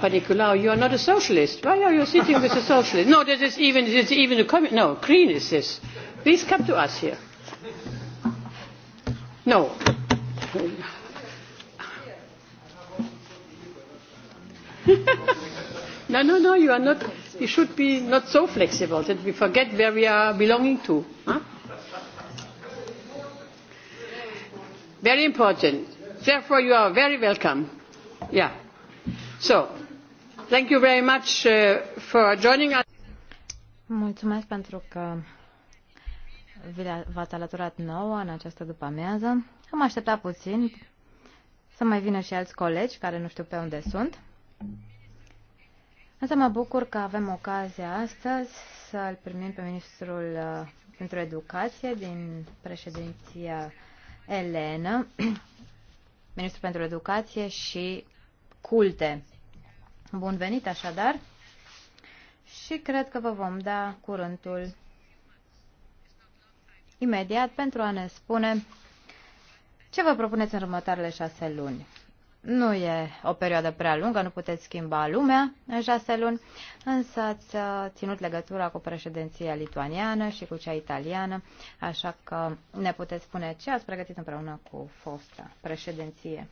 Papa Nicolau, you are not a socialist. Why are you sitting with a socialist? No, this is even, this is even a communist. No, green is this. Please come to us here. No. no, no, no, you are not, you should be not so flexible that we forget where we are belonging to. Huh? Very important. Therefore, you are very welcome. Yeah. So, Uh, Mulțumesc pentru că v-ați alăturat nouă în această după-amiază. Am așteptat puțin să mai vină și alți colegi care nu știu pe unde sunt. Însă mă bucur că avem ocazia astăzi să-l primim pe Ministrul uh, pentru Educație din președinția Elenă, Ministrul pentru Educație și Culte Bun venit așadar și cred că vă vom da curântul imediat pentru a ne spune ce vă propuneți în următoarele șase luni. Nu e o perioadă prea lungă, nu puteți schimba lumea în șase luni, însă ați uh, ținut legătura cu președinția lituaniană și cu cea italiană, așa că ne puteți spune ce ați pregătit împreună cu fosta președinție.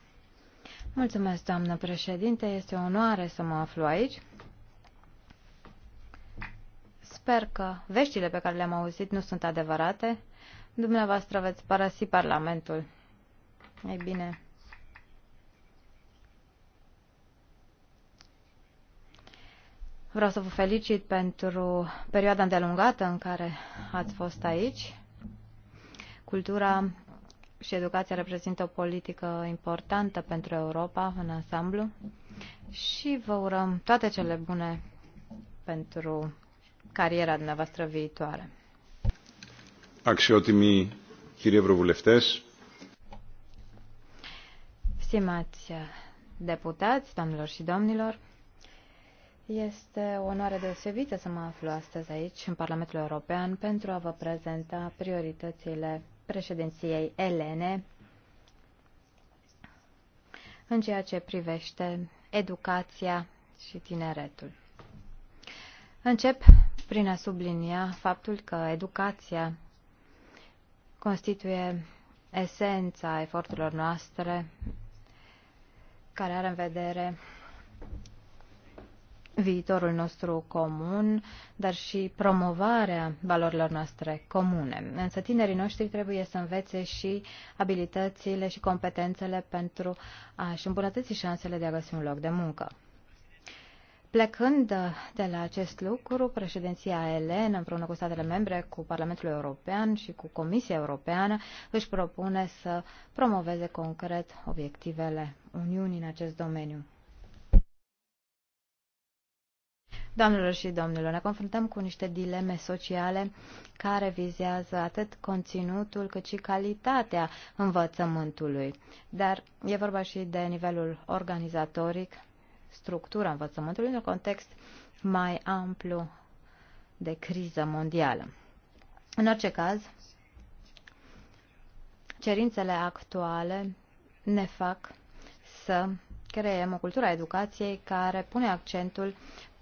Mulțumesc, doamnă președinte. Este o onoare să mă aflu aici. Sper că veștile pe care le-am auzit nu sunt adevărate. Dumneavoastră veți părăsi Parlamentul. Ei bine. Vreau să vă felicit pentru perioada îndelungată în care ați fost aici. Cultura și educația reprezintă o politică importantă pentru Europa în ansamblu și vă urăm toate cele bune pentru cariera dumneavoastră viitoare. Αξιότιμοι chirie Ευρωβουλευτές. Stimați deputați, doamnelor și domnilor, este o onoare deosebită să mă aflu astăzi aici, în Parlamentul European, pentru a vă prezenta prioritățile președinției elene în ceea ce privește educația și tineretul. Încep prin a sublinia faptul că educația constituie esența eforturilor noastre care are în vedere viitorul nostru comun, dar și promovarea valorilor noastre comune. Însă tinerii noștri trebuie să învețe și abilitățile și competențele pentru a-și îmbunătăți șansele de a găsi un loc de muncă. Plecând de la acest lucru, președinția Elen, împreună cu statele membre, cu Parlamentul European și cu Comisia Europeană, își propune să promoveze concret obiectivele Uniunii în acest domeniu. Doamnelor și domnilor, ne confruntăm cu niște dileme sociale care vizează atât conținutul cât și calitatea învățământului. Dar e vorba și de nivelul organizatoric, structura învățământului în un context mai amplu de criză mondială. În orice caz, cerințele actuale ne fac să creăm o cultură a educației care pune accentul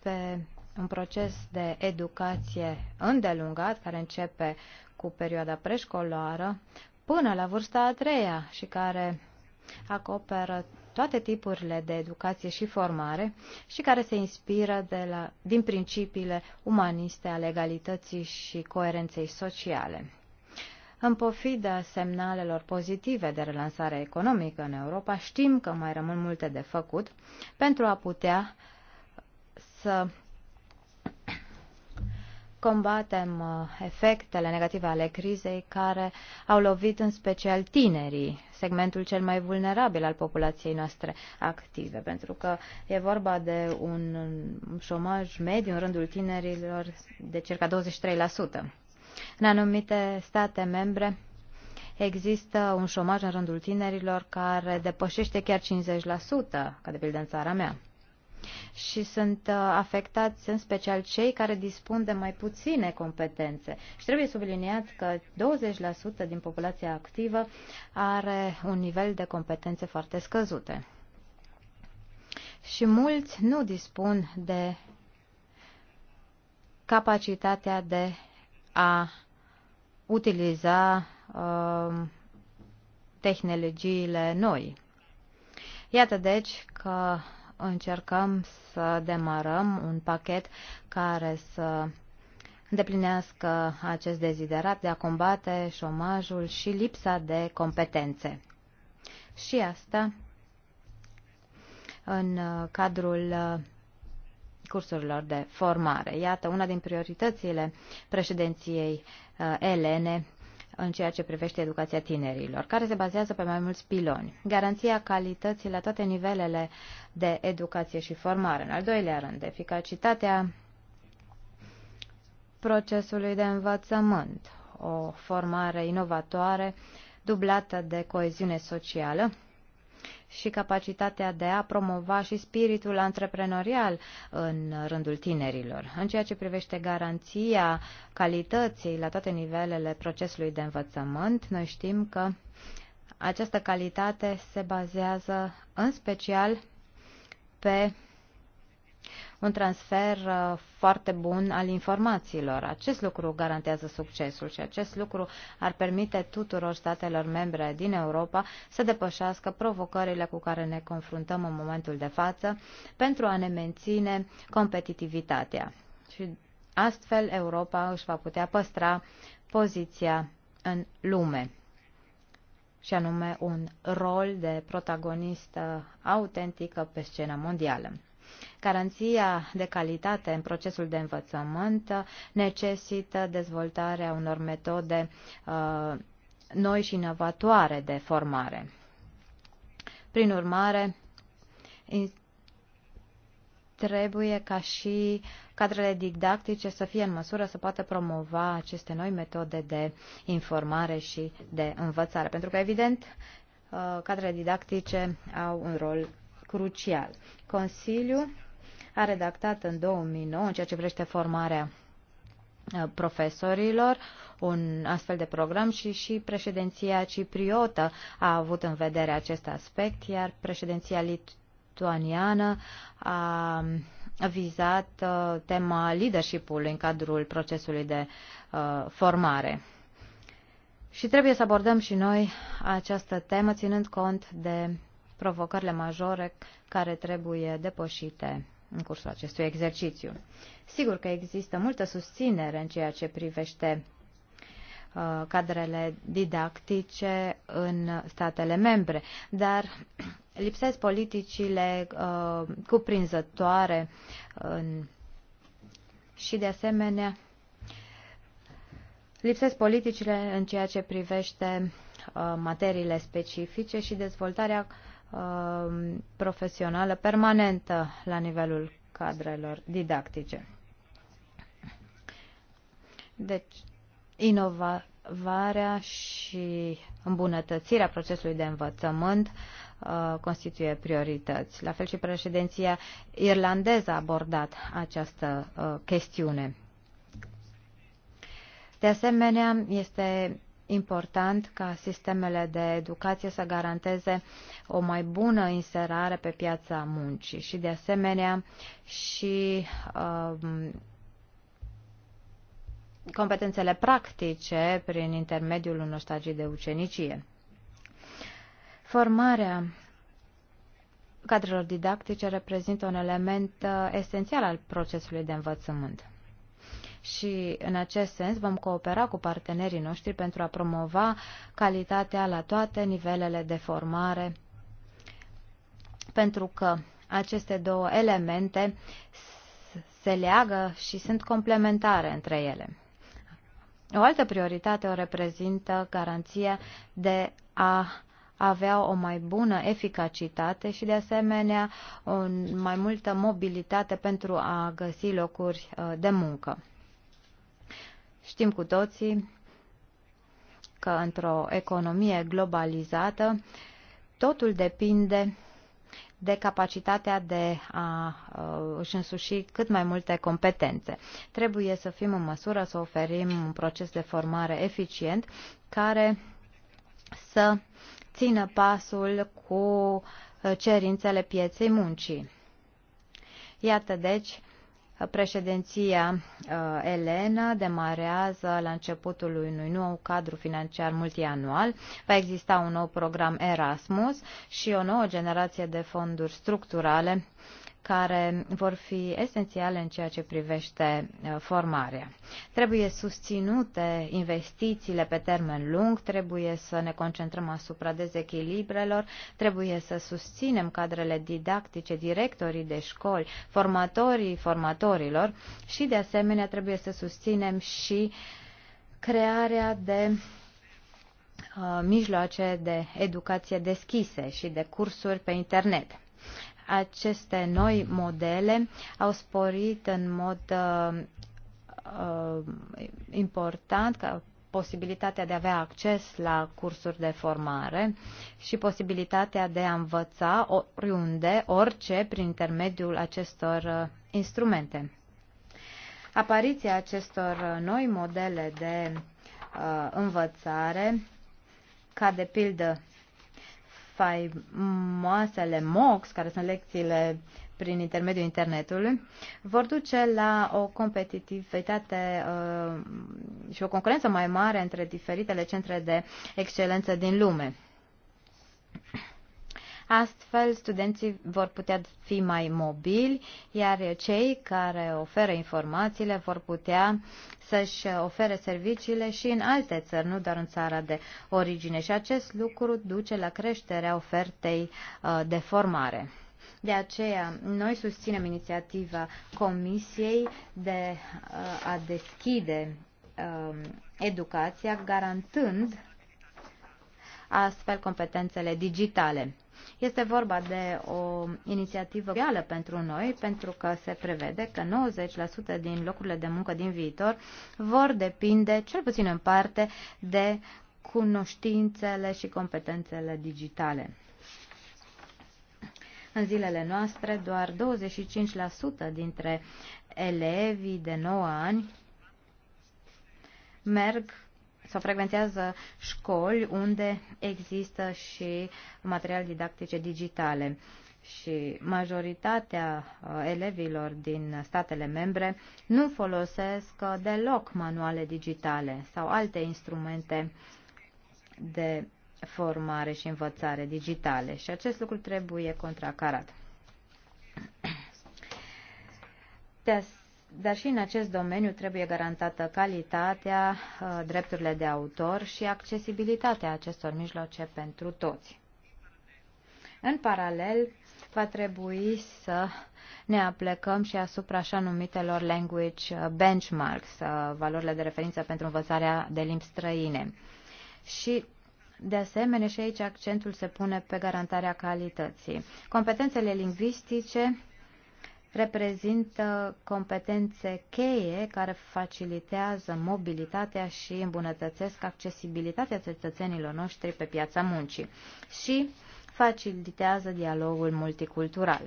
este un proces de educație îndelungat, care începe cu perioada preșcolară până la vârsta a treia și care acoperă toate tipurile de educație și formare și care se inspiră de la, din principiile umaniste ale egalității și coerenței sociale. În pofida semnalelor pozitive de relansare economică în Europa, știm că mai rămân multe de făcut pentru a putea să combatem uh, efectele negative ale crizei care au lovit în special tinerii, segmentul cel mai vulnerabil al populației noastre active, pentru că e vorba de un șomaj mediu în rândul tinerilor de circa 23%. În anumite state membre există un șomaj în rândul tinerilor care depășește chiar 50%, ca de pildă în țara mea și sunt uh, afectați în special cei care dispun de mai puține competențe. Și trebuie subliniat că 20% din populația activă are un nivel de competențe foarte scăzute. Și mulți nu dispun de capacitatea de a utiliza uh, tehnologiile noi. Iată deci că încercăm să demarăm un pachet care să îndeplinească acest deziderat de a combate șomajul și lipsa de competențe. Și asta în cadrul cursurilor de formare. Iată, una din prioritățile președinției uh, elene în ceea ce privește educația tinerilor, care se bazează pe mai mulți piloni. Garanția calității la toate nivelele de educație și formare. În al doilea rând, eficacitatea procesului de învățământ, o formare inovatoare dublată de coeziune socială și capacitatea de a promova și spiritul antreprenorial în rândul tinerilor. În ceea ce privește garanția calității la toate nivelele procesului de învățământ, noi știm că această calitate se bazează în special pe un transfer uh, foarte bun al informațiilor. Acest lucru garantează succesul și acest lucru ar permite tuturor statelor membre din Europa să depășească provocările cu care ne confruntăm în momentul de față pentru a ne menține competitivitatea. Și astfel Europa își va putea păstra poziția în lume și anume un rol de protagonistă autentică pe scena mondială. Garanția de calitate în procesul de învățământ necesită dezvoltarea unor metode uh, noi și inovatoare de formare. Prin urmare, trebuie ca și cadrele didactice să fie în măsură să poată promova aceste noi metode de informare și de învățare. Pentru că, evident, uh, cadrele didactice au un rol crucial. Consiliul a redactat în 2009, în ceea ce vrește formarea uh, profesorilor, un astfel de program și și președinția cipriotă a avut în vedere acest aspect, iar președinția lituaniană a vizat uh, tema leadership-ului în cadrul procesului de uh, formare. Și trebuie să abordăm și noi această temă, ținând cont de provocările majore care trebuie depășite în cursul acestui exercițiu. Sigur că există multă susținere în ceea ce privește uh, cadrele didactice în statele membre, dar lipsesc politicile uh, cuprinzătoare uh, în, și, de asemenea, lipsesc politicile în ceea ce privește uh, materiile specifice și dezvoltarea uh, Um, profesională permanentă la nivelul cadrelor didactice. Deci, inovarea și îmbunătățirea procesului de învățământ uh, constituie priorități. La fel și președinția irlandeză a abordat această uh, chestiune. De asemenea, este important ca sistemele de educație să garanteze o mai bună inserare pe piața muncii și, de asemenea, și um, competențele practice prin intermediul unor stagii de ucenicie. Formarea cadrelor didactice reprezintă un element uh, esențial al procesului de învățământ și în acest sens vom coopera cu partenerii noștri pentru a promova calitatea la toate nivelele de formare, pentru că aceste două elemente se leagă și sunt complementare între ele. O altă prioritate o reprezintă garanția de a avea o mai bună eficacitate și, de asemenea, o mai multă mobilitate pentru a găsi locuri uh, de muncă. Știm cu toții că într-o economie globalizată totul depinde de capacitatea de a își însuși cât mai multe competențe. Trebuie să fim în măsură să oferim un proces de formare eficient care să țină pasul cu cerințele pieței muncii. Iată deci Președinția uh, Elena demarează la începutul unui nou cadru financiar multianual. Va exista un nou program Erasmus și o nouă generație de fonduri structurale care vor fi esențiale în ceea ce privește uh, formarea. Trebuie susținute investițiile pe termen lung, trebuie să ne concentrăm asupra dezechilibrelor, trebuie să susținem cadrele didactice, directorii de școli, formatorii formatorilor și, de asemenea, trebuie să susținem și crearea de uh, mijloace de educație deschise și de cursuri pe internet. Aceste noi modele au sporit în mod uh, uh, important ca posibilitatea de a avea acces la cursuri de formare și posibilitatea de a învăța oriunde, orice, prin intermediul acestor uh, instrumente. Apariția acestor uh, noi modele de uh, învățare, ca de pildă faimoasele MOX, care sunt lecțiile prin intermediul internetului, vor duce la o competitivitate uh, și o concurență mai mare între diferitele centre de excelență din lume. Astfel, studenții vor putea fi mai mobili, iar cei care oferă informațiile vor putea să-și ofere serviciile și în alte țări, nu doar în țara de origine. Și acest lucru duce la creșterea ofertei uh, de formare. De aceea, noi susținem inițiativa Comisiei de uh, a deschide um, educația, garantând astfel competențele digitale. Este vorba de o inițiativă reală pentru noi, pentru că se prevede că 90% din locurile de muncă din viitor vor depinde, cel puțin în parte, de cunoștințele și competențele digitale. În zilele noastre, doar 25% dintre elevii de 9 ani merg sau frecventează școli unde există și materiale didactice digitale. Și majoritatea uh, elevilor din statele membre nu folosesc uh, deloc manuale digitale sau alte instrumente de formare și învățare digitale și acest lucru trebuie contracarat. De dar și în acest domeniu trebuie garantată calitatea, uh, drepturile de autor și accesibilitatea acestor mijloace pentru toți. În paralel, va trebui să ne aplecăm și asupra așa numitelor language uh, benchmarks, uh, valorile de referință pentru învățarea de limbi străine. Și de asemenea, și aici accentul se pune pe garantarea calității. Competențele lingvistice reprezintă competențe cheie care facilitează mobilitatea și îmbunătățesc accesibilitatea cetățenilor noștri pe piața muncii și facilitează dialogul multicultural.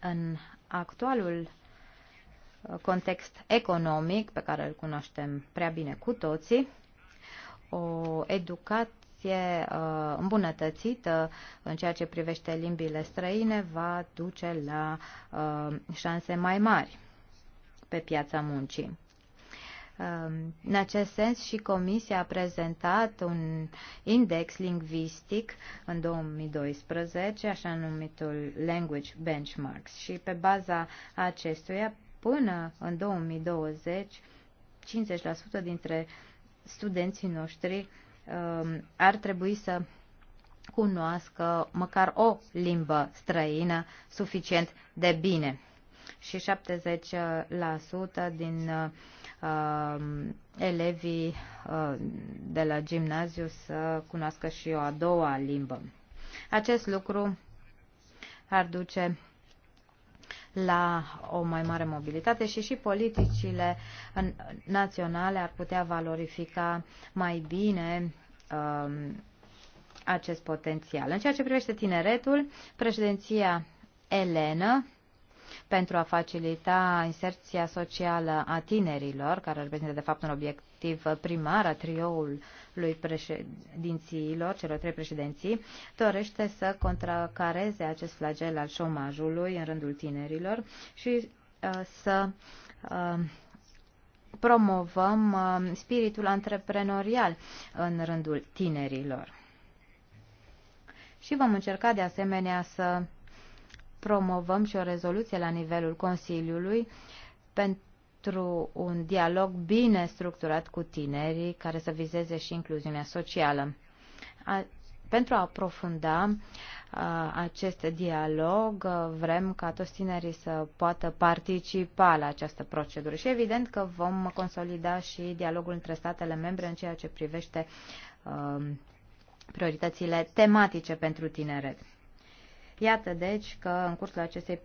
În actualul uh, context economic pe care îl cunoaștem prea bine cu toții, o educat, legislație uh, îmbunătățită în ceea ce privește limbile străine va duce la uh, șanse mai mari pe piața muncii. Uh, în acest sens și Comisia a prezentat un index lingvistic în 2012, așa numitul Language Benchmarks și pe baza acestuia până în 2020 50% dintre studenții noștri Um, ar trebui să cunoască măcar o limbă străină suficient de bine. Și 70% din uh, elevii uh, de la gimnaziu să cunoască și o a doua limbă. Acest lucru ar duce la o mai mare mobilitate și și politicile naționale ar putea valorifica mai bine um, acest potențial. În ceea ce privește tineretul, președinția Elenă pentru a facilita inserția socială a tinerilor, care reprezintă de fapt un obiect respectiv primar a trioului președințiilor, celor trei președinții, dorește să contracareze acest flagel al șomajului în rândul tinerilor și uh, să uh, promovăm uh, spiritul antreprenorial în rândul tinerilor. Și vom încerca de asemenea să promovăm și o rezoluție la nivelul Consiliului pentru pentru un dialog bine structurat cu tinerii care să vizeze și incluziunea socială. A, pentru a aprofunda a, acest dialog, a, vrem ca toți tinerii să poată participa la această procedură și evident că vom consolida și dialogul între statele membre în ceea ce privește a, prioritățile tematice pentru tineret. Iată deci că în cursul acestei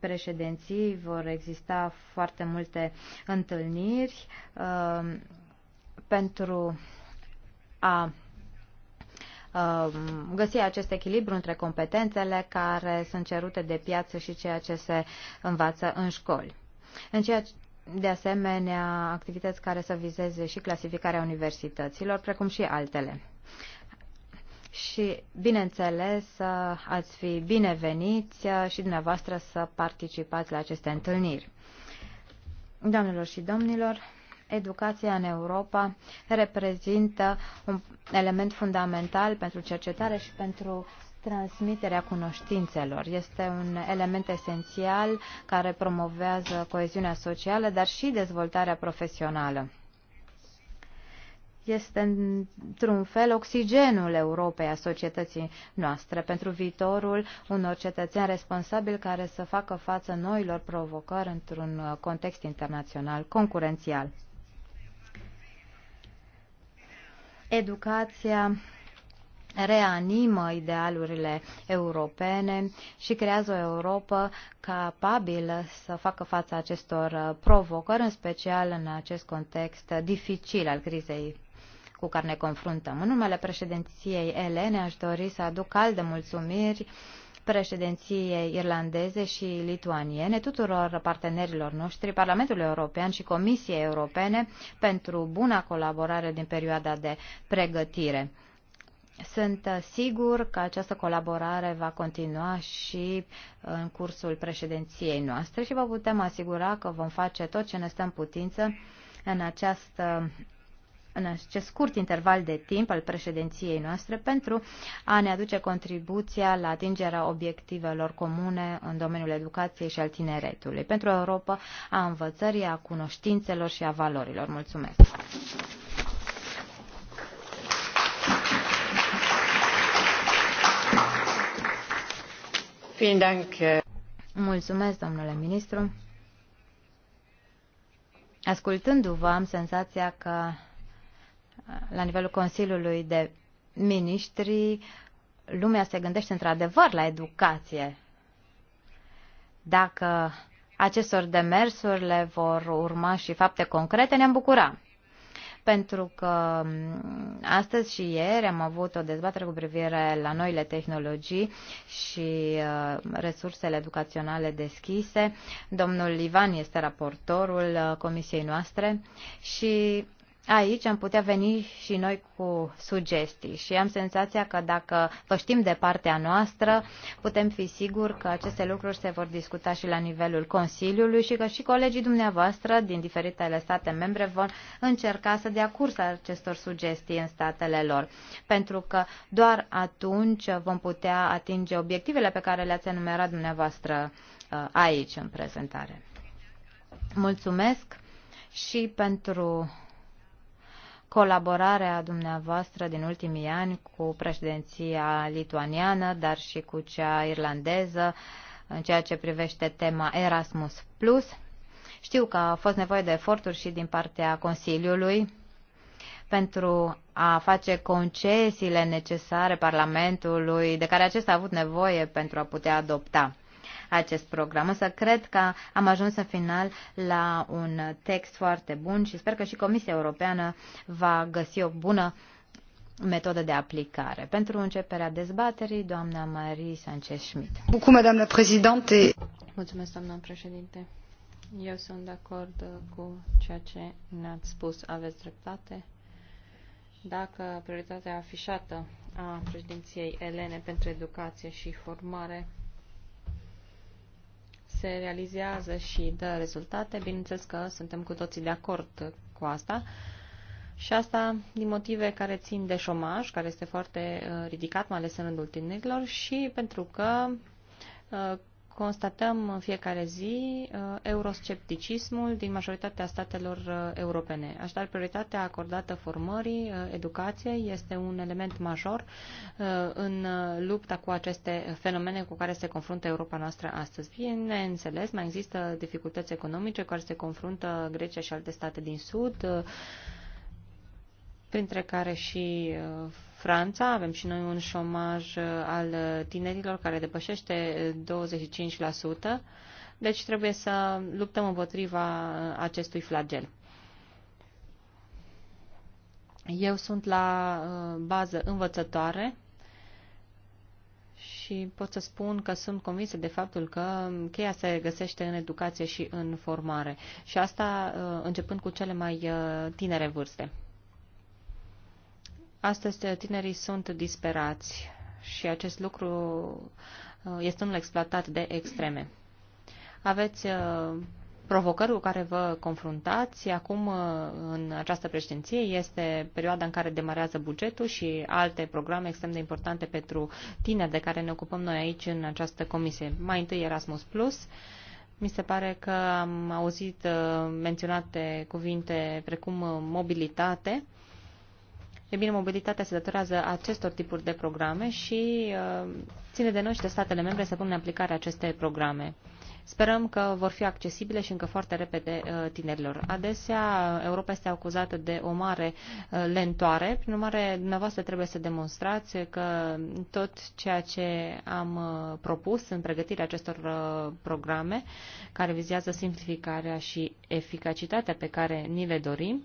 președinții vor exista foarte multe întâlniri uh, pentru a um, găsi acest echilibru între competențele care sunt cerute de piață și ceea ce se învață în școli. În ceea ce de asemenea, activități care să vizeze și clasificarea universităților, precum și altele și, bineînțeles, uh, ați fi bineveniți uh, și dumneavoastră să participați la aceste întâlniri. Doamnelor și domnilor, educația în Europa reprezintă un element fundamental pentru cercetare și pentru transmiterea cunoștințelor. Este un element esențial care promovează coeziunea socială, dar și dezvoltarea profesională este într-un fel oxigenul Europei, a societății noastre, pentru viitorul unor cetățeni responsabili care să facă față noilor provocări într-un context internațional concurențial. Educația reanimă idealurile europene și creează o Europa capabilă să facă față acestor provocări, în special în acest context dificil al crizei cu care ne confruntăm. În numele președinției elene aș dori să aduc calde mulțumiri președinției irlandeze și lituaniene, tuturor partenerilor noștri, Parlamentului European și Comisiei Europene pentru buna colaborare din perioada de pregătire. Sunt sigur că această colaborare va continua și în cursul președinției noastre și vă putem asigura că vom face tot ce ne stă în putință în această în acest scurt interval de timp al președinției noastre pentru a ne aduce contribuția la atingerea obiectivelor comune în domeniul educației și al tineretului, pentru Europa a învățării, a cunoștințelor și a valorilor. Mulțumesc! Eh. Mulțumesc, domnule ministru. Ascultându-vă, am senzația că la nivelul Consiliului de Ministri, lumea se gândește într-adevăr la educație. Dacă acestor demersuri le vor urma și fapte concrete, ne-am bucura. Pentru că astăzi și ieri am avut o dezbatere cu privire la noile tehnologii și uh, resursele educaționale deschise. Domnul Ivan este raportorul uh, comisiei noastre și Aici am putea veni și noi cu sugestii și am senzația că dacă vă știm de partea noastră, putem fi siguri că aceste lucruri se vor discuta și la nivelul Consiliului și că și colegii dumneavoastră din diferitele state membre vor încerca să dea curs acestor sugestii în statele lor. Pentru că doar atunci vom putea atinge obiectivele pe care le-ați enumerat dumneavoastră uh, aici în prezentare. Mulțumesc și pentru colaborarea dumneavoastră din ultimii ani cu președinția lituaniană, dar și cu cea irlandeză, în ceea ce privește tema Erasmus+. Plus. Știu că a fost nevoie de eforturi și din partea Consiliului pentru a face concesiile necesare Parlamentului, de care acesta a avut nevoie pentru a putea adopta acest program. Însă cred că am ajuns în final la un text foarte bun și sper că și Comisia Europeană va găsi o bună metodă de aplicare. Pentru începerea dezbaterii, doamna Marie Sanchez Schmidt. Mulțumesc, doamna președinte. Eu sunt de acord cu ceea ce ne-ați spus. Aveți dreptate. Dacă prioritatea afișată a președinției Elene pentru educație și formare se realizează și dă rezultate, bineînțeles că suntem cu toții de acord cu asta. Și asta din motive care țin de șomaj, care este foarte uh, ridicat, mai ales în rândul tinerilor, și pentru că uh, constatăm în fiecare zi uh, euroscepticismul din majoritatea statelor uh, europene. Așadar, prioritatea acordată formării, uh, educației, este un element major în lupta cu aceste fenomene cu care se confruntă Europa noastră astăzi. Bineînțeles, mai există dificultăți economice cu care se confruntă Grecia și alte state din Sud, printre care și Franța avem și noi un șomaj uh, al uh, tinerilor care depășește 25%, uh, deci trebuie să luptăm împotriva acestui flagel. Eu sunt la bază învățătoare și pot să spun că sunt convinsă de faptul că cheia se găsește în educație și în formare. Și asta începând cu cele mai tinere vârste. Astăzi tinerii sunt disperați și acest lucru uh, este unul exploatat de extreme. Aveți uh, provocări cu care vă confruntați. Acum, uh, în această președinție, este perioada în care demarează bugetul și alte programe extrem de importante pentru tineri de care ne ocupăm noi aici în această comisie. Mai întâi Erasmus+, Plus. Mi se pare că am auzit menționate cuvinte precum mobilitate, E bine, mobilitatea se datorează acestor tipuri de programe și uh, ține de noi și de statele membre să pună în aplicare aceste programe. Sperăm că vor fi accesibile și încă foarte repede uh, tinerilor. Adesea, Europa este acuzată de o mare uh, lentoare. Prin urmare, dumneavoastră trebuie să demonstrați că tot ceea ce am propus în pregătirea acestor programe, care vizează simplificarea și eficacitatea pe care ni le dorim,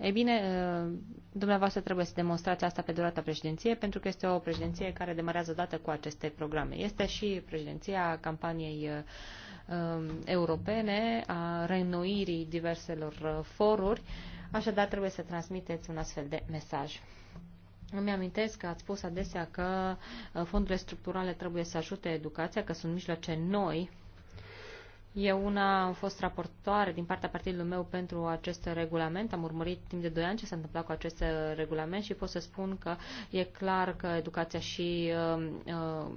ei bine, uh, dumneavoastră trebuie să demonstrați asta pe durata președinției, pentru că este o președinție care demarează odată cu aceste programe. Este și președinția campaniei uh, um, europene, a reînnoirii diverselor uh, foruri, așadar trebuie să transmiteți un astfel de mesaj. Îmi amintesc că ați spus adesea că fondurile structurale trebuie să ajute educația, că sunt mijloace noi eu una am fost raportoare din partea partidului meu pentru acest regulament. Am urmărit timp de 2 ani ce s-a întâmplat cu acest uh, regulament și pot să spun că e clar că educația și uh, uh,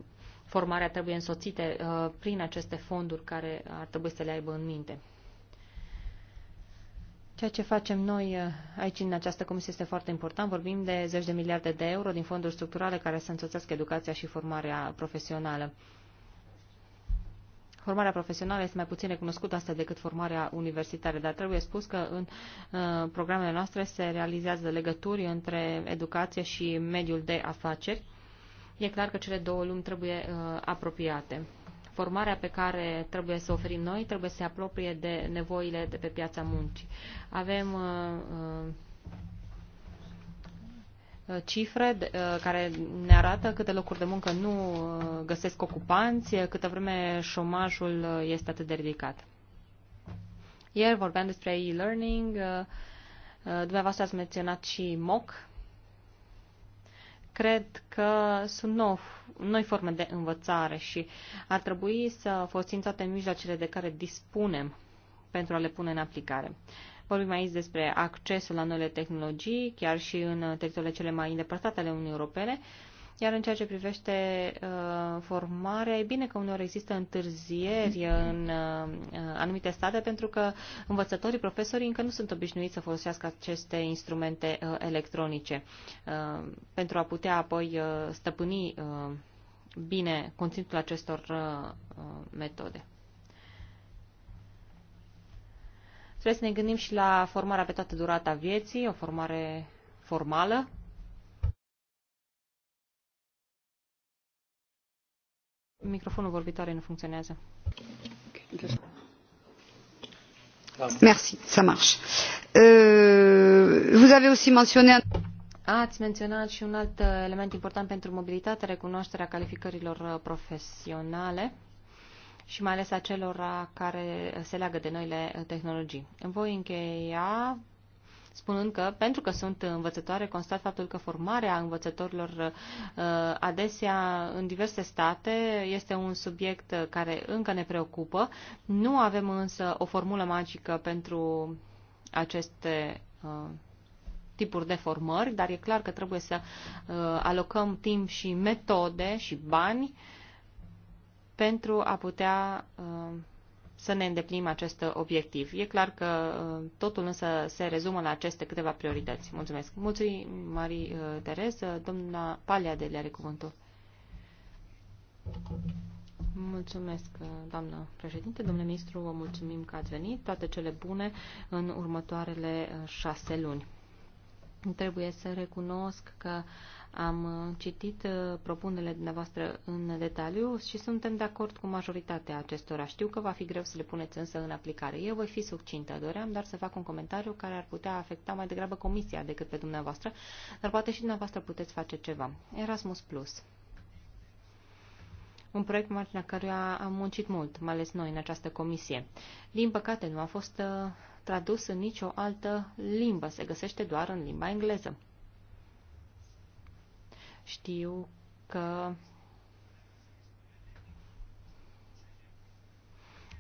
formarea trebuie însoțite uh, prin aceste fonduri care ar trebui să le aibă în minte. Ceea ce facem noi uh, aici în această comisie este foarte important. Vorbim de zeci de miliarde de euro din fonduri structurale care să însoțească educația și formarea profesională. Formarea profesională este mai puțin recunoscută asta decât formarea universitară, dar trebuie spus că în uh, programele noastre se realizează legături între educație și mediul de afaceri. E clar că cele două lumi trebuie uh, apropiate. Formarea pe care trebuie să o oferim noi trebuie să se apropie de nevoile de pe piața muncii. Avem uh, cifre uh, care ne arată câte locuri de muncă nu uh, găsesc ocupanți, câtă vreme șomajul uh, este atât de ridicat. Iar vorbeam despre e-learning, dumneavoastră ați menționat și MOC. Cred că sunt nou, noi forme de învățare și ar trebui să folosim toate mijloacele de care dispunem pentru a le pune în aplicare. Uh, Vorbim aici despre accesul la noile tehnologii, chiar și în teritoriile cele mai îndepărtate ale Uniunii Europene. Iar în ceea ce privește uh, formarea, e bine că uneori există întârzieri în uh, anumite state pentru că învățătorii, profesorii încă nu sunt obișnuiți să folosească aceste instrumente uh, electronice uh, pentru a putea apoi uh, stăpâni uh, bine conținutul acestor uh, uh metode. Trebuie să ne gândim și la formarea pe toată durata vieții, o formare formală. Microfonul vorbitoare nu funcționează. Merci, ça marche. Euh, vous avez aussi mentionné Ați menționat și un alt element important pentru mobilitate, recunoașterea calificărilor profesionale și mai ales a celor care se leagă de noile tehnologii. Voi încheia spunând că, pentru că sunt învățătoare, constat faptul că formarea învățătorilor uh, adesea în diverse state este un subiect care încă ne preocupă. Nu avem însă o formulă magică pentru aceste uh, tipuri de formări, dar e clar că trebuie să uh, alocăm timp și metode și bani uh, pentru a putea uh, să ne îndeplinim acest obiectiv. E clar că uh, totul însă se rezumă la aceste câteva priorități. Mulțumesc. Mulțumim, Marie uh, Tereză. Doamna Palia de le are cuvântul. Mulțumesc, doamnă președinte. Domnule ministru, vă mulțumim că ați venit. Toate cele bune în următoarele șase luni. Trebuie să recunosc că uh, am uh, citit uh, propunerile dumneavoastră în detaliu și suntem de acord cu majoritatea acestora. Știu că va fi greu să le puneți însă în aplicare. Eu voi fi succintă. Doream doar să fac un comentariu care ar putea afecta mai degrabă comisia decât pe dumneavoastră, dar poate și dumneavoastră puteți face ceva. Erasmus Plus un proiect marginea căruia am muncit mult, mai ales noi în această comisie. Din păcate, nu a fost uh, tradus în nicio altă limbă, se găsește doar în limba engleză. Știu că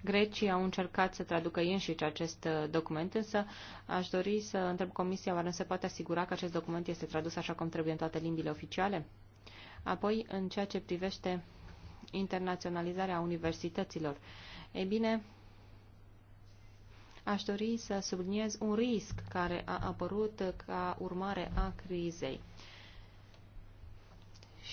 Grecii au încercat să traducă înșiși acest uh, document, însă aș dori să întreb Comisia oare se poate asigura că acest document este tradus așa cum trebuie în toate limbile oficiale? Apoi, în ceea ce privește internaționalizarea universităților, E bine, aș dori să subliniez un risc care a apărut ca urmare a crizei. Uh,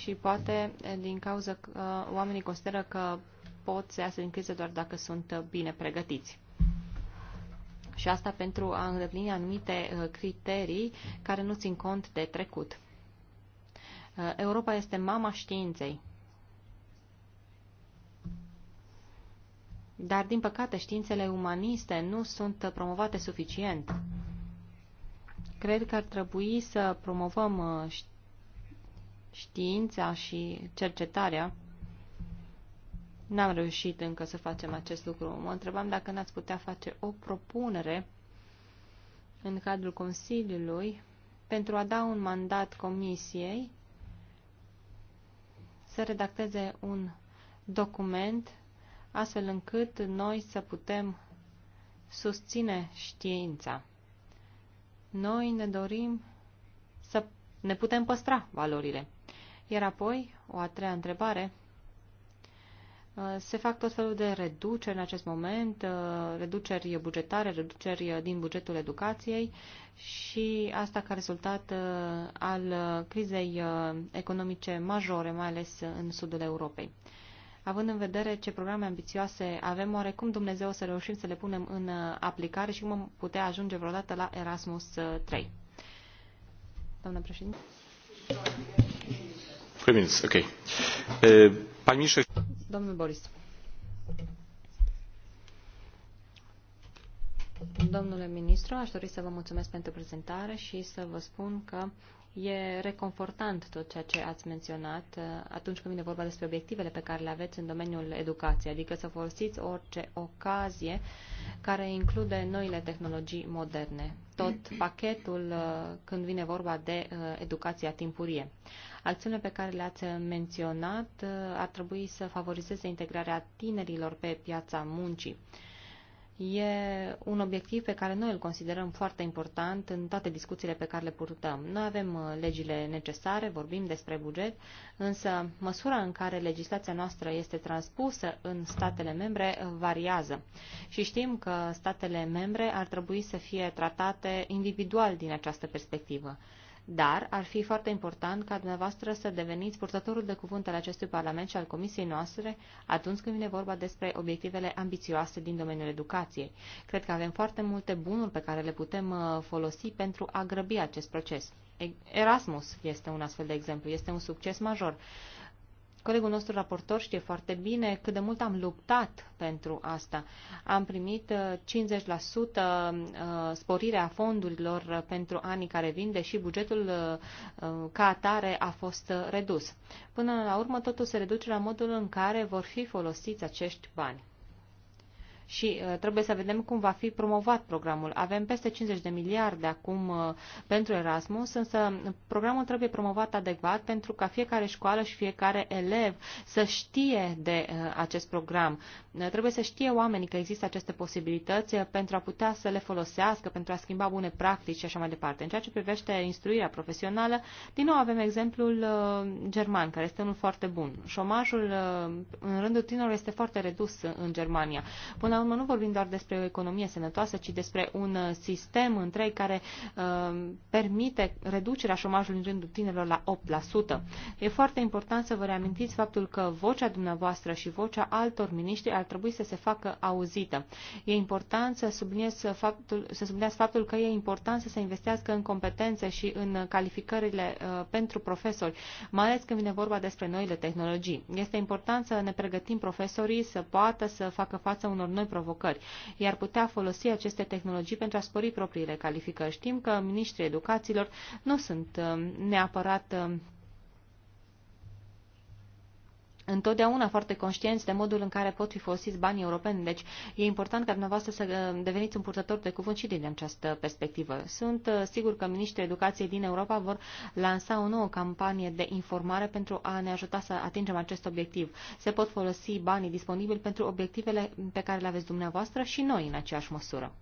și poate din cauza că oamenii consideră că pot să iasă din criză doar dacă sunt bine pregătiți. Și asta pentru a îndeplini anumite criterii care nu țin cont de trecut. Europa este mama științei. Dar, din păcate, științele umaniste nu sunt promovate suficient. Cred că ar trebui să promovăm științele știința și cercetarea, n-am reușit încă să facem acest lucru. Mă întrebam dacă n-ați putea face o propunere în cadrul Consiliului pentru a da un mandat Comisiei să redacteze un document astfel încât noi să putem susține știința. Noi ne dorim să ne putem păstra valorile. Iar apoi, o a treia întrebare, uh, se fac tot felul de reduceri în acest moment, uh, reduceri bugetare, reduceri uh, din bugetul educației și asta ca rezultat al crizei economice majore, mai ales în sudul Europei. Având în vedere ce programe ambițioase avem, oarecum Dumnezeu o să reușim să le punem în aplicare și cum am putea ajunge vreodată la Erasmus 3. Doamnă președinte. Three minutes, okay. Pani Domnule ministru, aș dori să vă mulțumesc pentru prezentare și să vă spun că E reconfortant tot ceea ce ați menționat uh, atunci când vine vorba despre obiectivele pe care le aveți în domeniul educației, adică să folosiți orice ocazie care include noile tehnologii moderne. Tot pachetul uh, când vine vorba de uh, educația timpurie. Acțiunile pe care le-ați menționat ar trebui să favorizeze integrarea tinerilor pe piața muncii e un obiectiv pe care noi îl considerăm foarte important în toate discuțiile pe care le purtăm. Noi avem uh, legile necesare, vorbim despre buget, însă măsura în care legislația noastră este transpusă în statele membre uh, variază. Și știm că statele membre ar trebui să fie tratate individual din această perspectivă dar ar fi foarte important ca dumneavoastră să deveniți purtătorul de cuvânt al acestui Parlament și al Comisiei noastre atunci când vine vorba despre obiectivele ambițioase din domeniul educației. Cred că avem foarte multe bunuri pe care le putem uh, folosi pentru a grăbi acest proces. Erasmus este un astfel de exemplu, este un succes major. Colegul nostru raportor știe foarte bine cât de mult am luptat pentru asta. Am primit 50% uh, uh, sporirea fondurilor uh, pentru anii care vin, deși bugetul ca atare a fost redus. Până la urmă, totul se reduce la modul în care vor fi folosiți acești bani și uh, trebuie să vedem cum va fi promovat programul. Avem peste 50 de miliarde acum uh, pentru Erasmus, însă programul trebuie promovat adecvat pentru ca fiecare școală și fiecare elev să știe de uh, acest program. Trebuie să știe oamenii că există aceste posibilități pentru a putea să le folosească, pentru a schimba bune practici și așa mai departe. În ceea ce privește instruirea profesională, din nou avem exemplul german, care este unul foarte bun. Șomajul în rândul tinerilor este foarte redus în Germania. Până urmă nu vorbim doar despre o economie sănătoasă, ci despre un uh, sistem întreg care uh, permite reducerea șomajului în rândul tinerilor la 8%. E foarte important să vă reamintiți faptul că vocea dumneavoastră și vocea altor miniștri ar trebui să se facă auzită. E important să subliniez faptul, să subliniez faptul că e important să se investească în competențe și în calificările uh, pentru profesori, mai ales când vine vorba despre noile tehnologii. Este important să ne pregătim profesorii să poată să facă față unor noi noi provocări, iar putea folosi aceste tehnologii pentru a spori propriile calificări. Știm că ministrii educațiilor nu sunt uh, neapărat uh, întotdeauna foarte conștienți de modul în care pot fi folosiți banii europeni. Deci e important ca dumneavoastră să uh, deveniți un purtător de cuvânt și din această perspectivă. Sunt uh, sigur că miniștrii educației din Europa vor lansa o nouă campanie de informare pentru a ne ajuta să atingem acest obiectiv. Se pot folosi banii disponibili pentru obiectivele pe care le aveți dumneavoastră și noi în aceeași măsură.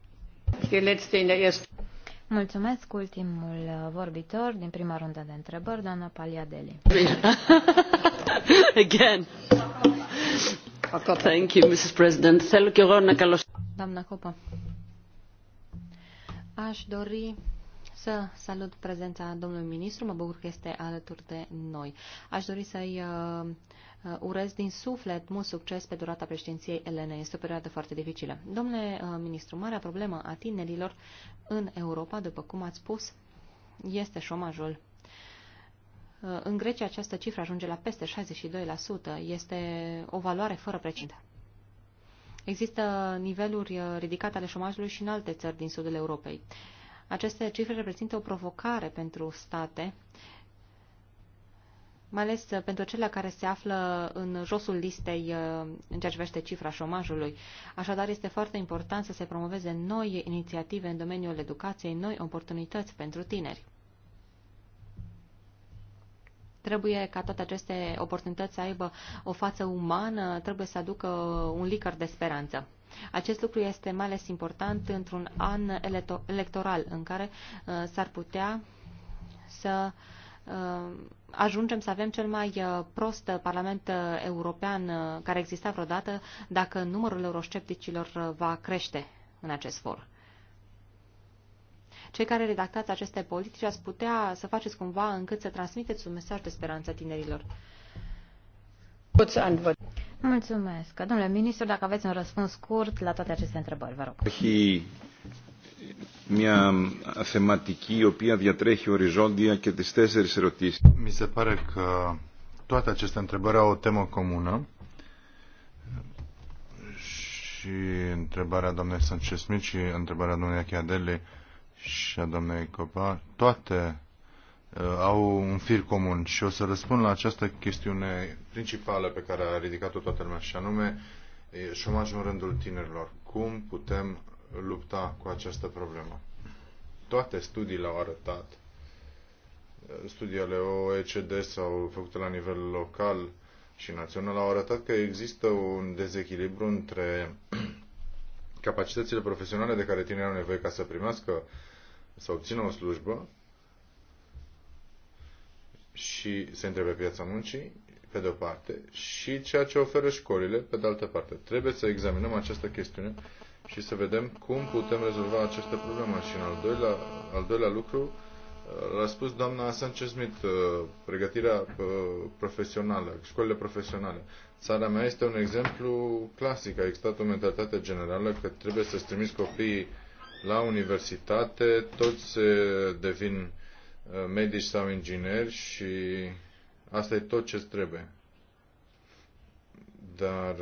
Mulțumesc ultimul uh, vorbitor din prima rundă de întrebări, doamna Paliadeli. Again. Thank you, Mrs. President. Doamna Copa, aș dori să salut prezența domnului ministru, mă bucur că este alături de noi. Aș dori să-i uh, Uh, urez din suflet mult succes pe durata președinției Elene. Este o perioadă foarte dificilă. Domnule uh, ministru, marea problemă a tinerilor în Europa, după cum ați spus, este șomajul. Uh, în Grecia această cifră ajunge la peste 62%. Este o valoare fără precedent. Există niveluri ridicate ale șomajului și în alte țări din sudul Europei. Aceste cifre reprezintă o provocare pentru state mai ales uh, pentru cele care se află în josul listei uh, în ceea ce vește cifra șomajului. Așadar, este foarte important să se promoveze noi inițiative în domeniul educației, noi oportunități pentru tineri. Trebuie ca toate aceste oportunități să aibă o față umană, trebuie să aducă un licăr de speranță. Acest lucru este mai ales important într-un an electoral în care uh, s-ar putea să uh, Uh, ajungem să avem cel mai uh, prost Parlament uh, European care exista vreodată dacă numărul euroscepticilor va crește în acest for. Cei care redactați aceste politici ați putea să faceți cumva încât să transmiteți un mesaj de speranță tinerilor. Mulțumesc. Domnule ministru, dacă aveți un răspuns scurt la toate aceste întrebări, vă rog μια θεματική η οποία διατρέχει οριζόντια και τις τέσσερις ερωτήσεις. Mi se pare că toate aceste întrebări au o temă comună și întrebarea doamnei Sanchez Smith și întrebarea doamnei Achiadeli și a doamnei Copa, toate uh, au un fir comun și o să răspund la această chestiune principală pe care a ridicat-o toată lumea și anume șomajul în rândul tinerilor. Cum putem lupta cu această problemă. Toate studiile au arătat, studiile OECD sau făcute la nivel local și național, au arătat că există un dezechilibru între capacitățile profesionale de care tinerii au nevoie ca să primească, să obțină o slujbă și se întrebe pe piața muncii, pe de-o parte, și ceea ce oferă școlile, pe de altă parte. Trebuie să examinăm această chestiune și să vedem cum putem rezolva această problemă. Și în al doilea, al doilea lucru, uh, l-a spus doamna Sanchez Smith, uh, pregătirea uh, profesională, școlile profesionale. Țara mea este un exemplu clasic. A existat o mentalitate generală că trebuie să-ți trimiți copiii la universitate, toți devin medici sau ingineri și asta e tot ce trebuie. Dar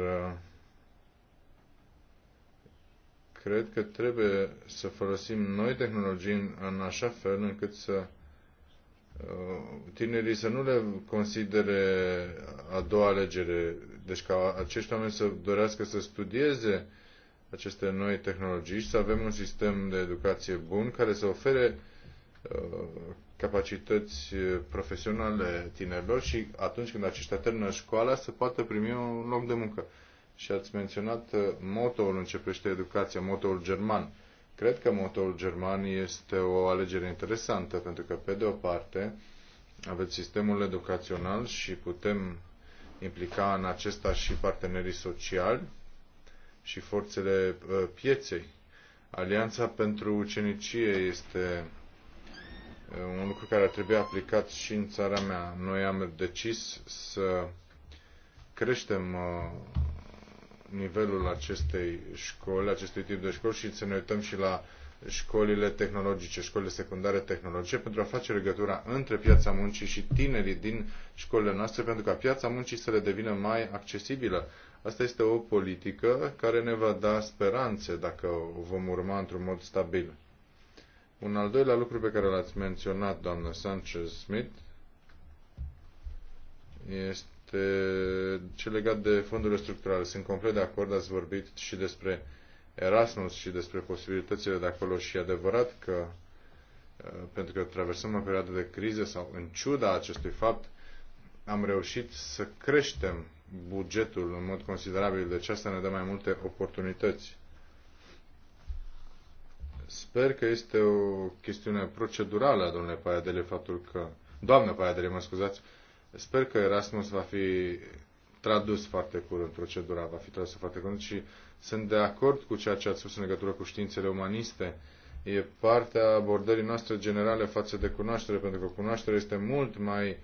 cred că trebuie să folosim noi tehnologii în, așa fel încât să uh, tinerii să nu le considere a doua alegere, deci ca acești oameni să dorească să studieze aceste noi tehnologii și să avem un sistem de educație bun care să ofere uh, capacități profesionale tinerilor și atunci când aceștia termină școala să poată primi un loc de muncă și ați menționat uh, motoul începește educația, motoul german. Cred că motoul german este o alegere interesantă, pentru că, pe de o parte, aveți sistemul educațional și putem implica în acesta și partenerii sociali și forțele uh, pieței. Alianța pentru ucenicie este uh, un lucru care ar trebui aplicat și în țara mea. Noi am decis să creștem nivelul acestei școli, acestui tip de școli și să ne uităm și la școlile tehnologice, școlile secundare tehnologice, pentru a face legătura între piața muncii și tinerii din școlile noastre, pentru ca piața muncii să le devină mai accesibilă. Asta este o politică care ne va da speranțe dacă o vom urma într-un mod stabil. Un al doilea lucru pe care l-ați menționat, doamnă Sanchez-Smith, este este ce legat de fondurile structurale. Sunt complet de acord, ați vorbit și despre Erasmus și despre posibilitățile de acolo și adevărat că uh, pentru că traversăm o perioadă de criză sau în ciuda acestui fapt, am reușit să creștem bugetul în mod considerabil, deci asta ne dă mai multe oportunități. Sper că este o chestiune procedurală, domnule Paiadele, faptul că, doamnă Paiadele, mă scuzați, Sper că Erasmus va fi tradus foarte curând, procedura va fi tradusă foarte curând și sunt de acord cu ceea ce ați spus în legătură cu științele umaniste. E partea abordării noastre generale față de cunoaștere, pentru că cunoașterea este mult mai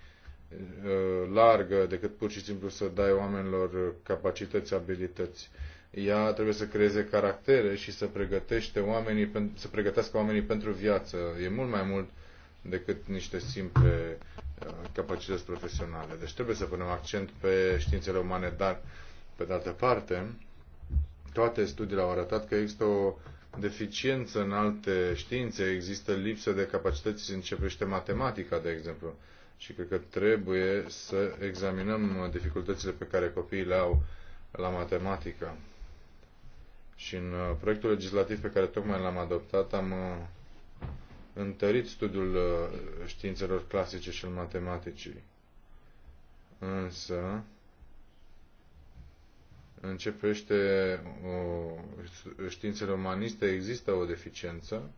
largă decât pur și simplu să dai oamenilor capacități, abilități. Ea trebuie să creeze caractere și să pregătește oamenii, să pregătească oamenii pentru viață. E mult mai mult decât niște simple uh, capacități profesionale. Deci trebuie să punem accent pe științele umane, dar, pe de altă parte, toate studiile au arătat că există o deficiență în alte științe, există lipsă de capacități în ce privește matematica, de exemplu. Și cred că trebuie să examinăm dificultățile pe care copiii le au la matematică. Și în uh, proiectul legislativ pe care tocmai l-am adoptat am uh, întărit studiul uh, științelor clasice și al matematicii. Însă, începește științele umaniste, există o deficiență,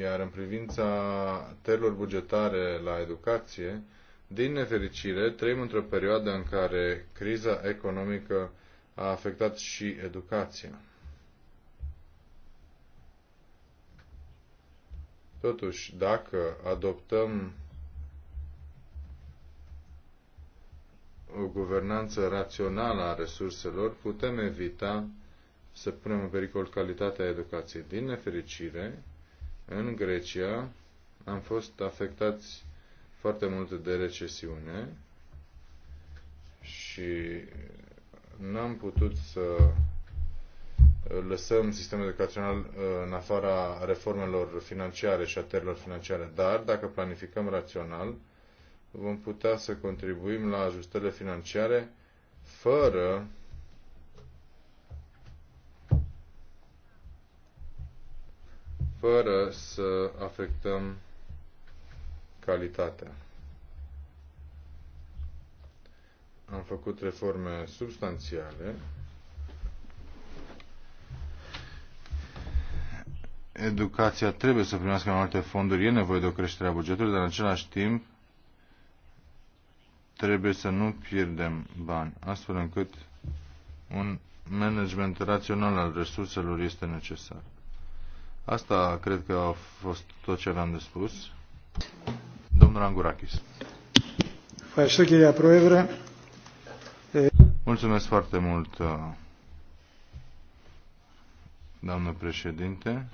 iar în privința terilor bugetare la educație, din nefericire, trăim într-o perioadă în care criza economică a afectat și educația. Totuși, dacă adoptăm o guvernanță rațională a resurselor, putem evita să punem în pericol calitatea educației. Din nefericire, în Grecia am fost afectați foarte mult de recesiune și n-am putut să lăsăm sistemul educațional uh, în afara reformelor financiare și a terilor financiare, dar dacă planificăm rațional, vom putea să contribuim la ajustările financiare fără fără să afectăm calitatea. Am făcut reforme substanțiale educația trebuie să primească mai multe fonduri, e nevoie de o creștere a bugetului, dar în același timp trebuie să nu pierdem bani, astfel încât un management rațional al resurselor este necesar. Asta cred că a fost tot ce aveam de spus. Domnul Angurakis. Mulțumesc foarte mult, uh, doamnă președinte.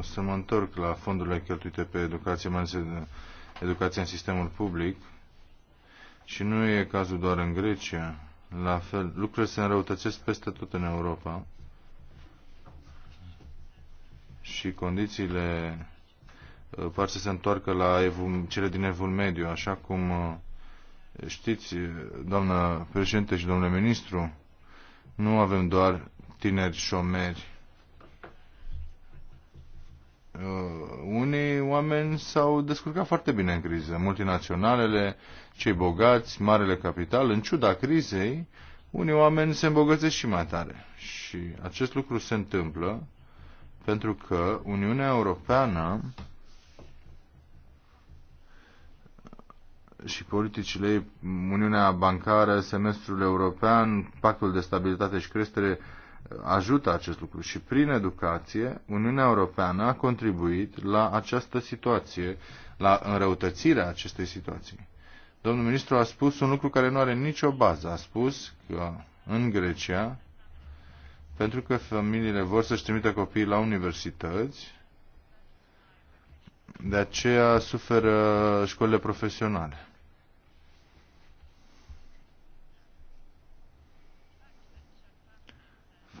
O să mă întorc la fondurile cheltuite pe educație, mai ales educația în sistemul public. Și nu e cazul doar în Grecia. La fel, lucrurile se înrăutățesc peste tot în Europa. Și condițiile uh, par să se întoarcă la evul, cele din evul mediu, așa cum uh, știți, uh, doamnă președinte și domnule ministru, nu avem doar tineri șomeri uh, unii oameni s-au descurcat foarte bine în criză. Multinaționalele, cei bogați, marele capital, în ciuda crizei, unii oameni se îmbogățesc și mai tare. Și acest lucru se întâmplă pentru că Uniunea Europeană și politicile Uniunea Bancară, semestrul european, pactul de stabilitate și creștere, uh, ajută acest lucru și prin educație Uniunea Europeană a contribuit la această situație, la înrăutățirea acestei situații. Domnul ministru a spus un lucru care nu are nicio bază. A spus că în Grecia, pentru că familiile vor să-și trimită copiii la universități, de aceea suferă școlile profesionale.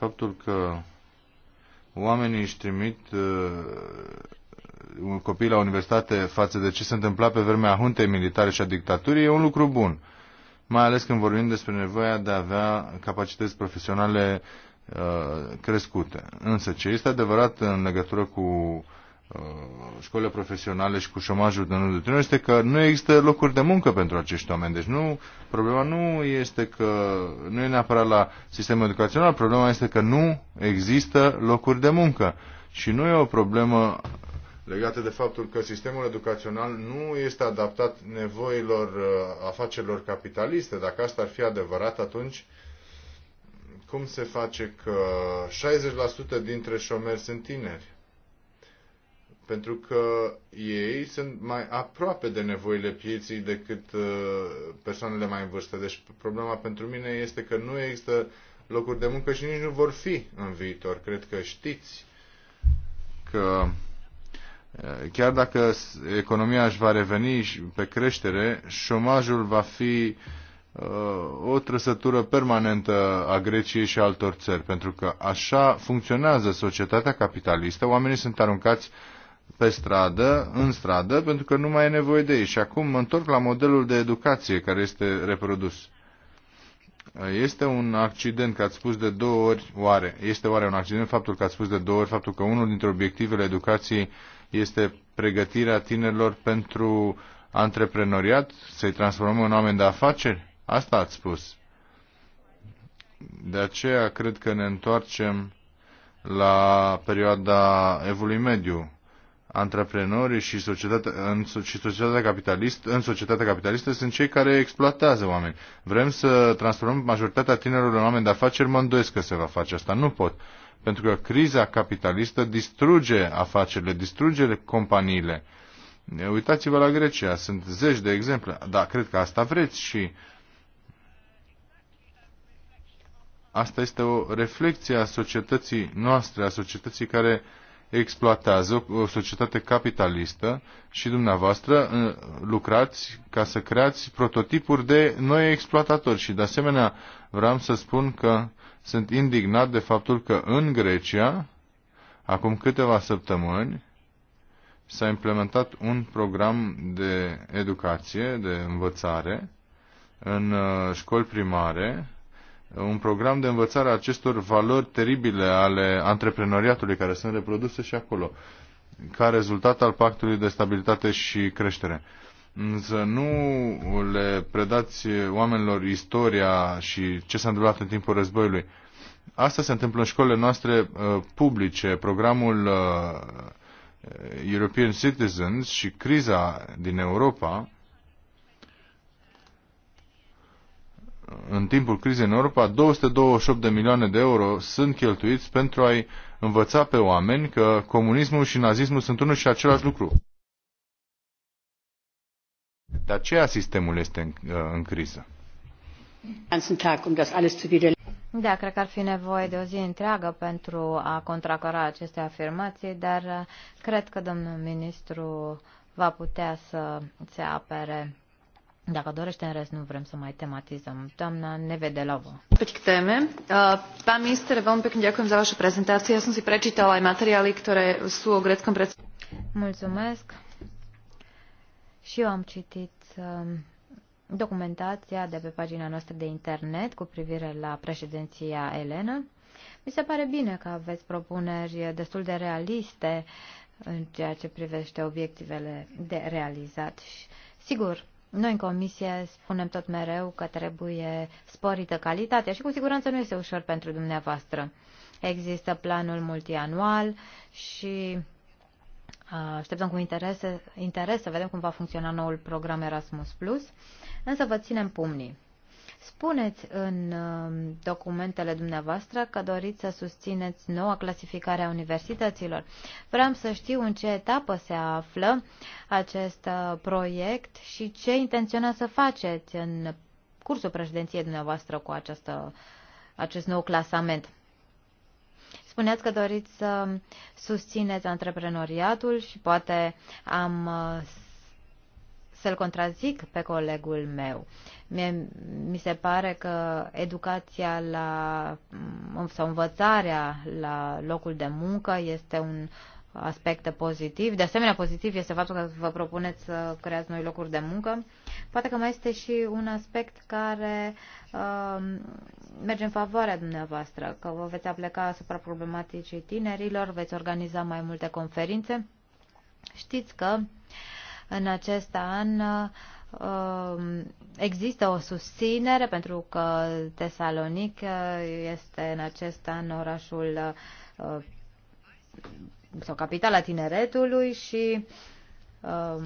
faptul că oamenii își trimit uh, copii la universitate față de ce se întâmpla pe vremea huntei militare și a dictaturii e un lucru bun. Mai ales când vorbim despre nevoia de a avea capacități profesionale uh, crescute. Însă ce este adevărat în legătură cu Uh, școlile profesionale și cu șomajul de de tineri este că nu există locuri de muncă pentru acești oameni. Deci nu, problema nu este că nu e neapărat la sistemul educațional, problema este că nu există locuri de muncă. Și nu e o problemă legată de faptul că sistemul educațional nu este adaptat nevoilor uh, afacerilor capitaliste. Dacă asta ar fi adevărat, atunci cum se face că 60% dintre șomeri sunt tineri? pentru că ei sunt mai aproape de nevoile pieții decât uh, persoanele mai în vârstă. Deci problema pentru mine este că nu există locuri de muncă și nici nu vor fi în viitor. Cred că știți că uh, chiar dacă economia își va reveni pe creștere, șomajul va fi uh, o trăsătură permanentă a Greciei și altor țări, pentru că așa funcționează societatea capitalistă, oamenii sunt aruncați pe stradă, în stradă, pentru că nu mai e nevoie de ei. Și acum mă întorc la modelul de educație care este reprodus. Este un accident că ați spus de două ori, oare, este oare un accident faptul că ați spus de două ori, faptul că unul dintre obiectivele educației este pregătirea tinerilor pentru antreprenoriat, să-i transformăm în oameni de afaceri? Asta ați spus. De aceea cred că ne întoarcem la perioada evului mediu antreprenori și societatea, în, și societatea capitalistă, în societatea capitalistă sunt cei care exploatează oameni. Vrem să transformăm majoritatea tinerilor în oameni de afaceri, mă îndoiesc că se va face asta. Nu pot. Pentru că criza capitalistă distruge afacerile, distruge companiile. Uitați-vă la Grecia, sunt zeci de exemple, dar cred că asta vreți și asta este o reflexie a societății noastre, a societății care uh, exploatează o societate capitalistă și dumneavoastră uh, lucrați ca să creați prototipuri de noi exploatatori. Și de asemenea vreau să spun că sunt indignat de faptul că în Grecia, acum câteva săptămâni, s-a implementat un program de educație, de învățare, în uh, școli primare, un program de învățare a acestor valori teribile ale antreprenoriatului care sunt reproduse și acolo, ca rezultat al pactului de stabilitate și creștere. Însă nu le predați oamenilor istoria și ce s-a întâmplat în timpul războiului. Asta se întâmplă în școlile noastre uh, publice. Programul uh, European Citizens și criza din Europa în timpul crizei în Europa, 228 de milioane de euro sunt cheltuiți pentru a-i învăța pe oameni că comunismul și nazismul sunt unul și același lucru. De aceea sistemul este în, uh, în criză. Um da, cred că ar fi nevoie de o zi întreagă pentru a contracara aceste afirmații, dar uh, cred că domnul ministru va putea să se apere dacă dorește, în rest nu vrem să mai tematizăm. Doamna vă. Opäť k téme. Pán minister, veľmi pekne ďakujem za vašu prezentáciu. Ja som si prečítala aj materiály, ktoré sú o greckom predsedníctve. Mulțumesc. Și eu am citit um, documentația de pe pagina noastră de internet cu privire la președinția Elena. Mi se pare bine că aveți propuneri destul de realiste în ceea ce privește obiectivele de realizat. Și, sigur, noi în comisie spunem tot mereu că trebuie sporită calitatea și cu siguranță nu este ușor pentru dumneavoastră. Există planul multianual și Așteptăm cu interes, interes să vedem cum va funcționa noul program Erasmus+, însă vă ținem pumnii. Spuneți în um, documentele dumneavoastră că doriți să susțineți noua clasificare a universităților. Vreau să știu în ce etapă se află acest uh, proiect și ce intenționați să faceți în cursul președinției dumneavoastră cu această, acest nou clasament. Spuneați că doriți să susțineți antreprenoriatul și poate am uh, să-l contrazic pe colegul meu. Mie, mi se pare că educația la, sau învățarea la locul de muncă este un aspect pozitiv. De asemenea, pozitiv este faptul că vă propuneți să creați noi locuri de muncă. Poate că mai este și un aspect care uh, merge în favoarea dumneavoastră, că vă veți apleca asupra problematicii tinerilor, veți organiza mai multe conferințe. Știți că în acest an uh, Um, există o susținere pentru că Tesalonic uh, este în acest an orașul uh, sau capitala tineretului și um,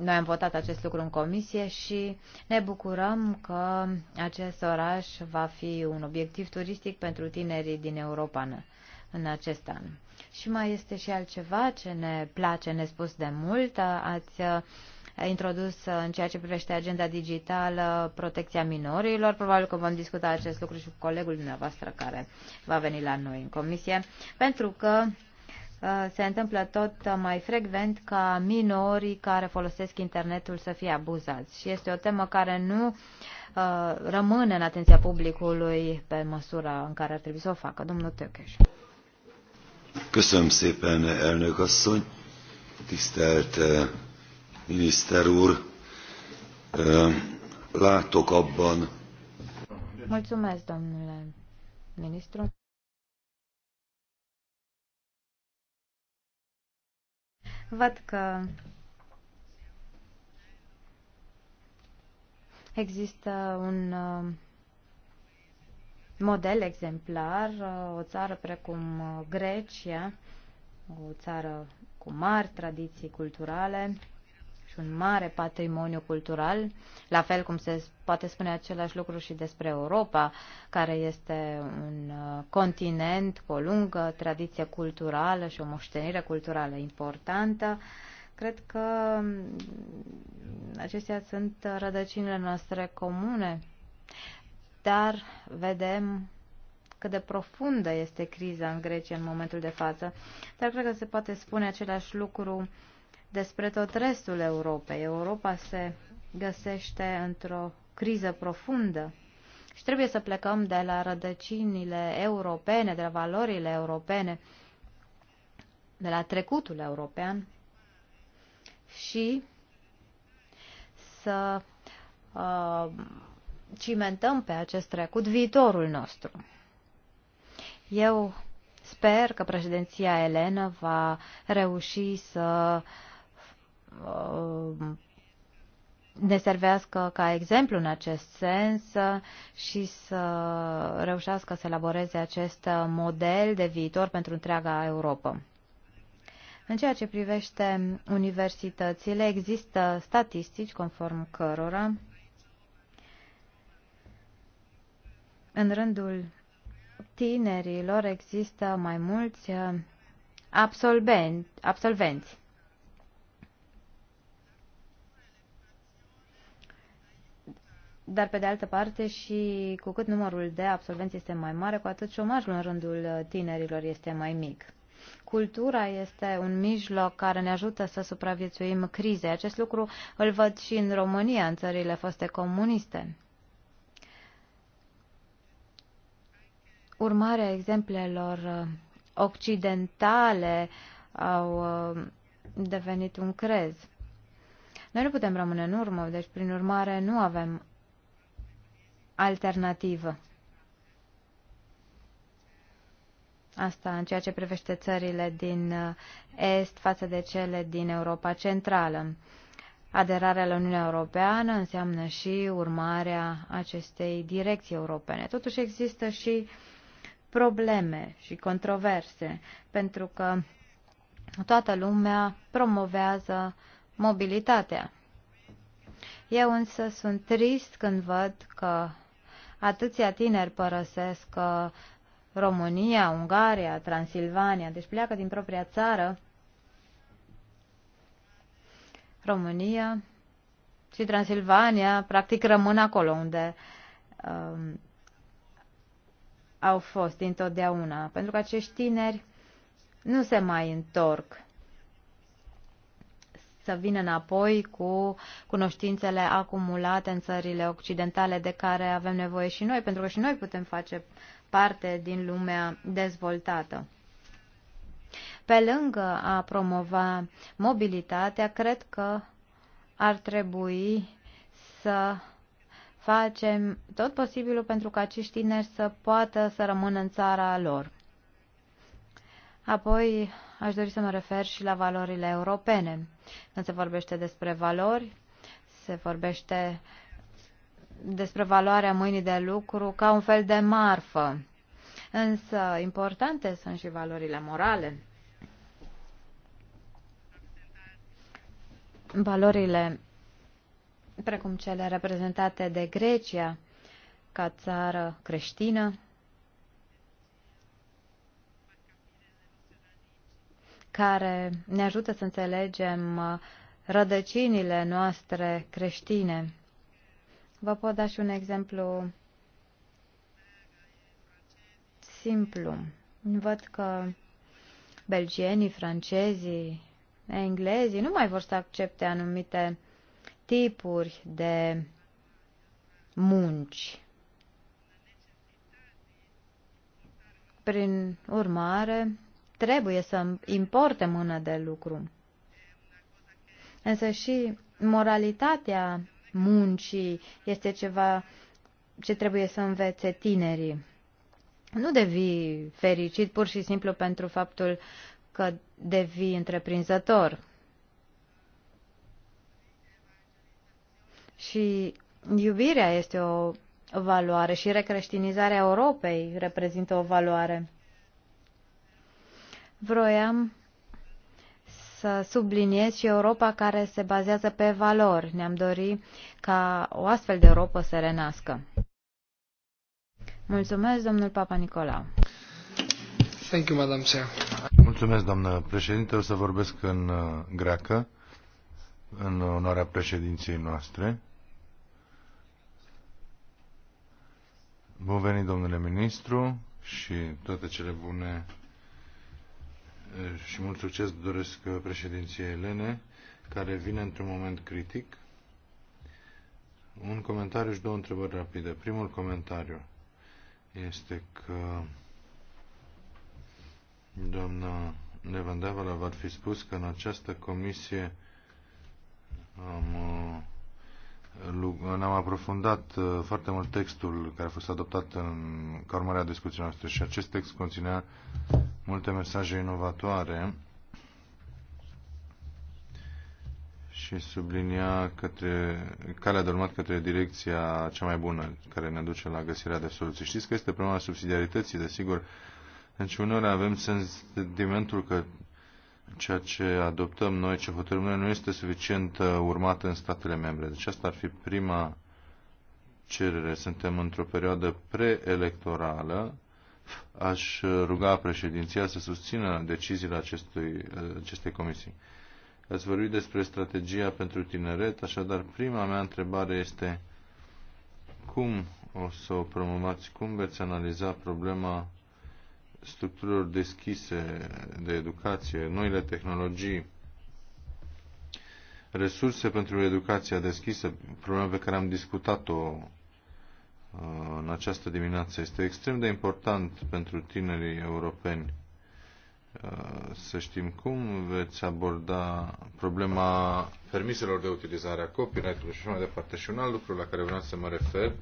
noi am votat acest lucru în comisie și ne bucurăm că acest oraș va fi un obiectiv turistic pentru tinerii din Europa în acest an. Și mai este și altceva ce ne place nespus de mult. Ați uh, introdus în ceea ce privește agenda digitală, protecția minorilor. Probabil că vom discuta acest lucru și cu colegul dumneavoastră care va veni la noi în comisie, pentru că uh, se întâmplă tot mai frecvent ca minorii care folosesc internetul să fie abuzați. Și este o temă care nu uh, rămâne în atenția publicului pe măsura în care ar trebui să o facă. Domnul Tökeș. Köszönöm szépen, elnök asszony, tisztelt uh, miniszter úr! Látok abban... Mulțumesc, domnule ministru. Văd că există un model exemplar, o țară precum Grecia, o țară cu mari tradiții culturale, și deci un mare patrimoniu cultural, la fel cum se poate spune același lucru și despre Europa, care este un uh, continent cu o lungă tradiție culturală și o moștenire culturală importantă. Cred că um, acestea sunt uh, rădăcinile noastre comune, dar vedem cât de profundă este criza în Grecia în momentul de față, dar cred că se poate spune același lucru despre tot restul Europei. Europa se găsește într-o criză profundă și trebuie să plecăm de la rădăcinile europene, de la valorile europene, de la trecutul european și să uh, cimentăm pe acest trecut viitorul nostru. Eu sper că președinția Elenă va reuși să uh, Uh, ne servească ca exemplu în acest sens și să reușească să elaboreze acest model de viitor pentru întreaga Europa. În ceea ce privește universitățile, există statistici conform cărora în rândul tinerilor există mai mulți uh, absolvenți, absolvenți Dar, pe de altă parte, și cu cât numărul de absolvenți este mai mare, cu atât șomajul în rândul uh, tinerilor este mai mic. Cultura este un mijloc care ne ajută să supraviețuim crize. Acest lucru îl văd și în România, în țările foste comuniste. Urmarea exemplelor uh, occidentale au uh, devenit un crez. Noi nu putem rămâne în urmă, deci prin urmare nu avem alternativă. Asta în ceea ce privește țările din uh, Est față de cele din Europa Centrală. Aderarea la Uniunea Europeană înseamnă și urmarea acestei direcții europene. Totuși există și probleme și controverse, pentru că toată lumea promovează mobilitatea. Eu însă sunt trist când văd că atâția tineri părăsesc uh, România, Ungaria, Transilvania, deci pleacă din propria țară, România și Transilvania, practic rămân acolo unde um, au fost dintotdeauna, pentru că acești tineri nu se mai întorc să vină înapoi cu cunoștințele acumulate în țările occidentale de care avem nevoie și noi, pentru că și noi putem face parte din lumea dezvoltată. Pe lângă a promova mobilitatea, cred că ar trebui să facem tot posibilul pentru ca acești tineri să poată să rămână în țara lor. Apoi aș dori să mă refer și la valorile europene. Când se vorbește despre valori, se vorbește despre valoarea mâinii de lucru ca un fel de marfă. Însă importante sunt și valorile morale. Valorile precum cele reprezentate de Grecia ca țară creștină, care ne ajută să înțelegem uh, rădăcinile noastre creștine. Vă pot da și un exemplu simplu. Văd că belgienii, francezii, englezii nu mai vor să accepte anumite tipuri de munci. Prin urmare, trebuie să importe mână de lucru. Însă și moralitatea muncii este ceva ce trebuie să învețe tinerii. Nu devii fericit pur și simplu pentru faptul că devii întreprinzător. Și iubirea este o valoare și recreștinizarea Europei reprezintă o valoare. Vroiam să subliniez și Europa care se bazează pe valori. Ne-am dorit ca o astfel de Europa să renască. Mulțumesc, domnul Papa Nicolau. Thank you, Madam Chair. Mulțumesc, doamnă președinte. O să vorbesc în uh, greacă, în onoarea președinției noastre. Bun venit, domnule ministru, și toate cele bune și mult succes doresc președinției Elene, care vine într-un moment critic. Un comentariu și două întrebări rapide. Primul comentariu este că doamna Levandevala v-ar fi spus că în această comisie am, uh, ne-am aprofundat uh, foarte mult textul care a fost adoptat în, ca urmare a discuției noastre și acest text conținea multe mesaje inovatoare și sublinia către, calea de urmat către direcția cea mai bună care ne duce la găsirea de soluții. Știți că este problema subsidiarității, desigur. Deci uneori avem sentimentul că ceea ce adoptăm noi, ce hotărâm noi, nu este suficient uh, urmat în statele membre. Deci asta ar fi prima cerere. Suntem într-o perioadă preelectorală aș ruga președinția să susțină deciziile acestui, acestei comisii. Ați vorbit despre strategia pentru tineret, așadar prima mea întrebare este cum o să o promovați, cum veți analiza problema structurilor deschise de educație, noile tehnologii, resurse pentru educația deschisă, problema pe care am discutat-o Uh, în această dimineață. Este extrem de important pentru tinerii europeni uh, să știm cum veți aborda problema permiselor de utilizare a copyright-ului și așa mai departe. Și un alt lucru la care vreau să mă refer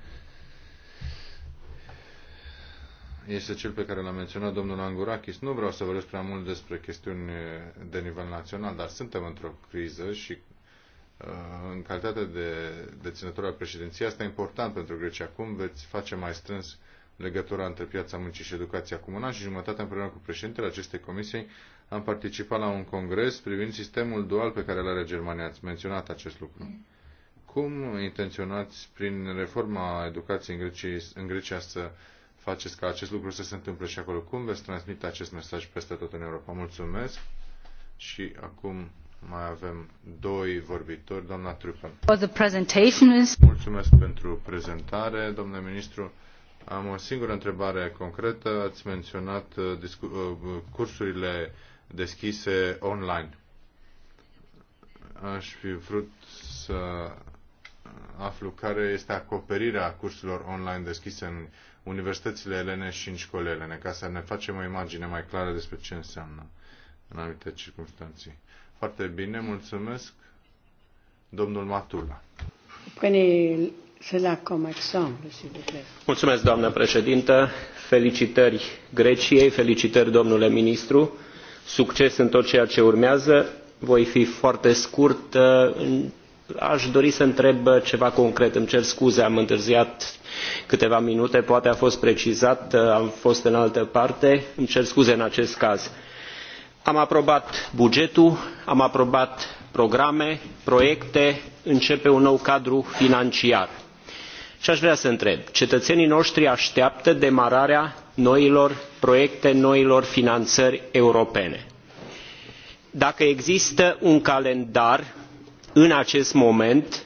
este cel pe care l-a menționat domnul Angurakis. Nu vreau să vorbesc prea mult despre chestiuni de nivel național, dar suntem într-o criză și Uh, în calitate de deținător al președinției. Asta e important pentru Grecia. Cum veți face mai strâns legătura între piața muncii și educația comună și jumătatea împreună cu președintele acestei comisii am participat la un congres privind sistemul dual pe care îl are Germania. Ați menționat acest lucru. Cum intenționați prin reforma educației în Grecia, în Grecia să faceți ca acest lucru să se întâmple și acolo? Cum veți transmite acest mesaj peste tot în Europa? Mulțumesc și acum mai avem doi vorbitori, doamna Trupel. Mulțumesc pentru prezentare, domnule ministru. Am o singură întrebare concretă. Ați menționat uh, uh, cursurile deschise online. Aș fi vrut să aflu care este acoperirea cursurilor online deschise în universitățile elene și în școlile elene, ca să ne facem o imagine mai clară despre ce înseamnă în anumite circunstanții. Foarte bine, mulțumesc. Domnul Matula. Păi, mulțumesc, doamnă președintă. Felicitări Greciei, felicitări domnule ministru. Succes în tot ceea ce urmează. Voi fi foarte scurt. Uh, aș dori să întreb ceva concret. Îmi cer scuze, am întârziat câteva minute, poate a fost precizat, uh, am fost în altă parte. Îmi cer scuze în acest caz am aprobat bugetul am aprobat programe proiecte începe un nou cadru financiar și aș vrea să întreb cetățenii noștri așteaptă demararea noilor proiecte noilor finanțări europene dacă există un calendar în acest moment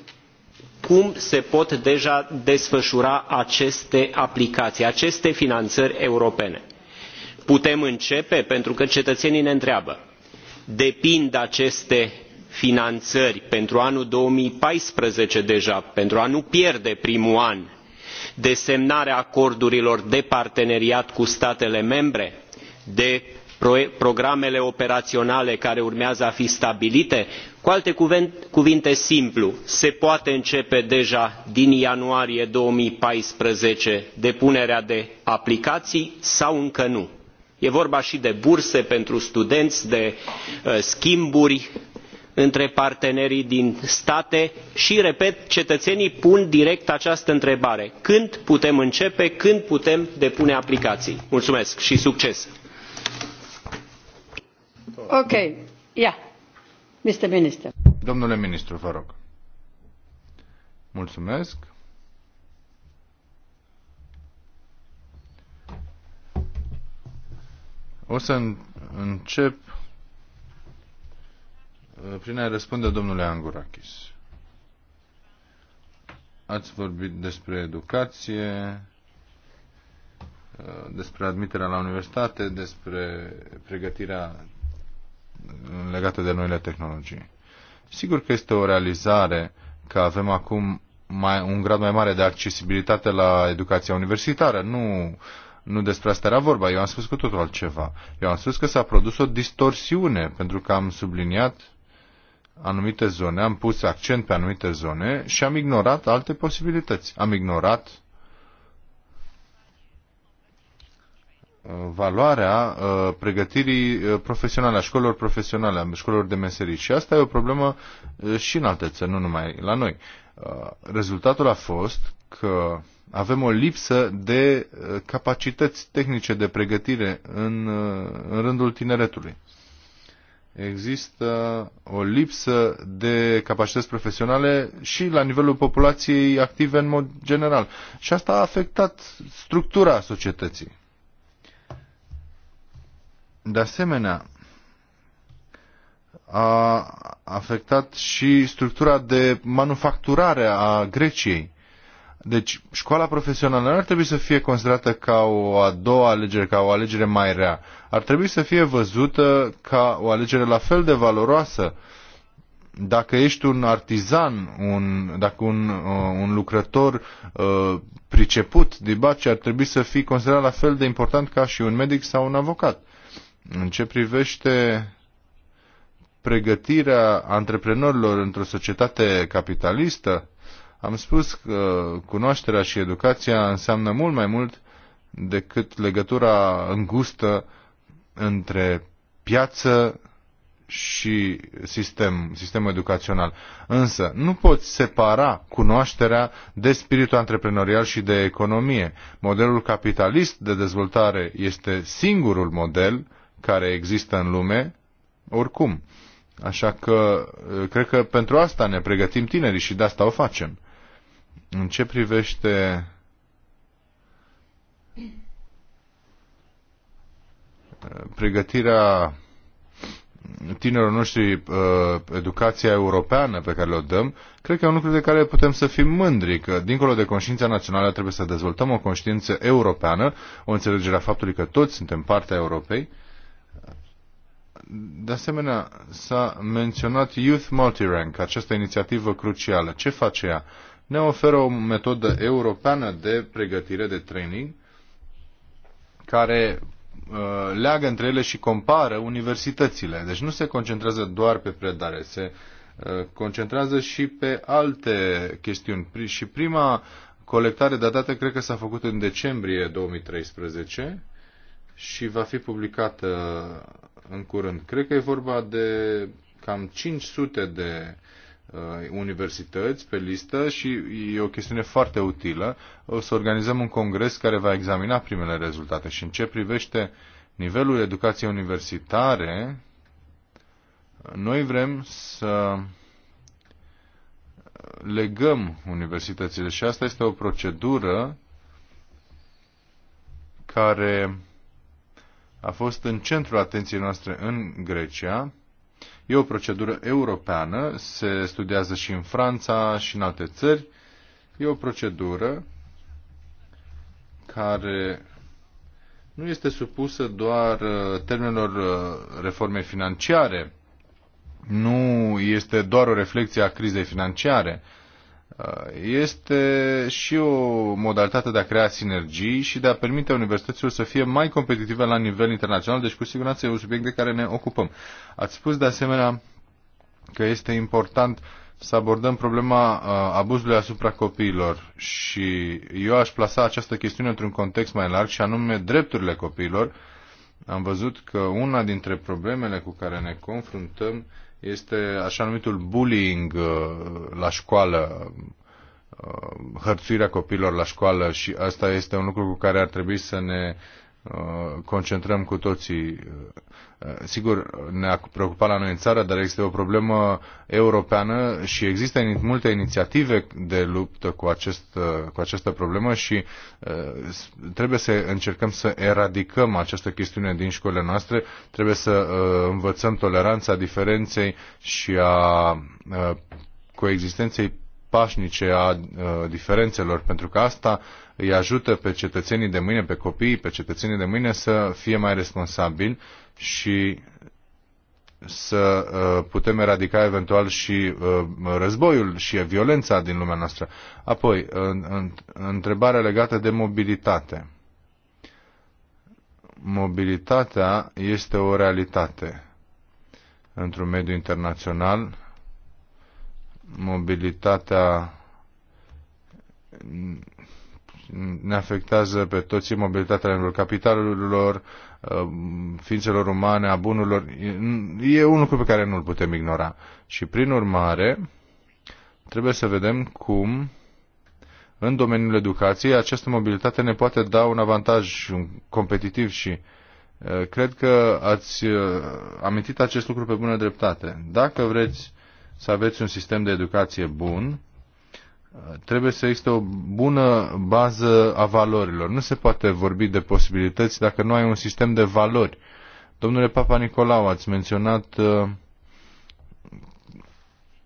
cum se pot deja desfășura aceste aplicații aceste finanțări europene putem începe pentru că cetățenii ne întreabă depind aceste finanțări pentru anul două mii paisprezece deja pentru a nu pierde primul an de semnarea acordurilor de parteneriat cu statele membre de programele operaționale care urmează a fi stabilite cu alte cuvinte simplu se poate începe deja din ianuarie două mii paisprezece depunerea de aplicații sau încă nu? e vorba și de burse pentru studenți de uh, schimburi între partenerii din state și repet cetățenii pun direct această întrebare când putem începe când putem depune aplicații? mulțumesc și succes! Ok. Yeah. Mr. Minister. domnule ministru vă rog mulțumesc O să încep uh, prin a răspunde domnule Angurakis. Ați vorbit despre educație, uh, despre admiterea la universitate, despre pregătirea uh, legată de noile tehnologii. Sigur că este o realizare că avem acum mai, un grad mai mare de accesibilitate la educația universitară. Nu nu despre asta era vorba. Eu am spus cu totul altceva. Eu am spus că s-a produs o distorsiune, pentru că am subliniat anumite zone, am pus accent pe anumite zone și am ignorat alte posibilități. Am ignorat uh, valoarea uh, pregătirii uh, profesionale, a școlilor profesionale, a școlilor de meserii. Și asta e o problemă și în alte țări, nu numai la noi. Rezultatul a fost că avem o lipsă de uh, capacități tehnice de pregătire în, uh, în rândul tineretului. Există o lipsă de capacități profesionale și la nivelul populației active în mod general. Și asta a afectat structura societății. De asemenea, a afectat și structura de manufacturare a Greciei deci școala profesională nu ar trebui să fie considerată ca o a doua alegere, ca o alegere mai rea. Ar trebui să fie văzută ca o alegere la fel de valoroasă. Dacă ești un artizan, un, dacă un, uh, un lucrător uh, priceput de bace, ar trebui să fie considerat la fel de important ca și un medic sau un avocat. În ce privește pregătirea antreprenorilor într-o societate capitalistă, am spus că cunoașterea și educația înseamnă mult mai mult decât legătura îngustă între piață și sistem, sistemul educațional. Însă, nu poți separa cunoașterea de spiritul antreprenorial și de economie. Modelul capitalist de dezvoltare este singurul model care există în lume, oricum. Așa că, cred că pentru asta ne pregătim tinerii și de asta o facem. În ce privește pregătirea tinerilor noștri uh, educația europeană pe care le-o dăm, cred că e un lucru de care putem să fim mândri, că dincolo de conștiința națională trebuie să dezvoltăm o conștiință europeană, o înțelegere a faptului că toți suntem partea Europei. De asemenea, s-a menționat Youth Multirank, această inițiativă crucială. Ce face ea? ne oferă o metodă europeană de pregătire, de training, care uh, leagă între ele și compară universitățile. Deci nu se concentrează doar pe predare, se uh, concentrează și pe alte chestiuni. și prima colectare de date cred că s-a făcut în decembrie 2013 și va fi publicată în curând. Cred că e vorba de cam 500 de Uh, universități pe listă și e o chestiune foarte utilă. O să organizăm un congres care va examina primele rezultate și în ce privește nivelul educației universitare, noi vrem să legăm universitățile și asta este o procedură care a fost în centrul atenției noastre în Grecia, E o procedură europeană, se studiază și în Franța și în alte țări. E o procedură care nu este supusă doar uh, termenilor uh, reforme financiare, nu este doar o reflexie a crizei financiare, Uh, este și o modalitate de a crea sinergii și de a permite universităților să fie mai competitive la nivel internațional, deci cu siguranță e un subiect de care ne ocupăm. Ați spus de asemenea că este important să abordăm problema uh, abuzului asupra copiilor și eu aș plasa această chestiune într-un context mai larg și anume drepturile copiilor. Am văzut că una dintre problemele cu care ne confruntăm este așa numitul bullying uh, la școală, uh, hărțuirea copiilor la școală și asta este un lucru cu care ar trebui să ne Uh, concentrăm cu toții. Uh, uh, sigur, ne-a preocupat la noi în țară, dar este o problemă europeană și există multe inițiative de luptă cu, acest, cu această problemă și trebuie să încercăm să eradicăm această chestiune din școlile noastre, trebuie să învățăm toleranța diferenței și a coexistenței pașnice a uh, diferențelor, pentru că asta îi ajută pe cetățenii de mâine, pe copiii, pe cetățenii de mâine să fie mai responsabili și să uh, putem eradica eventual și uh, războiul și violența din lumea noastră. Apoi, întrebarea legată de mobilitate. Mobilitatea este o realitate într-un mediu internațional mobilitatea ne afectează pe toți mobilitatea în capitalurilor, uh, ființelor umane, a bunurilor. E un lucru pe care nu-l putem ignora. Și prin urmare, trebuie să vedem cum în domeniul educației această mobilitate ne poate da un avantaj competitiv și uh, cred că ați uh, amintit acest lucru pe bună dreptate. Dacă vreți să aveți un sistem de educație bun, trebuie să existe o bună bază a valorilor. Nu se poate vorbi de posibilități dacă nu ai un sistem de valori. Domnule Papa Nicolau, ați menționat uh,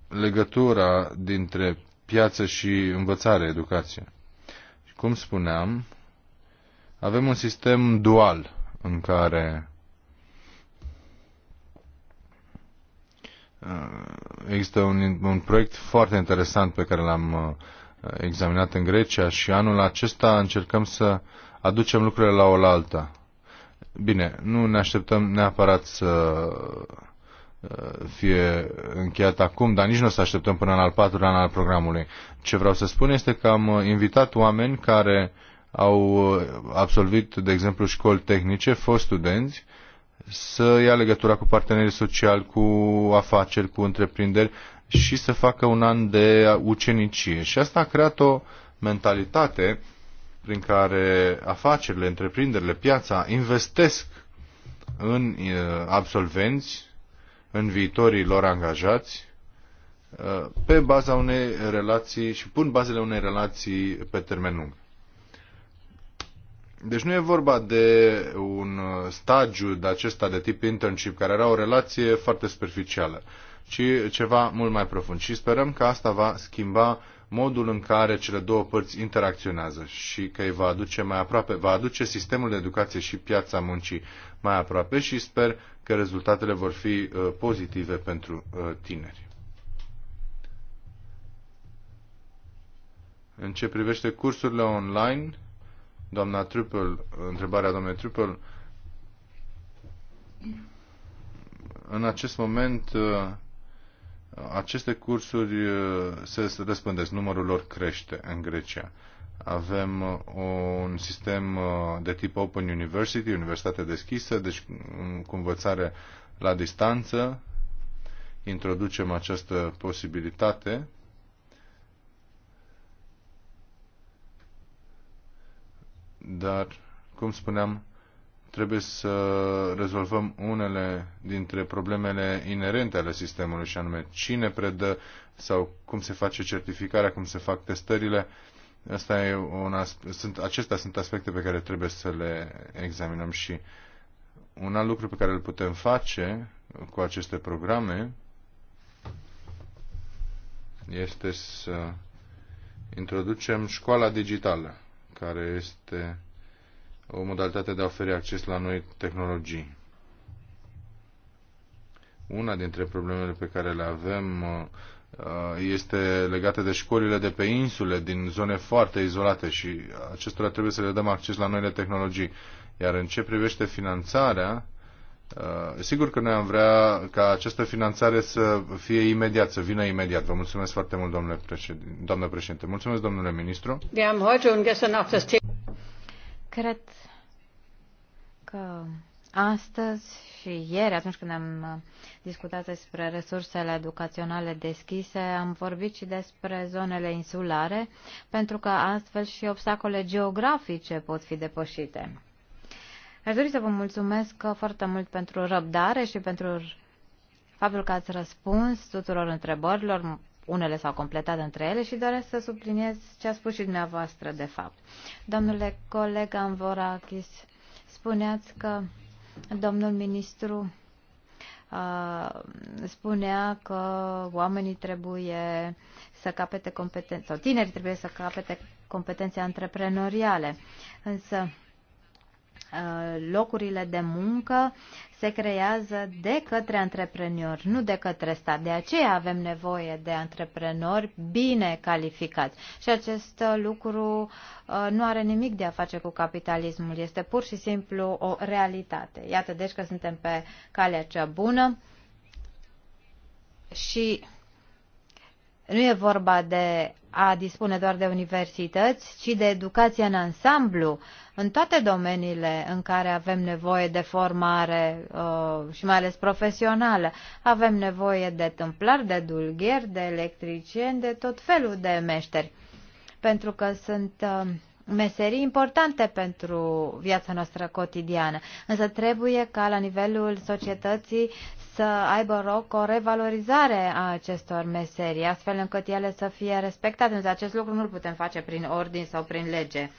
legătura dintre piață și învățare, educație. Cum spuneam, avem un sistem dual în care Uh, există un, un proiect foarte interesant pe care l-am uh, examinat în Grecia și anul acesta încercăm să aducem lucrurile la oaltă. Bine, nu ne așteptăm neapărat să uh, fie încheiat acum, dar nici nu o să așteptăm până în al patrulea an al programului. Ce vreau să spun este că am invitat oameni care au absolvit, de exemplu, școli tehnice, fost studenți să ia legătura cu partenerii sociali, cu afaceri, cu întreprinderi și să facă un an de ucenicie. Și asta a creat o mentalitate prin care afacerile, întreprinderile, piața investesc în uh, absolvenți, în viitorii lor angajați, uh, pe baza unei relații și pun bazele unei relații pe termen lung. Deci nu e vorba de un uh, stagiu de acesta de tip internship, care era o relație foarte superficială, ci ceva mult mai profund. Și sperăm că asta va schimba modul în care cele două părți interacționează și că îi va aduce mai aproape, va aduce sistemul de educație și piața muncii mai aproape și sper că rezultatele vor fi uh, pozitive pentru uh, tineri. În ce privește cursurile online, Doamna Trupel, întrebarea doamnei Trupel, în acest moment uh, aceste cursuri uh, se răspândesc, numărul lor crește în Grecia. Avem uh, un sistem de tip Open University, universitate deschisă, deci um, cu învățare la distanță. Introducem această posibilitate dar, cum spuneam, trebuie să rezolvăm unele dintre problemele inerente ale sistemului, și anume cine predă sau cum se face certificarea, cum se fac testările. Asta e un sunt, acestea sunt aspecte pe care trebuie să le examinăm și un alt lucru pe care îl putem face cu aceste programe este să introducem școala digitală care este o modalitate de a oferi acces la noi tehnologii. Una dintre problemele pe care le avem uh, este legată de școlile de pe insule, din zone foarte izolate și acestora trebuie să le dăm acces la noile tehnologii. Iar în ce privește finanțarea, Uh, sigur că noi am vrea ca această finanțare să fie imediat, să vină imediat. Vă mulțumesc foarte mult, domnule președinte. Doamnă președinte. Mulțumesc, domnule ministru. Cred că astăzi și ieri, atunci când am uh, discutat despre resursele educaționale deschise, am vorbit și despre zonele insulare, pentru că astfel și obstacole geografice pot fi depășite. Aș dori să vă mulțumesc foarte mult pentru răbdare și pentru faptul că ați răspuns tuturor întrebărilor. Unele s-au completat între ele și doresc să subliniez ce a spus și dumneavoastră, de fapt. Domnule coleg Amvorakis, spuneați că domnul ministru uh, spunea că oamenii trebuie să capete competențe, sau tinerii trebuie să capete competențe antreprenoriale. Însă, Uh, locurile de muncă se creează de către antreprenori, nu de către stat. De aceea avem nevoie de antreprenori bine calificați. Și acest uh, lucru uh, nu are nimic de a face cu capitalismul. Este pur și simplu o realitate. Iată, deci că suntem pe calea cea bună și nu e vorba de a dispune doar de universități, ci de educație în ansamblu, în toate domeniile în care avem nevoie de formare uh, și mai ales profesională. Avem nevoie de tâmplari, de dulgheri, de electricieni, de tot felul de meșteri, pentru că sunt uh, meserii importante pentru viața noastră cotidiană. Însă trebuie ca la nivelul societății să aibă loc o revalorizare a acestor meserii, astfel încât ele să fie respectate. Însă acest lucru nu-l putem face prin ordin sau prin lege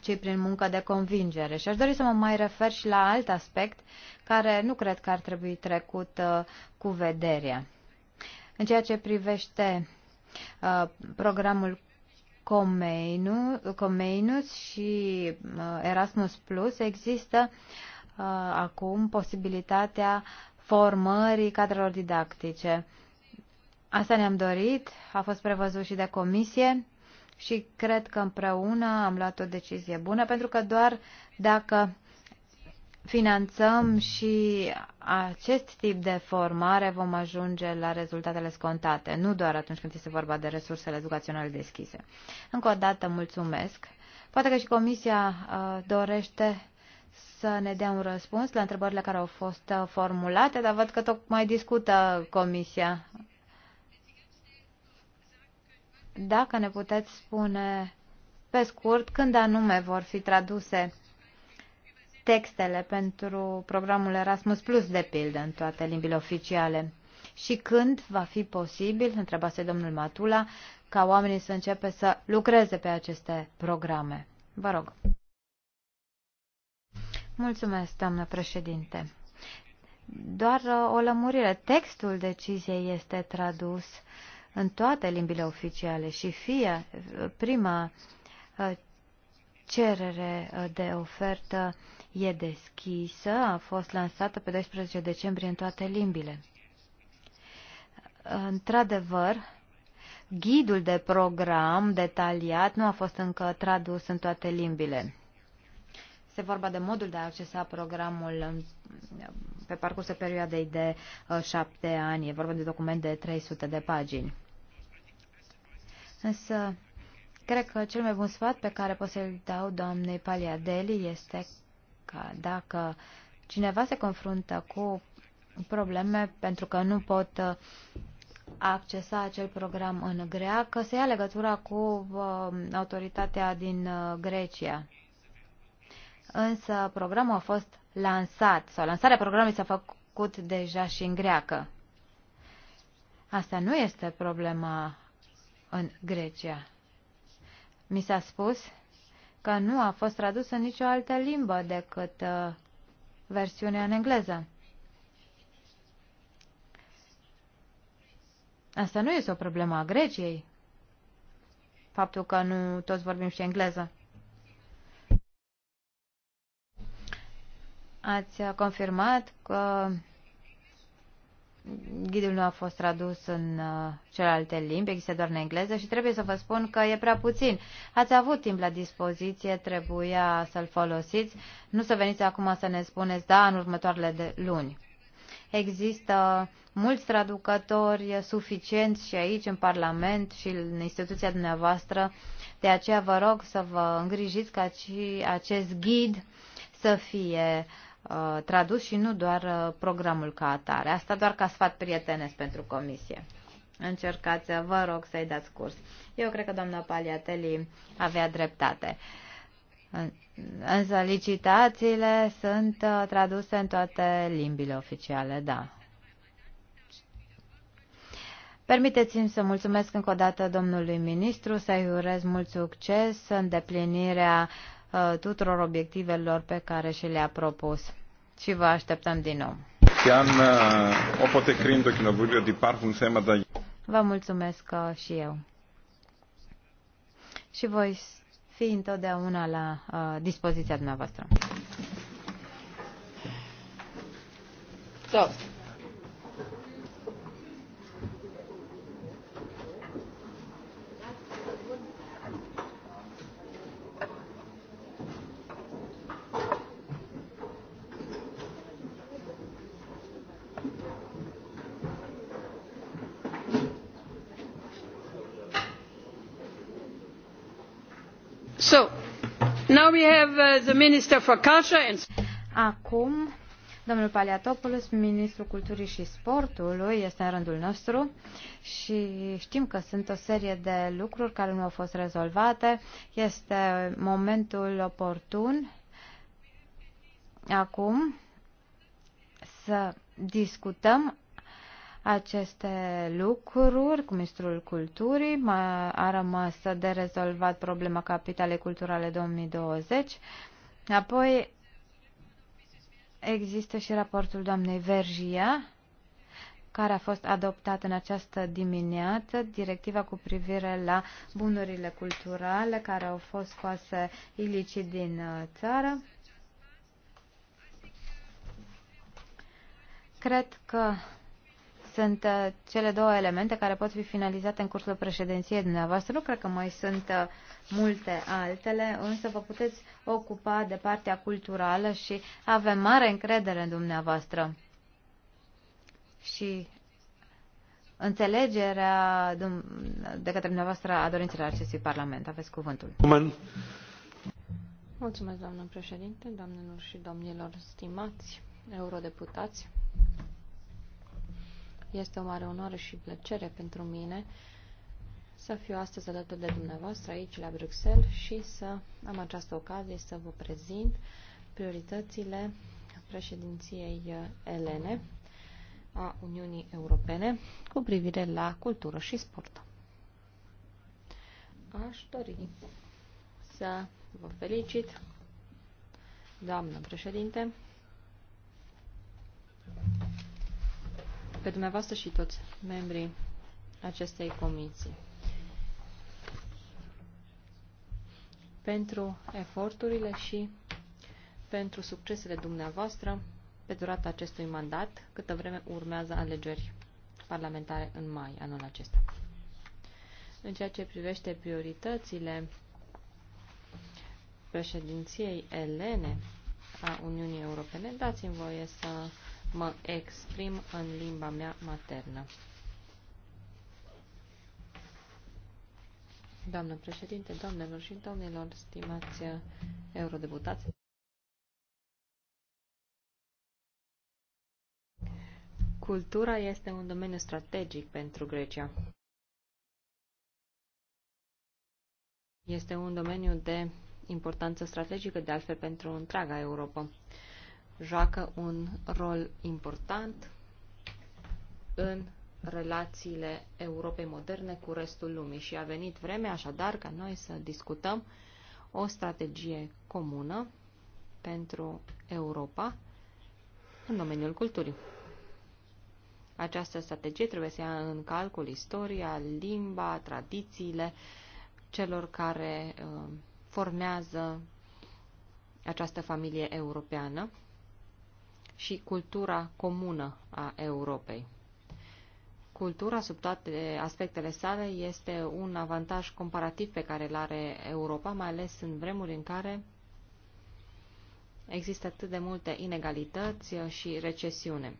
ci prin muncă de convingere. Și aș dori să mă mai refer și la alt aspect care nu cred că ar trebui trecut uh, cu vederea. În ceea ce privește uh, programul Comenius și uh, Erasmus Plus există uh, acum posibilitatea formării cadrelor didactice. Asta ne-am dorit, a fost prevăzut și de comisie și cred că împreună am luat o decizie bună, pentru că doar dacă finanțăm și acest tip de formare, vom ajunge la rezultatele scontate, nu doar atunci când este vorba de resursele educaționale deschise. Încă o dată mulțumesc. Poate că și Comisia uh, dorește să ne dea un răspuns la întrebările care au fost uh, formulate, dar văd că tocmai discută Comisia. Dacă ne puteți spune pe scurt când anume vor fi traduse textele pentru programul Erasmus Plus, de pildă, în toate limbile oficiale? Și când va fi posibil, întrebase domnul Matula, ca oamenii să începe să lucreze pe aceste programe? Vă rog. Mulțumesc, doamnă președinte. Doar o lămurire. Textul deciziei este tradus în toate limbile oficiale și fie prima uh, cerere uh, de ofertă e deschisă, a fost lansată pe 12 decembrie în toate limbile. Într-adevăr, ghidul de program detaliat nu a fost încă tradus în toate limbile. Se vorba de modul de a accesa programul pe parcursul perioadei de uh, șapte ani. E vorba de document de 300 de pagini. Însă, cred că cel mai bun sfat pe care pot să-l dau doamnei Paliadeli este că dacă cineva se confruntă cu probleme pentru că nu pot uh, accesa acel program în greacă, se ia legătura cu uh, autoritatea din uh, Grecia. Însă programul a fost lansat sau lansarea programului s-a făcut deja și în greacă. Asta nu este problema în Grecia. Mi s-a spus că nu a fost tradus în nicio altă limbă decât uh, versiunea în engleză. Asta nu este o problemă a Greciei, faptul că nu toți vorbim și engleză. Ați confirmat că ghidul nu a fost tradus în uh, celelalte limbi, există doar în engleză și trebuie să vă spun că e prea puțin. Ați avut timp la dispoziție, trebuia să-l folosiți, nu să veniți acum să ne spuneți da în următoarele de luni. Există mulți traducători suficienți și aici în Parlament și în instituția dumneavoastră, de aceea vă rog să vă îngrijiți ca și acest ghid să fie uh, Uh, tradus și nu doar uh, programul ca atare. Asta doar ca sfat prietenesc pentru comisie. Încercați, uh, vă rog, să-i dați curs. Eu cred că doamna Paliateli avea dreptate. Însă licitațiile sunt traduse în toate limbile oficiale, da. Permiteți-mi să mulțumesc încă o dată domnului ministru, să-i urez mult succes în deplinirea tuturor obiectivelor pe care și le-a propus și vă așteptăm din nou. Uh, vă mulțumesc uh, și eu. Și voi fi întotdeauna la uh, dispoziția dumneavoastră. So. Uh, acum, domnul Paliatopoulos, ministrul culturii și sportului, este în rândul nostru și știm că sunt o serie de lucruri care nu au fost rezolvate. Este momentul oportun acum să discutăm aceste lucruri cu Ministrul Culturii. A rămas de rezolvat problema Capitalei Culturale 2020. Apoi există și raportul doamnei Vergia, care a fost adoptat în această dimineață, directiva cu privire la bunurile culturale care au fost scoase ilicit din uh, țară. Cred că sunt uh, cele două elemente care pot fi finalizate în cursul președinției dumneavoastră. Nu cred că mai sunt uh, multe altele, însă vă puteți ocupa de partea culturală și avem mare încredere în dumneavoastră. Și înțelegerea de către dumneavoastră a dorințelor acestui Parlament. Aveți cuvântul. Mulțumesc, doamnă președinte, doamnelor și domnilor stimați eurodeputați. Este o mare onoare și plăcere pentru mine să fiu astăzi alături de dumneavoastră aici la Bruxelles și să am această ocazie să vă prezint prioritățile președinției uh, elene a Uniunii Europene cu privire la cultură și sport. Aș dori să vă felicit, doamnă președinte, pe dumneavoastră și toți membrii acestei comisii pentru eforturile și pentru succesele dumneavoastră pe durata acestui mandat, câtă vreme urmează alegeri parlamentare în mai anul acesta. În ceea ce privește prioritățile președinției elene a Uniunii Europene, dați-mi voie să mă exprim în limba mea maternă. Doamnă președinte, doamnelor și domnilor, stimați eurodeputați, cultura este un domeniu strategic pentru Grecia. Este un domeniu de importanță strategică, de altfel, pentru întreaga Europa joacă un rol important în relațiile Europei moderne cu restul lumii și a venit vremea așadar ca noi să discutăm o strategie comună pentru Europa în domeniul culturii. Această strategie trebuie să ia în calcul istoria, limba, tradițiile celor care uh, formează această familie europeană și cultura comună a Europei. Cultura, sub toate aspectele sale, este un avantaj comparativ pe care îl are Europa, mai ales în vremuri în care există atât de multe inegalități și recesiune.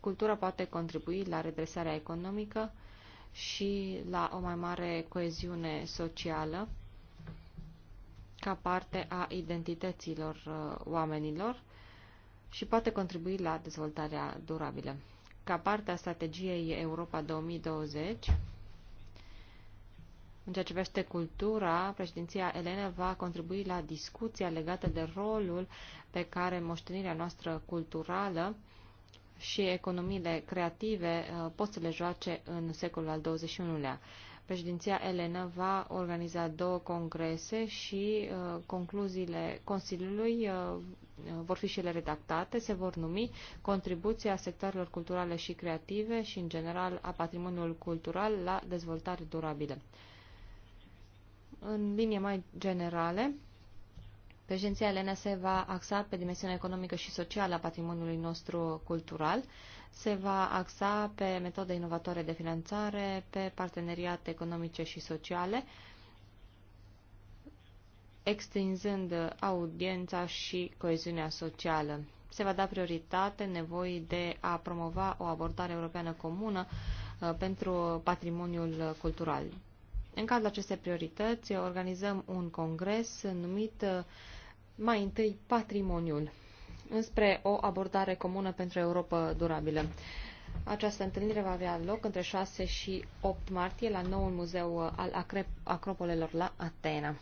Cultura poate contribui la redresarea economică și la o mai mare coeziune socială ca parte a identităților uh, oamenilor și poate contribui la dezvoltarea durabilă. Ca parte a strategiei Europa 2020, în ceea ce privește cultura, președinția Elena va contribui la discuția legată de rolul pe care moștenirea noastră culturală și economiile creative uh, pot să le joace în secolul al XXI-lea. Președinția Elena va organiza două congrese și uh, concluziile Consiliului uh, uh, vor fi și ele redactate, se vor numi Contribuția sectoarelor culturale și creative și, în general, a patrimoniului cultural la dezvoltare durabilă. În linie mai generale, președinția Elena se va axa pe dimensiunea economică și socială a patrimoniului nostru cultural, uh, se va axa pe metode inovatoare de finanțare, pe parteneriate economice și sociale, extinzând audiența și coeziunea socială. Se va da prioritate nevoii de a promova o abordare europeană comună uh, pentru patrimoniul cultural. În cadrul acestei priorități organizăm un congres numit uh, mai întâi Patrimoniul înspre o abordare comună pentru Europa durabilă. Această întâlnire va avea loc între 6 și 8 martie la noul muzeu al Acropolelor la Atena.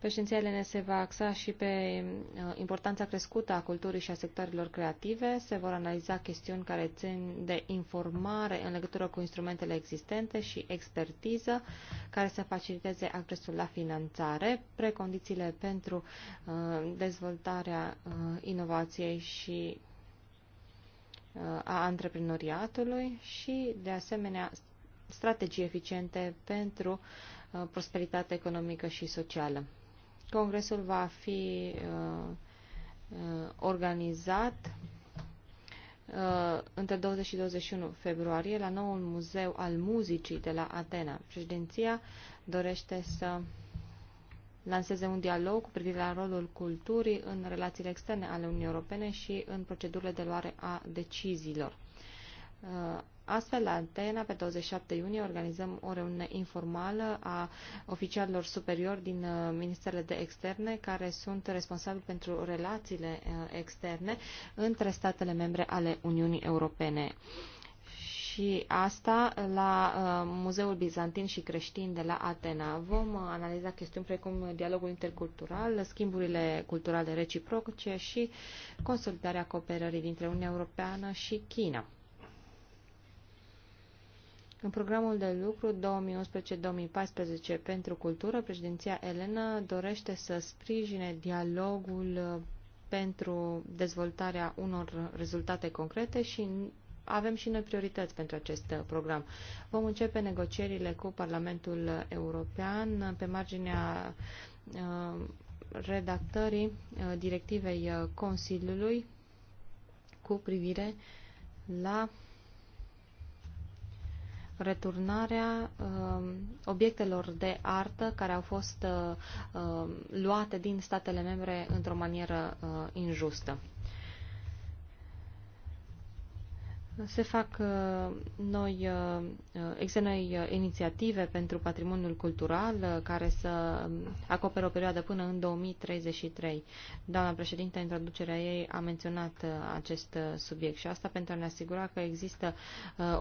Președinția Elene se va axa și pe uh, importanța crescută a culturii și a sectorilor creative. Se vor analiza chestiuni care țin de informare în legătură cu instrumentele existente și expertiză care să faciliteze accesul la finanțare, precondițiile pentru uh, dezvoltarea uh, inovației și a antreprenoriatului și, de asemenea, strategii eficiente pentru prosperitate economică și socială. Congresul va fi uh, uh organizat uh, între 20 și 21 februarie la noul muzeu al muzicii de la Atena. Președinția dorește să lanseze un dialog cu privire la rolul culturii în relațiile externe ale Uniunii Europene și în procedurile de luare a deciziilor. Uh, Astfel, la Atena, pe 27 iunie, organizăm o reuniune informală a oficialilor superiori din uh, ministerele de externe, care sunt responsabili pentru relațiile uh, externe între statele membre ale Uniunii Europene și asta la uh, Muzeul Bizantin și Creștin de la Atena. Vom analiza chestiuni precum dialogul intercultural, schimburile culturale reciproce și consolidarea cooperării dintre Uniunea Europeană și China. În programul de lucru 2011-2014 pentru cultură, președinția Elena dorește să sprijine dialogul uh, pentru dezvoltarea unor rezultate concrete și avem și noi priorități pentru acest uh, program. Vom începe negocierile cu Parlamentul European pe marginea uh, redactării directivei Consiliului cu privire la returnarea uh, obiectelor de artă care au fost uh, um, luate din statele membre într-o manieră uh, injustă. se fac uh, noi, uh, uh, există noi inițiative pentru patrimoniul cultural care să um, acopere o perioadă până în 2033. Doamna președinte, în traducerea ei a menționat acest subiect și asta pentru a ne asigura că există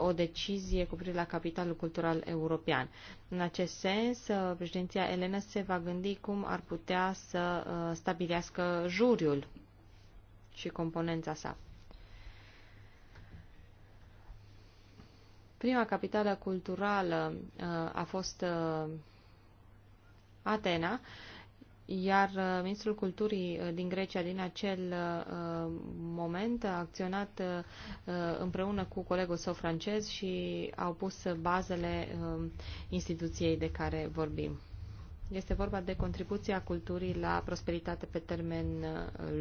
o decizie cu privire la capitalul cultural european. În acest sens, președinția Elena se va gândi cum ar putea să stabilească juriul și componența sa. Prima capitală culturală uh, a fost uh, Atena, iar uh, ministrul culturii din Grecia din acel moment a acționat împreună cu colegul său francez și au pus bazele um, instituției de care vorbim. Este vorba de contribuția culturii la prosperitate pe termen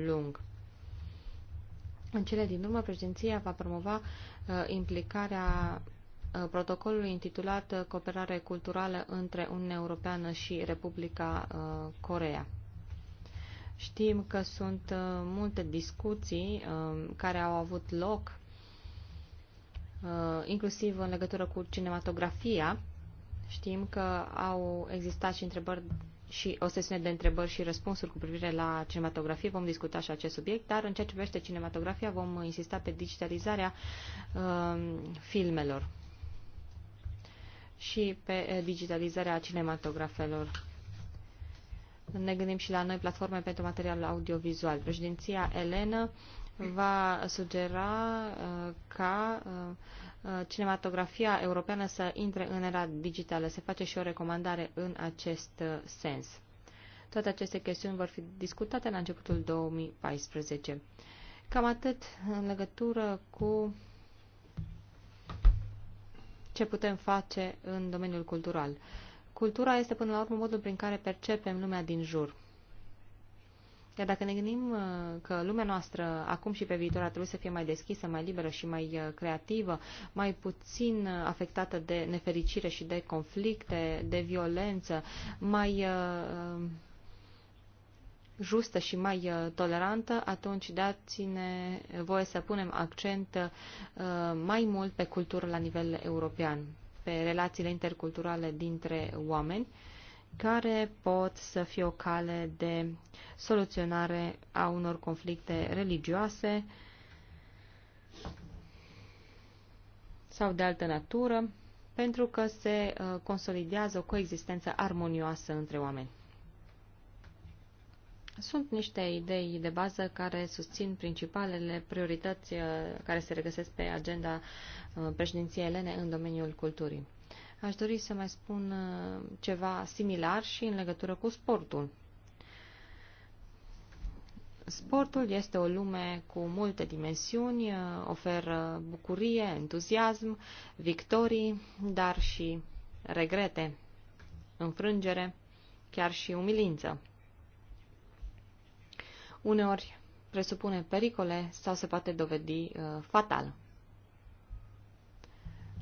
lung. În cele din urmă, președinția va promova implicarea Uh, protocolul intitulat uh, Cooperare culturală între Uniunea Europeană și Republica uh, Corea. Știm că sunt multe discuții care au avut loc, inclusiv în legătură cu cinematografia. Știm că au existat și întrebări și o sesiune de întrebări și răspunsuri cu privire la cinematografie. Vom discuta și acest subiect, dar în ceea ce privește cinematografia vom insista pe digitalizarea uh, filmelor și pe eh, digitalizarea cinematografelor. Ne gândim și la noi platforme pentru material audiovizual. Președinția Elena va sugera uh, ca uh, cinematografia europeană să intre în era digitală. Se face și o recomandare în acest uh, sens. Toate aceste chestiuni vor fi discutate la începutul 2014. Cam atât în legătură cu ce putem face în domeniul cultural. Cultura este până la urmă modul prin care percepem lumea din jur. Iar dacă ne gândim uh, că lumea noastră, acum și pe viitor, ar trebui să fie mai deschisă, mai liberă și mai uh, creativă, mai puțin uh, afectată de nefericire și de conflicte, de violență, mai justă și mai uh, tolerantă, atunci dați-ne voie să punem accent uh, mai mult pe cultură la nivel european, pe relațiile interculturale dintre oameni, care pot să fie o cale de soluționare a unor conflicte religioase sau de altă natură, pentru că se uh, consolidează o coexistență armonioasă între oameni. Sunt niște idei de bază care susțin principalele priorități uh, care se regăsesc pe agenda uh, președinției elene în domeniul culturii. Aș dori să mai spun uh, ceva similar și în legătură cu sportul. Sportul este o lume cu multe dimensiuni, oferă bucurie, entuziasm, victorii, dar și regrete, înfrângere, chiar și umilință uneori presupune pericole sau se poate dovedi uh, fatal.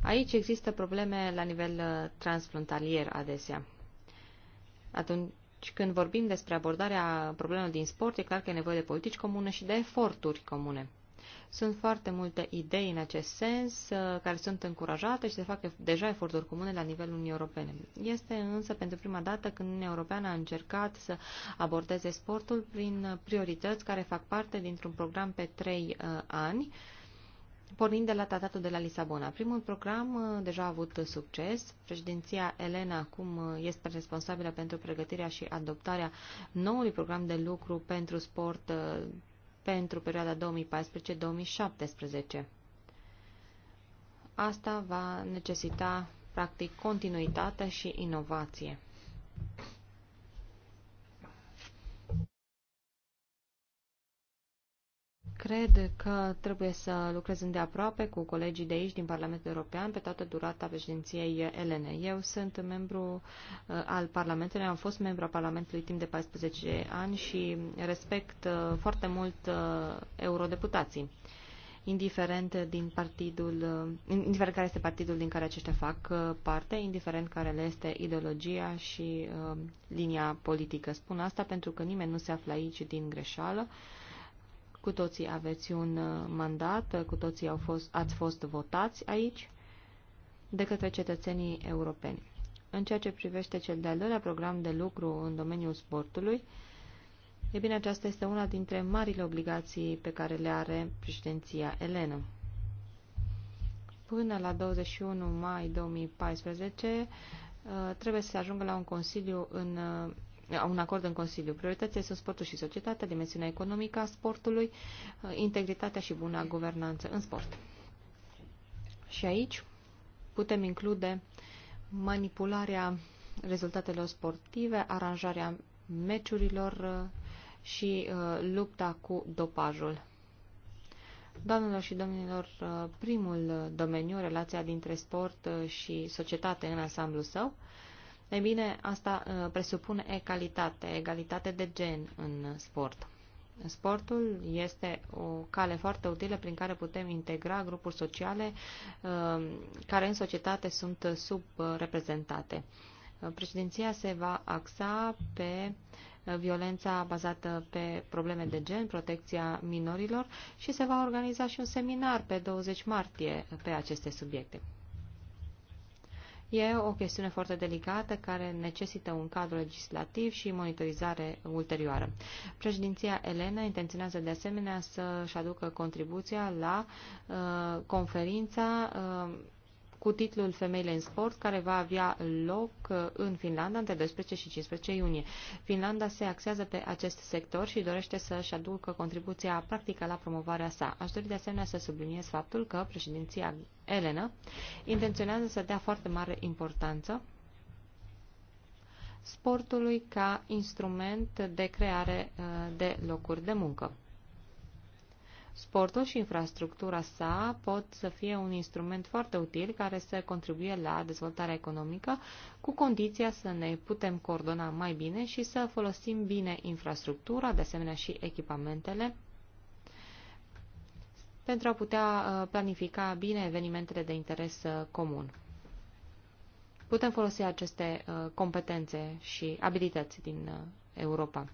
Aici există probleme la nivel uh, transfrontalier adesea. Atunci când vorbim despre abordarea problemelor din sport, e clar că e nevoie de politici comune și de eforturi comune. Sunt foarte multe idei în acest sens uh, care sunt încurajate și se fac deja eforturi comune la nivelul Uniunii Europene. Este însă pentru prima dată când Uniunea Europeană a încercat să abordeze sportul prin priorități care fac parte dintr-un program pe trei uh, ani, pornind de la tratatul de la Lisabona. Primul program uh, deja a avut succes. Președinția Elena acum este responsabilă pentru pregătirea și adoptarea noului program de lucru pentru sport pentru perioada 2014-2017. Asta va necesita, practic, continuitate și inovație. Cred că trebuie să lucrez îndeaproape cu colegii de aici din Parlamentul European pe toată durata președinției Elene. Eu sunt membru uh, al Parlamentului, am fost membru al Parlamentului timp de 14 ani și respect uh, foarte mult uh, eurodeputații indiferent din partidul, indiferent care este partidul din care aceștia fac parte, indiferent care le este ideologia și linia politică. Spun asta pentru că nimeni nu se află aici din greșeală. Cu toții aveți un uh, mandat, cu toții au fost, ați fost votați aici de către cetățenii europeni. În ceea ce privește cel de-al doilea program de lucru în domeniul sportului, e bine, aceasta este una dintre marile obligații pe care le are președinția elenă. Până la 21 mai 2014 uh, trebuie să se ajungă la un consiliu în uh, un acord în Consiliu. Prioritățile sunt sportul și societatea, dimensiunea economică a sportului, uh, integritatea și buna guvernanță în sport. Și aici putem include manipularea rezultatelor sportive, aranjarea meciurilor uh, și uh, lupta cu dopajul. Doamnelor și domnilor, primul domeniu, relația dintre sport și societate în ansamblu său, ei bine, asta uh, presupune egalitate, egalitate de gen în sport. Sportul este o cale foarte utilă prin care putem integra grupuri sociale uh, care în societate sunt subreprezentate. Uh, președinția se va axa pe violența bazată pe probleme de gen, protecția minorilor și se va organiza și un seminar pe 20 martie pe aceste subiecte. E o chestiune foarte delicată care necesită un cadru legislativ și monitorizare ulterioară. Președinția Elena intenționează de asemenea să-și aducă contribuția la uh, conferința uh, cu titlul Femeile în sport, care va avea loc uh, în Finlanda între 12 și 15 iunie. Finlanda se axează pe acest sector și dorește să-și aducă contribuția practică la promovarea sa. Aș dori de asemenea să subliniez faptul că președinția Elena intenționează să dea foarte mare importanță sportului ca instrument de creare uh, de locuri de muncă. Sportul și infrastructura sa pot să fie un instrument foarte util care să contribuie la dezvoltarea economică, cu condiția să ne putem coordona mai bine și să folosim bine infrastructura, de asemenea și echipamentele, pentru a putea uh, planifica bine evenimentele de interes uh, comun. Putem folosi aceste uh, competențe și abilități din Europa.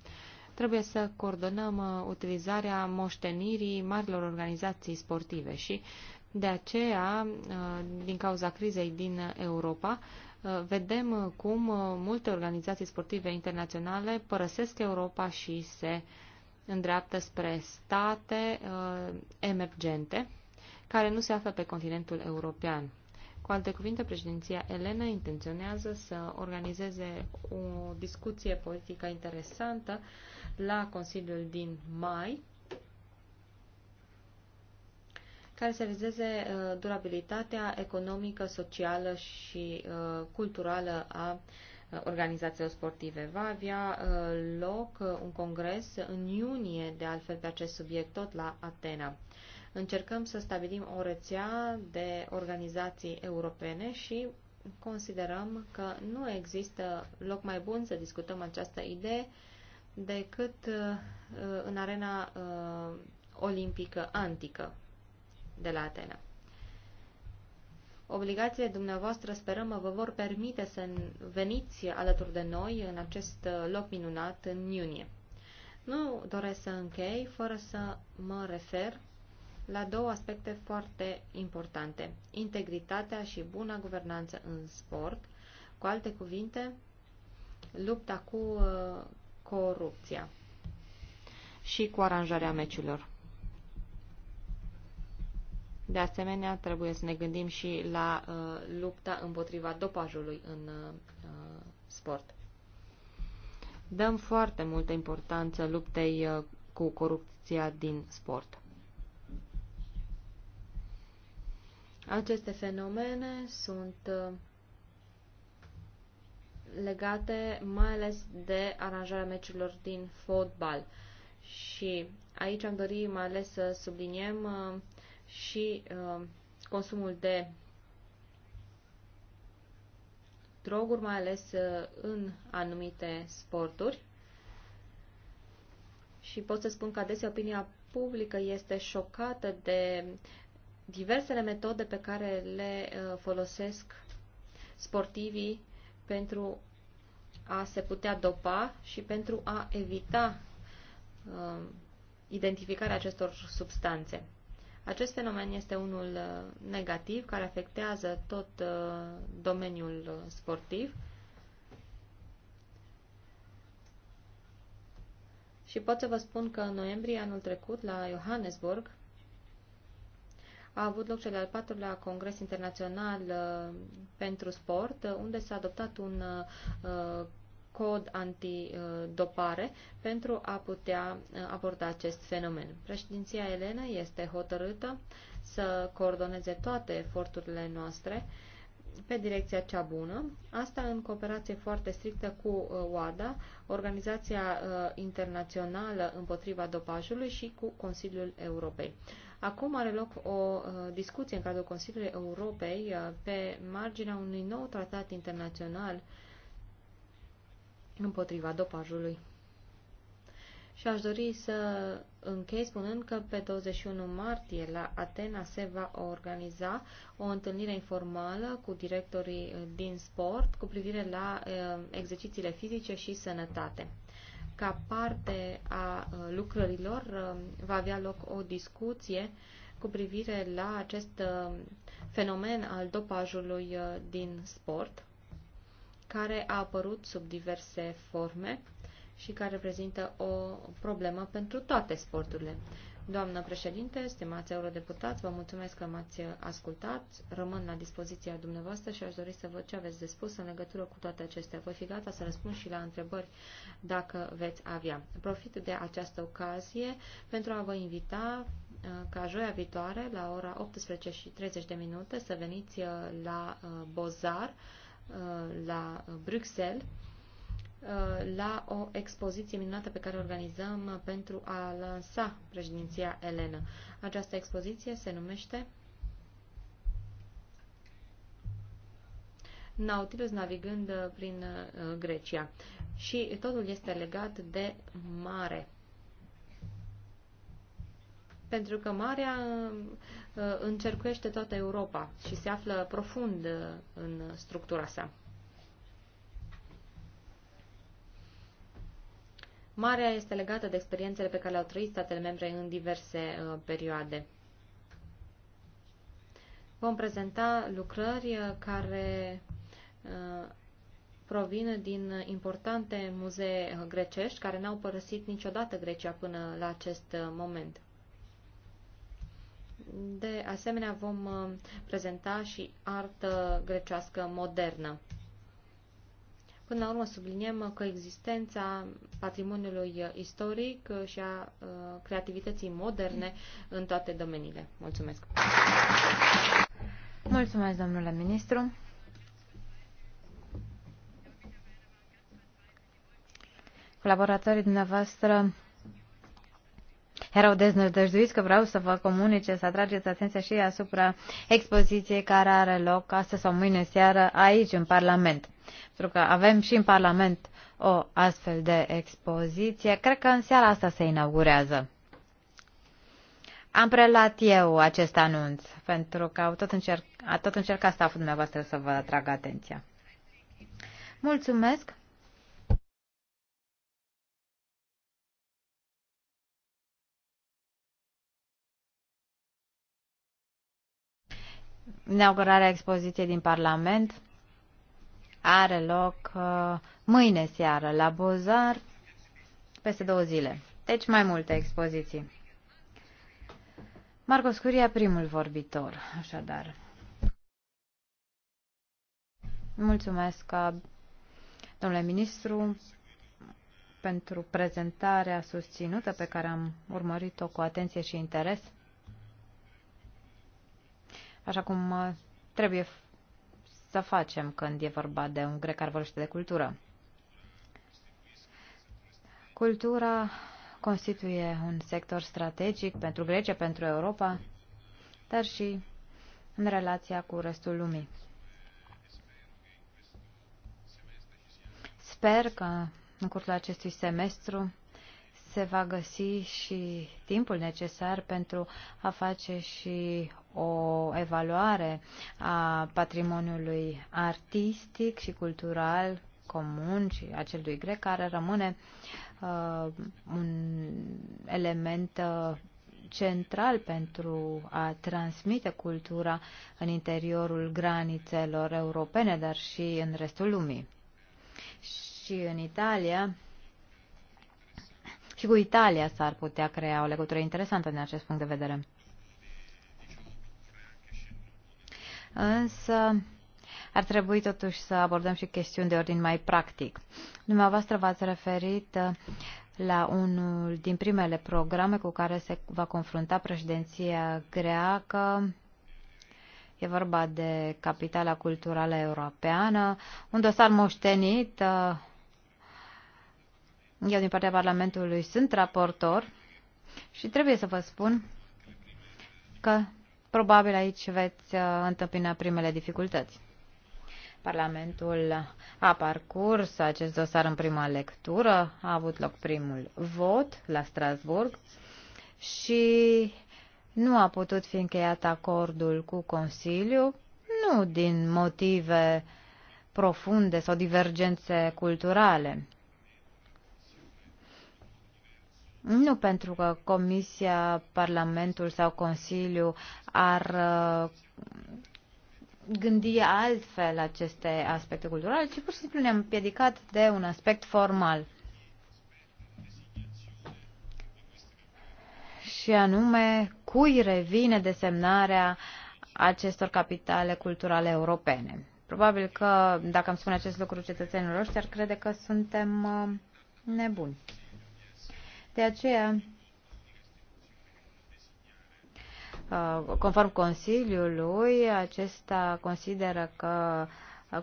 Trebuie să coordonăm uh, utilizarea moștenirii marilor organizații sportive și de aceea, uh, din cauza crizei din Europa, uh, vedem cum multe organizații sportive internaționale părăsesc Europa și se îndreaptă spre state emergente care nu se află pe continentul european. Cu alte cuvinte, președinția Elena intenționează să organizeze o discuție politică interesantă la Consiliul din mai, care să vizeze uh, durabilitatea economică, socială și uh, culturală a uh, organizațiilor sportive. Va avea loc un congres în iunie, de altfel, pe acest subiect, tot la Atena. Încercăm să stabilim o rețea de organizații europene și considerăm că nu există loc mai bun să discutăm această idee decât uh, uh, în arena uh, olimpică antică de la Atena. Obligațiile dumneavoastră sperăm vă vor permite să veniți alături de noi în acest loc minunat în iunie. Nu doresc să închei fără să mă refer la două aspecte foarte importante, integritatea și buna guvernanță în sport, cu alte cuvinte, lupta cu uh, corupția și cu aranjarea meciurilor. De asemenea, trebuie să ne gândim și la uh, lupta împotriva dopajului în uh, uh sport. Dăm foarte multă importanță luptei uh, cu corupția din sport. Aceste fenomene sunt uh, legate mai ales de aranjarea meciurilor din fotbal. Și aici am dorit mai ales să subliniem uh, și uh, consumul de droguri, mai ales în anumite sporturi. Și pot să spun că adesea opinia publică este șocată de diversele metode pe care le uh, folosesc sportivii pentru a se putea dopa și pentru a evita uh, identificarea acestor substanțe. Acest fenomen este unul uh, negativ care afectează tot domeniul sportiv și pot să vă spun că în noiembrie anul trecut la Johannesburg a avut loc cel al patrulea Congres Internațional uh, pentru Sport, uh, unde s-a adoptat un uh, cod antidopare pentru a putea aborda acest fenomen. Președinția Elena este hotărâtă să coordoneze toate eforturile noastre pe direcția cea bună, asta în cooperație foarte strictă cu OADA, Organizația Internațională împotriva dopajului și cu Consiliul Europei. Acum are loc o uh, discuție în cadrul Consiliului Europei uh, pe marginea unui nou tratat internațional împotriva dopajului. Și aș dori să închei spunând că pe 21 martie la Atena se va organiza o întâlnire informală cu directorii din sport cu privire la uh, exercițiile fizice și sănătate ca parte a uh, lucrărilor uh, va avea loc o discuție cu privire la acest uh, fenomen al dopajului din sport, care a apărut sub diverse forme și care reprezintă o problemă pentru toate sporturile. Doamnă președinte, stimați eurodeputați, vă mulțumesc că m-ați ascultat. Rămân la dispoziția dumneavoastră și aș dori să văd ce aveți de spus în legătură cu toate acestea. Voi fi gata să răspund și la întrebări dacă veți avea. Profit de această ocazie pentru a vă invita uh, ca joia viitoare la ora 18.30 de minute să veniți uh, la uh, Bozar, la Bruxelles, Uh, la o expoziție minunată pe care o organizăm uh, pentru a lansa președinția Elena. Această expoziție se numește Nautilus navigând uh, prin Grecia. Și totul este legat de mare. Pentru că marea încercuiește toată Europa și se află profund în structura sa. Marea este legată de experiențele pe care le-au trăit statele membre în diverse uh, perioade. Vom prezenta lucrări uh, care uh, provin din importante muzee uh, grecești care n-au părăsit niciodată Grecia până la acest uh, moment. De asemenea, vom prezenta și artă grecească modernă. Până la urmă subliniem că existența patrimoniului istoric și a uh, creativității moderne în toate domeniile. Mulțumesc! Mulțumesc, domnule ministru! Colaboratorii dumneavoastră erau deznădăjduiți că vreau să vă comunice, să atrageți atenția și asupra expoziției care are loc astăzi sau mâine seară aici, în Parlament pentru că avem și în Parlament o astfel de expoziție. Cred că în seara asta se inaugurează. Am prelat eu acest anunț, pentru că au tot, încerc, a tot încercat staful dumneavoastră să vă atrag atenția. Mulțumesc! Inaugurarea expoziției din Parlament are loc uh, mâine seară la Bozar, peste două zile. Deci mai multe expoziții. Marcos Curia, primul vorbitor, așadar. Mulțumesc, uh, domnule ministru, pentru prezentarea susținută pe care am urmărit-o cu atenție și interes. Așa cum uh, trebuie să facem când e vorba de un grec care vorbește de cultură. Cultura constituie un sector strategic pentru Grecia, pentru Europa, dar și în relația cu restul lumii. Sper că în cursul acestui semestru se va găsi și timpul necesar pentru a face și o evaluare a patrimoniului artistic și cultural comun și acelui grec, care rămâne uh, un element uh, central pentru a transmite cultura în interiorul granițelor europene, dar și în restul lumii. Și în Italia, și cu Italia s-ar putea crea o legătură interesantă din acest punct de vedere. Însă ar trebui totuși să abordăm și chestiuni de ordin mai practic. Dumneavoastră v-ați referit uh, la unul din primele programe cu care se va confrunta președinția greacă. E vorba de capitala culturală europeană, un dosar moștenit uh, eu, din partea Parlamentului, sunt raportor și trebuie să vă spun că probabil aici veți uh, întâmpina primele dificultăți. Parlamentul a parcurs acest dosar în prima lectură, a avut loc primul vot la Strasburg și nu a putut fi încheiat acordul cu Consiliu, nu din motive profunde sau divergențe culturale, Nu pentru că Comisia, Parlamentul sau Consiliu ar uh, gândi altfel aceste aspecte culturale, ci pur și simplu ne-am împiedicat de un aspect formal. Și anume, cui revine desemnarea acestor capitale culturale europene. Probabil că, dacă îmi spune acest lucru cetățenilor ăștia, ar crede că suntem uh, nebuni. De aceea, uh, conform Consiliului, acesta consideră că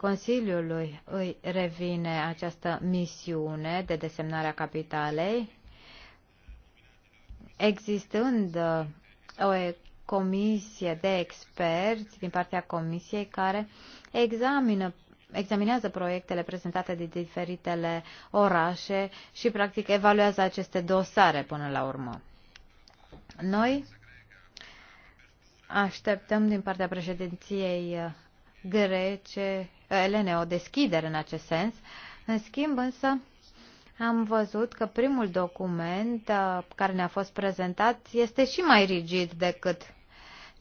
Consiliului îi revine această misiune de desemnare a capitalei, existând uh, o comisie de experți din partea comisiei care examină examinează proiectele prezentate de diferitele orașe și, practic, evaluează aceste dosare până la urmă. Noi așteptăm din partea președinției grece, Elene, o deschidere în acest sens. În schimb, însă, am văzut că primul document uh, care ne-a fost prezentat este și mai rigid decât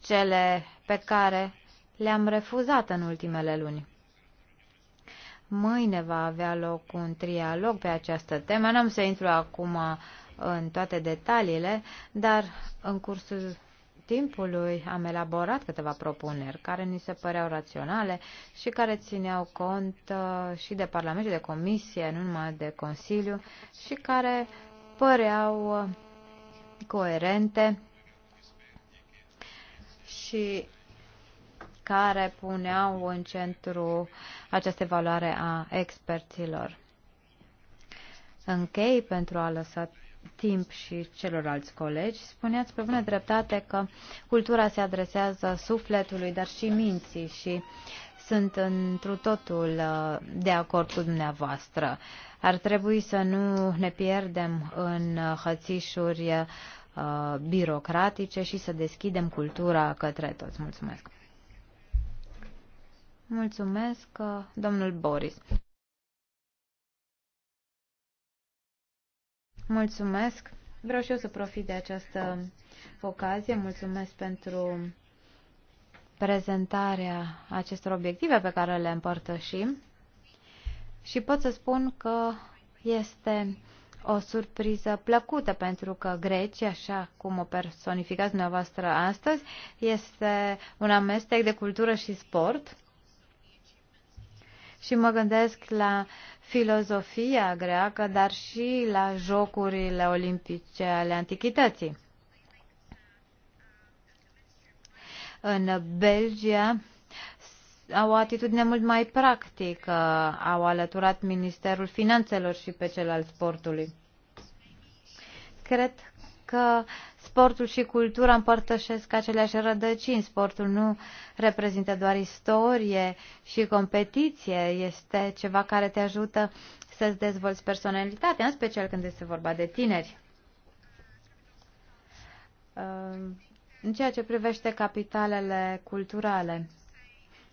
cele pe care le-am refuzat în ultimele luni. Mâine va avea loc un trialog pe această temă. N-am să intru acum în toate detaliile, dar în cursul timpului am elaborat câteva propuneri care ni se păreau raționale și care țineau cont uh, și de Parlament și de Comisie, nu numai de Consiliu, și care păreau uh, coerente și care puneau în centru această valoare a experților. Închei pentru a lăsa timp și celorlalți colegi. Spuneați pe bună dreptate că cultura se adresează sufletului, dar și minții și sunt întru totul uh, de acord cu dumneavoastră. Ar trebui să nu ne pierdem în uh, hățișuri uh, birocratice și să deschidem cultura către toți. Mulțumesc! Mulțumesc, uh, domnul Boris. Mulțumesc. Vreau și eu să profit de această ocazie. Mulțumesc pentru prezentarea acestor obiective pe care le împărtășim. Și pot să spun că este o surpriză plăcută pentru că Grecia, așa cum o personificați dumneavoastră astăzi, este un amestec de cultură și sport și mă gândesc la filozofia greacă, dar și la jocurile olimpice ale antichității. În Belgia au o atitudine mult mai practică, au alăturat Ministerul Finanțelor și pe cel al sportului. Cred că sportul și cultura împărtășesc aceleași rădăcini. Sportul nu reprezintă doar istorie și competiție, este ceva care te ajută să-ți dezvolți personalitatea, în special când este vorba de tineri. Ehm, în ceea ce privește capitalele culturale,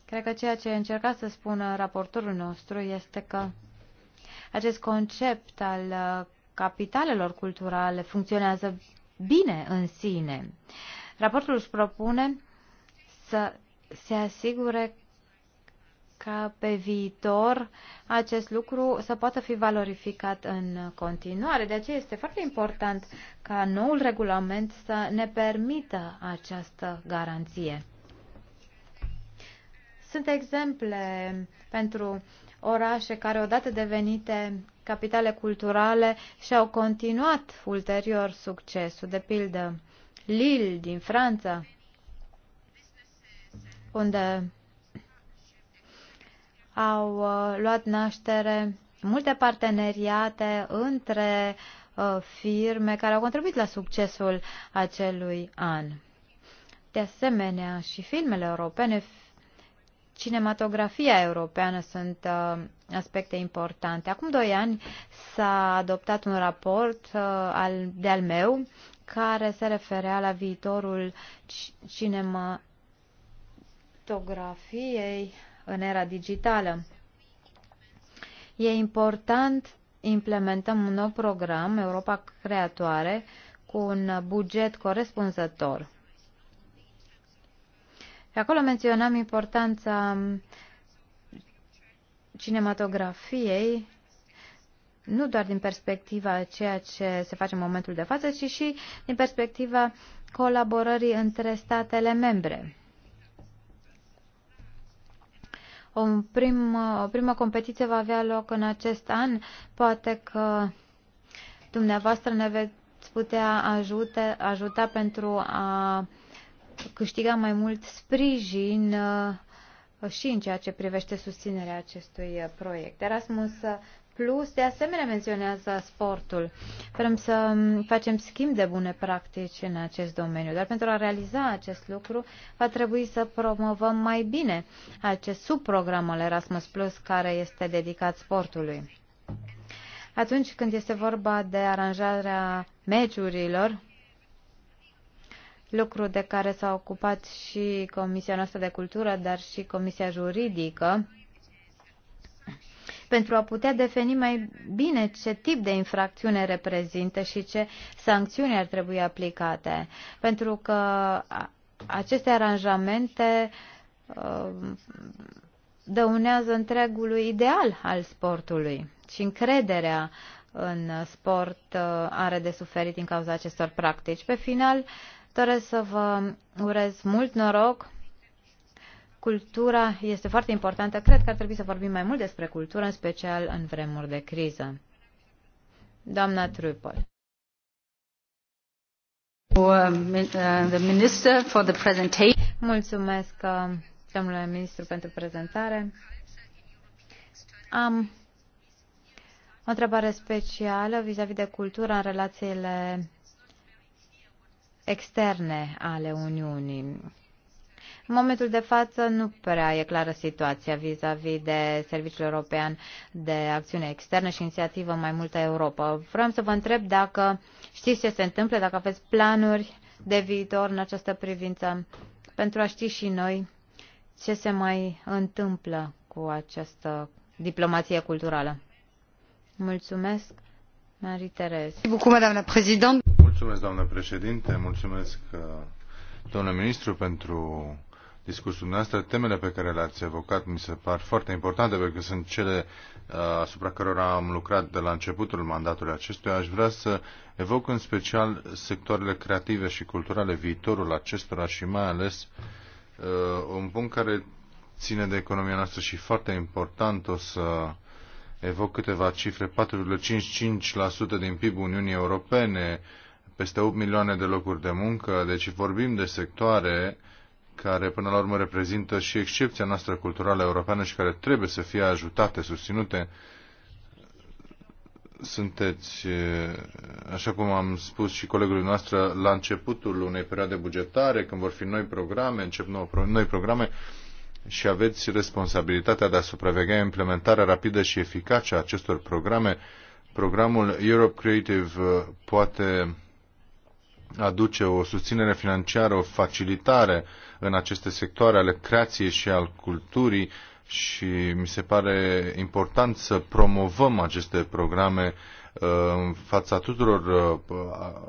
cred că ceea ce încerca să spună raportorul nostru este că acest concept al uh, capitalelor culturale funcționează bine în sine. Raportul își propune să se asigure ca pe viitor acest lucru să poată fi valorificat în continuare. De aceea este foarte important ca noul regulament să ne permită această garanție. Sunt exemple pentru orașe care odată devenite capitale culturale și-au continuat ulterior succesul, de pildă Lille din Franța, unde au uh, luat naștere multe parteneriate între uh, firme care au contribuit la succesul acelui an. De asemenea, și filmele europene, cinematografia europeană sunt uh, aspecte importante. Acum doi ani s-a adoptat un raport uh, al, de-al meu care se referea la viitorul cinematografiei în era digitală. E important implementăm un nou program, Europa Creatoare, cu un buget corespunzător. Pe acolo menționam importanța cinematografiei nu doar din perspectiva ceea ce se face în momentul de față, ci și din perspectiva colaborării între statele membre. O primă, o primă competiție va avea loc în acest an. Poate că dumneavoastră ne veți putea ajute, ajuta pentru a câștiga mai mult sprijin uh, și în ceea ce privește susținerea acestui uh, proiect. Erasmus uh, Plus, de asemenea, menționează sportul. Vrem să um, facem schimb de bune practici în acest domeniu, dar pentru a realiza acest lucru va trebui să promovăm mai bine acest subprogram al Erasmus Plus care este dedicat sportului. Atunci când este vorba de aranjarea meciurilor, lucru de care s-a ocupat și Comisia noastră de Cultură, dar și Comisia Juridică, pentru a putea defini mai bine ce tip de infracțiune reprezintă și ce sancțiuni ar trebui aplicate. Pentru că aceste aranjamente uh, dăunează întregului ideal al sportului și încrederea în sport uh, are de suferit din cauza acestor practici. Pe final, uh, Doresc să vă urez mult noroc. Cultura este foarte importantă. Cred că ar trebui să vorbim mai mult despre cultură, în special în vremuri de criză. Doamna Trupol. Uh, uh, Mulțumesc, uh, domnule ministru, pentru prezentare. Am o întrebare specială vis-a-vis -vis de cultură în relațiile externe ale Uniunii. În momentul de față nu prea e clară situația vis-a-vis -vis de Serviciul European de Acțiune Externă și inițiativă Mai Multă Europa. Vreau să vă întreb dacă știți ce se întâmplă, dacă aveți planuri de viitor în această privință, pentru a ști și noi ce se mai întâmplă cu această diplomație culturală. Mulțumesc, Marie-Therese. Mulțumesc, doamnă președinte. Mulțumesc, doamnă președinte, mulțumesc, uh, domnule ministru, pentru discursul dumneavoastră. Temele pe care le-ați evocat mi se par foarte importante, pentru că sunt cele uh, asupra cărora am lucrat de la începutul mandatului acestuia. Aș vrea să evoc în special sectoarele creative și culturale, viitorul acestora și mai ales uh, un punct care ține de economia noastră și foarte important o să evoc câteva cifre, 4,55% din PIB-ul Uniunii Europene, peste 8 milioane de locuri de muncă, deci vorbim de sectoare care până la urmă reprezintă și excepția noastră culturală europeană și care trebuie să fie ajutate, susținute. Sunteți, așa cum am spus și colegului noastră, la începutul unei perioade bugetare, când vor fi noi programe, încep nou, noi programe și aveți responsabilitatea de a supraveghea implementarea rapidă și eficace a acestor programe. Programul Europe Creative uh, poate aduce o susținere financiară, o facilitare în aceste sectoare ale creației și al culturii și mi se pare important să promovăm aceste programe uh, în fața tuturor uh,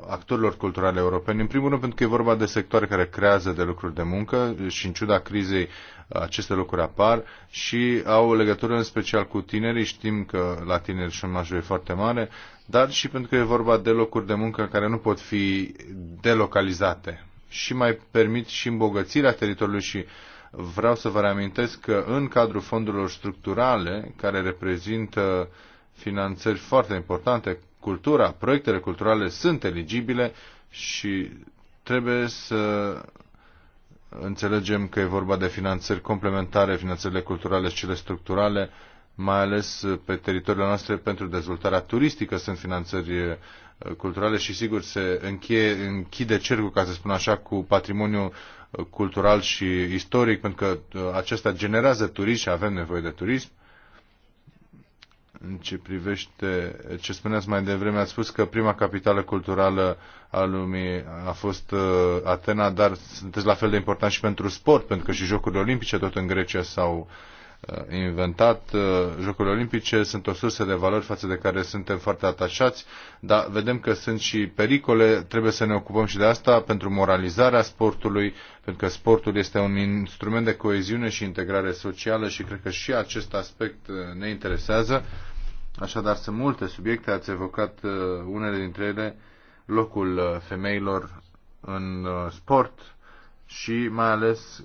actorilor culturale europeni. În primul rând pentru că e vorba de sectoare care creează de lucruri de muncă și în ciuda crizei uh, aceste lucruri apar și au legătură în special cu tinerii. Știm că la tineri șomajul e foarte mare, dar și pentru că e vorba de locuri de muncă care nu pot fi delocalizate și mai permit și îmbogățirea teritoriului și vreau să vă reamintesc că în cadrul fondurilor structurale, care reprezintă finanțări foarte importante, cultura, proiectele culturale sunt eligibile și trebuie să înțelegem că e vorba de finanțări complementare, finanțările culturale și cele structurale, mai ales pe teritoriile noastre pentru dezvoltarea turistică sunt finanțări eh, culturale și sigur se încheie, închide cercul, ca să spun așa, cu patrimoniul eh, cultural și istoric, pentru că eh, acesta generează turism și avem nevoie de turism. În ce privește ce spuneați mai devreme, ați spus că prima capitală culturală a lumii a fost Atena, dar sunteți la fel de important și pentru sport, pentru că și Jocurile Olimpice tot în Grecia s-au uh, Uh, inventat. Uh, Jocurile Olimpice sunt o sursă de valori față de care suntem foarte atașați, dar vedem că sunt și pericole. Trebuie să ne ocupăm și de asta pentru moralizarea sportului, pentru că sportul este un instrument de coeziune și integrare socială și cred că și acest aspect uh, ne interesează. Așadar, sunt multe subiecte, ați evocat unele dintre ele, locul femeilor în sport și mai ales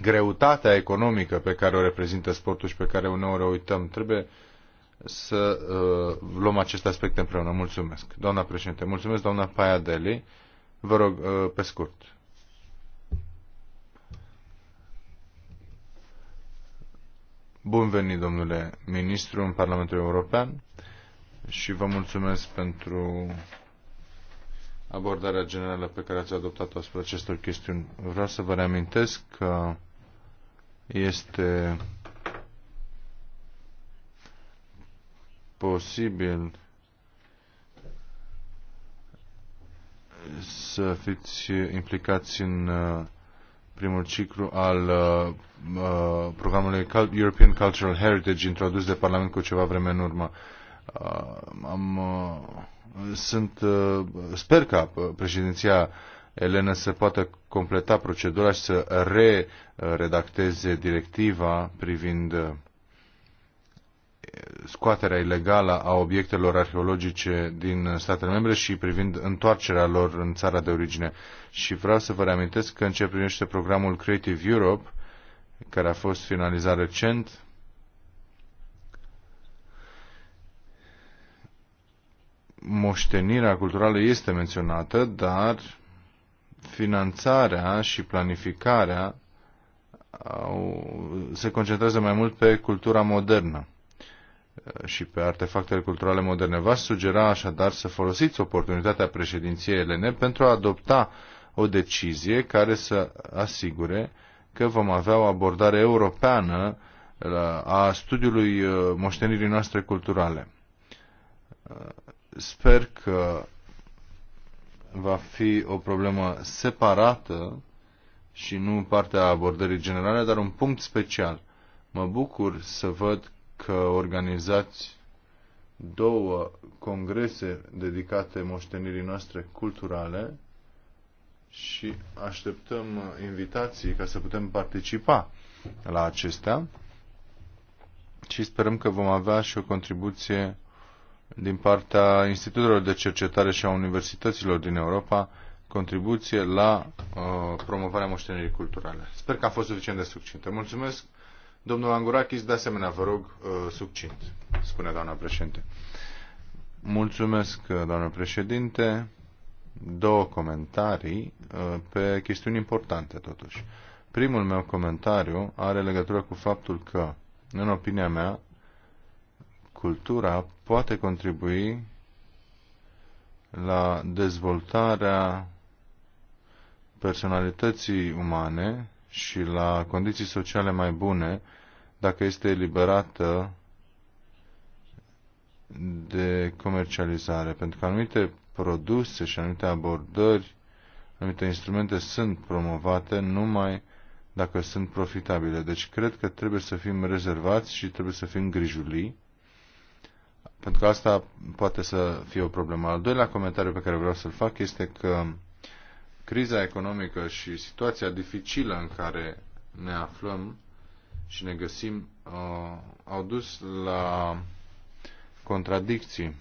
greutatea economică pe care o reprezintă sportul și pe care uneori o uităm. Trebuie să uh, luăm aceste aspecte împreună. Mulțumesc. Doamna președinte, mulțumesc, doamna Paiadeli. Vă rog, uh, pe scurt. Bun venit, domnule ministru, în Parlamentul European și vă mulțumesc pentru abordarea generală pe care ați adoptat-o asupra acestor chestiuni. Vreau să vă reamintesc că este posibil să fiți implicați în uh, primul ciclu al uh, uh, programului European Cultural Heritage introdus de Parlament cu ceva vreme în urmă. am, sunt, sper ca președinția Elena să poată completa procedura și să re-redacteze directiva privind uh, scoaterea ilegală a obiectelor arheologice din statele membre și privind întoarcerea lor în țara de origine. Și vreau să vă reamintesc că în ce privește programul Creative Europe, care a fost finalizat recent, moștenirea culturală este menționată, dar finanțarea și planificarea au, se concentrează mai mult pe cultura modernă uh, și pe artefactele culturale moderne. V-aș sugera așadar să folosiți oportunitatea președinției elene pentru a adopta o decizie care să asigure că vom avea o abordare europeană a studiului uh, moștenirii noastre culturale. Uh, sper că va fi o problemă separată și nu partea abordării generale, dar un punct special. Mă bucur să văd că organizați două congrese dedicate moștenirii noastre culturale și așteptăm invitații ca să putem participa la acestea și sperăm că vom avea și o contribuție din partea instituțiilor de cercetare și a universităților din Europa contribuție la uh, promovarea moștenirii culturale. Sper că a fost suficient de succint. Mulțumesc. Domnul Angurakis, de asemenea, vă rog, uh, succint, spune doamna președinte. Mulțumesc, uh, doamna președinte. Două comentarii uh, pe chestiuni importante, totuși. Primul meu comentariu are legătură cu faptul că, în opinia mea, cultura poate contribui la dezvoltarea personalității umane și la condiții sociale mai bune dacă este eliberată de comercializare, pentru că anumite produse și anumite abordări, anumite instrumente sunt promovate numai dacă sunt profitabile. Deci cred că trebuie să fim rezervați și trebuie să fim grijulii pentru că asta poate să fie o problemă. Al doilea comentariu pe care vreau să-l fac este că criza economică și situația dificilă în care ne aflăm și ne găsim uh, au dus la contradicții.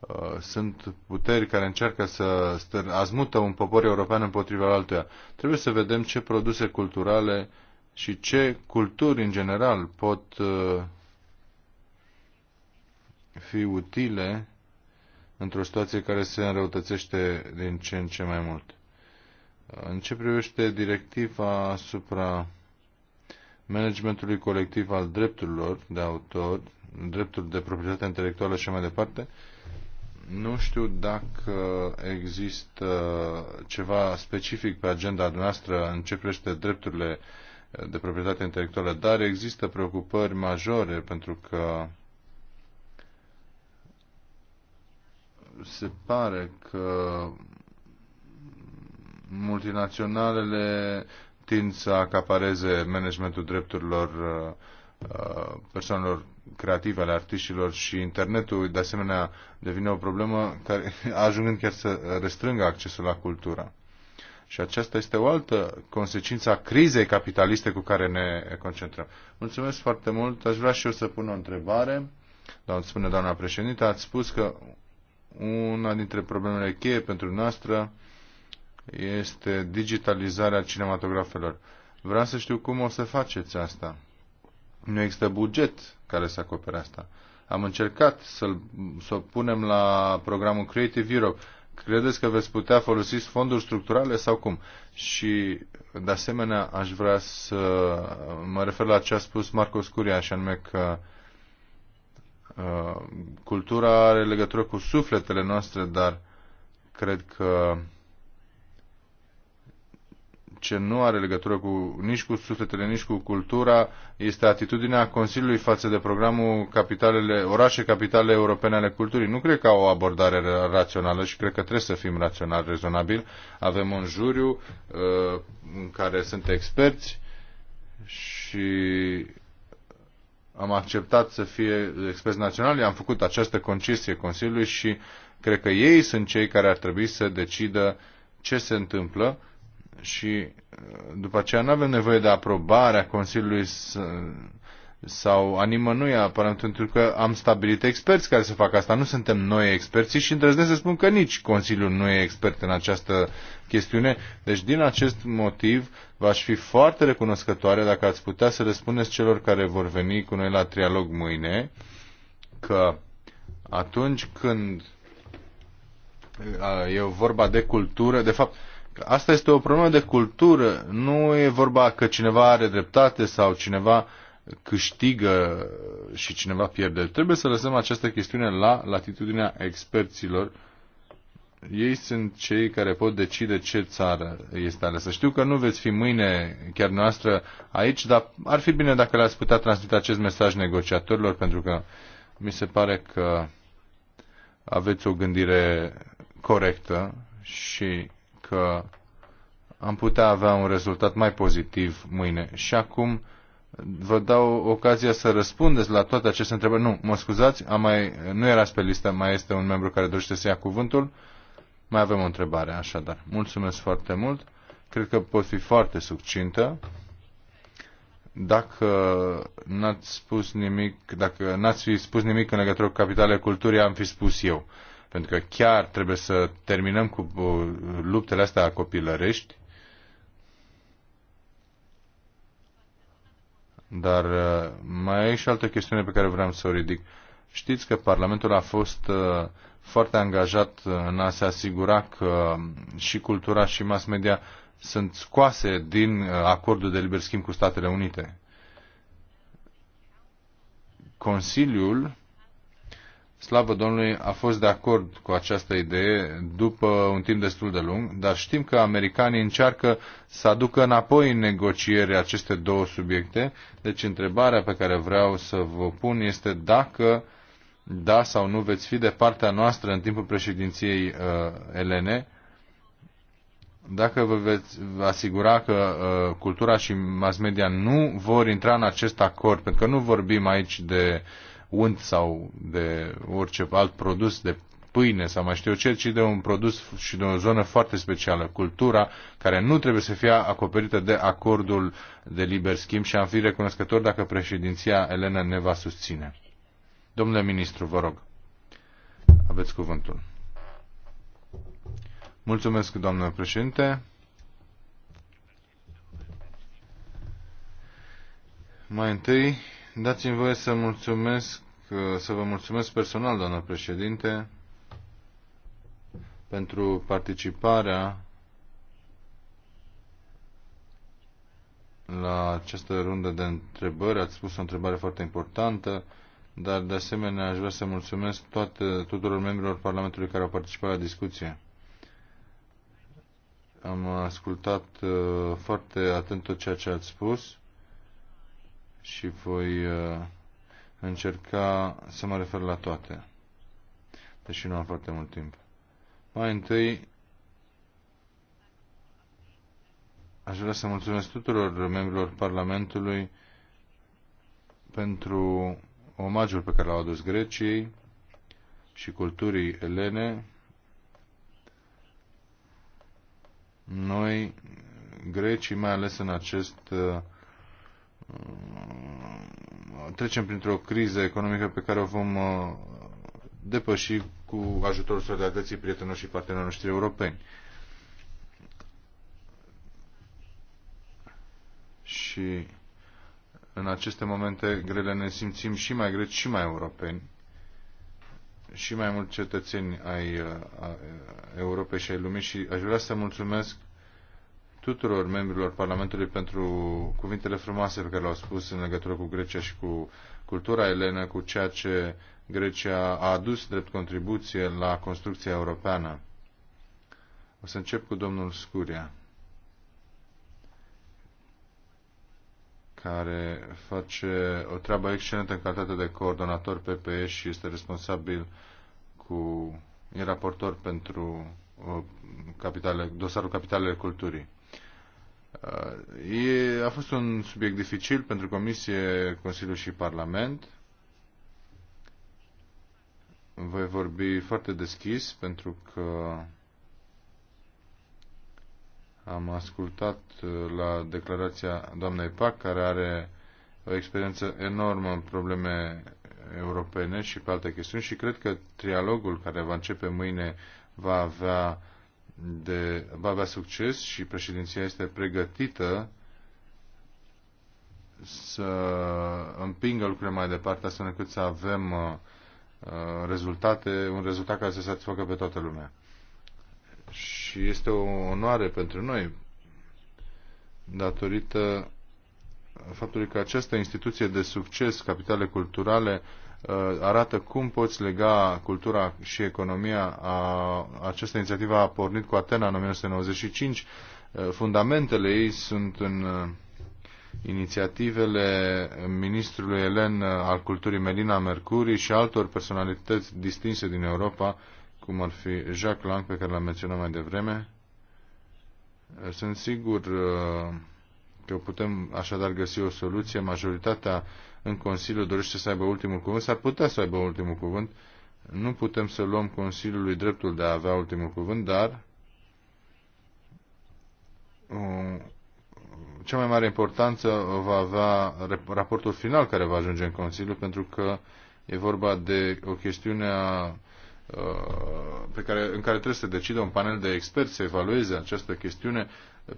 Uh, sunt puteri care încearcă să azmută un popor european împotriva altuia. Trebuie să vedem ce produse culturale uh, și ce culturi în general pot uh, fi utile într-o situație care se înrăutățește din ce în ce mai mult. Uh, în ce privește directiva asupra managementului colectiv al drepturilor de autor, drepturi de proprietate intelectuală și mai departe, nu știu dacă există ceva specific pe agenda noastră în ce privește drepturile uh, de proprietate intelectuală, dar există preocupări majore pentru că se pare că multinaționalele tind să acapareze managementul drepturilor uh, persoanelor creative, ale artiștilor și internetul, de asemenea, devine o problemă care ajungând chiar să restrângă accesul la cultură. Și aceasta este o altă consecință a crizei capitaliste cu care ne concentrăm. Mulțumesc foarte mult. Aș vrea și eu să pun o întrebare. Doamne, spune doamna președinte, ați spus că una dintre problemele cheie pentru noastră este digitalizarea cinematografelor. Vreau să știu cum o să faceți asta. Nu există buget care să acopere asta. Am încercat să-l, să, punem la programul Creative Europe credeți că veți putea folosi fonduri structurale sau cum? Și, de asemenea, aș vrea să mă refer la ce a spus Marco Scuria, și anume că uh, cultura are legătură cu sufletele noastre, dar cred că ce nu are legătură cu, nici cu sufletele, nici cu cultura, este atitudinea Consiliului față de programul capitalele, orașe capitale europene ale culturii. Nu cred că au o abordare rațională și cred că trebuie să fim rațional, rezonabil Avem un juriu uh, în care sunt experți și am acceptat să fie experți naționali, am făcut această concesie Consiliului și cred că ei sunt cei care ar trebui să decidă ce se întâmplă și uh, după aceea nu avem nevoie de aprobarea Consiliului sau a nimănui aparent, pentru că am stabilit experți care să facă asta. Nu suntem noi experții și îndrăznesc să spun că nici Consiliul nu e expert în această chestiune. Deci, din acest motiv, v-aș fi foarte recunoscătoare dacă ați putea să răspundeți celor care vor veni cu noi la trialog mâine că atunci când uh, e vorba de cultură, de fapt, Asta este o problemă de cultură. Nu e vorba că cineva are dreptate sau cineva câștigă și cineva pierde. Trebuie să lăsăm această chestiune la latitudinea experților. Ei sunt cei care pot decide ce țară este alesă. Știu că nu veți fi mâine chiar noastră aici, dar ar fi bine dacă le-ați putea transmite acest mesaj negociatorilor, pentru că mi se pare că aveți o gândire corectă și că am putea avea un rezultat mai pozitiv mâine. Și acum vă dau ocazia să răspundeți la toate aceste întrebări. Nu, mă scuzați, am mai, nu erați pe listă, mai este un membru care dorește să ia cuvântul. Mai avem o întrebare, așadar. Mulțumesc foarte mult. Cred că pot fi foarte succintă. Dacă n-ați spus nimic, dacă n-ați fi spus nimic în legătură cu capitale culturii, am fi spus eu pentru că chiar trebuie să terminăm cu uh, luptele astea copilărești. Dar uh, mai e și altă chestiune pe care vreau să o ridic. Știți că Parlamentul a fost uh, foarte angajat în a se asigura că um, și cultura și mass media sunt scoase din acordul de liber schimb cu Statele Unite. Consiliul slavă Domnului, a fost de acord cu această idee după un timp destul de lung, dar știm că americanii încearcă să aducă înapoi în negociere aceste două subiecte. Deci întrebarea pe care vreau să vă pun este dacă da sau nu veți fi de partea noastră în timpul președinției uh, elene, dacă vă veți asigura că uh, cultura și mass media nu vor intra în acest acord, pentru că nu vorbim aici de uh, unt sau de orice alt produs de pâine sau mai știu eu ce, ci de un produs și de o zonă foarte specială, cultura, care nu trebuie să fie acoperită de acordul de liber schimb și am fi recunoscător dacă președinția Elena ne va susține. Domnule ministru, vă rog, aveți cuvântul. Mulțumesc, doamnă președinte. Mai întâi, Dați-mi voie să mulțumesc, să vă mulțumesc personal, doamnă președinte, pentru participarea la această rundă de întrebări. Ați spus o întrebare foarte importantă, dar de asemenea aș vrea să mulțumesc toate, tuturor membrilor Parlamentului care au participat la discuție. Am ascultat uh, foarte atent tot ceea ce ați spus și voi uh, încerca să mă refer la toate, deși nu am foarte mult timp. Mai întâi, aș vrea să mulțumesc tuturor membrilor Parlamentului pentru omagiul pe care l-au adus Greciei și culturii elene. Noi, grecii, mai ales în acest uh, Mm, trecem printr-o criză economică pe care o vom uh, depăși cu ajutorul solidarității prietenilor și partenerilor noștri europeni. Și în aceste momente grele ne simțim și mai greci și mai europeni și mai mulți cetățeni ai uh, uh, Europei și ai lumii și aș vrea să mulțumesc tuturor membrilor Parlamentului pentru cuvintele frumoase pe care le-au spus în legătură cu Grecia și cu cultura elenă, cu ceea ce Grecia a adus drept contribuție la construcția europeană. O să încep cu domnul Scuria, care face o treabă excelentă în calitate de coordonator PPE și este responsabil cu e raportor pentru uh, capitale, dosarul capitalele culturii. Uh, e, a fost un subiect dificil pentru Comisie, Consiliu și Parlament. Voi vorbi foarte deschis pentru că am ascultat uh, la declarația doamnei Pac, care are o experiență enormă în probleme europene și pe alte chestiuni și cred că trialogul care va începe mâine va avea de, va avea succes și președinția este pregătită să împingă lucrurile mai departe astfel încât să avem uh, uh, rezultate, un rezultat care să satisfacă pe toată lumea. Și este o onoare pentru noi, datorită faptului că această instituție de succes, capitale culturale, Uh, arată cum poți lega cultura și economia. A, această inițiativă a pornit cu Atena în 1995. Uh, fundamentele ei sunt în uh, inițiativele ministrului elen al culturii Melina Mercuri și altor personalități distinse din Europa, cum ar fi Jacques Lang, pe care l-am menționat mai devreme. Sunt sigur că putem așadar găsi o soluție. Majoritatea în Consiliu dorește să aibă ultimul cuvânt, s-ar putea să aibă ultimul cuvânt. Nu putem să luăm Consiliului dreptul de a avea ultimul cuvânt, dar uh, cea mai mare importanță va avea raportul final care va ajunge în Consiliu, pentru că e vorba de o chestiune a, uh, pe care, în care trebuie să decidă un panel de experți să evalueze această chestiune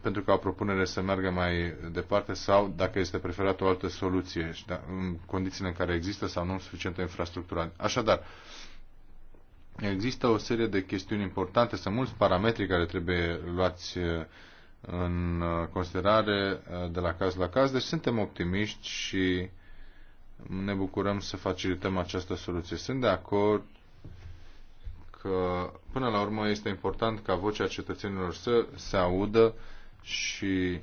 pentru ca o propunere să meargă mai departe sau, dacă este preferat, o altă soluție și da, în condițiile în care există sau nu suficientă infrastructură. Așadar, există o serie de chestiuni importante, sunt mulți parametri care trebuie luați uh, în uh, considerare uh, de la caz la caz, deci suntem optimiști și ne bucurăm să facilităm această soluție. Sunt de acord că până la urmă este important ca vocea cetățenilor să se audă și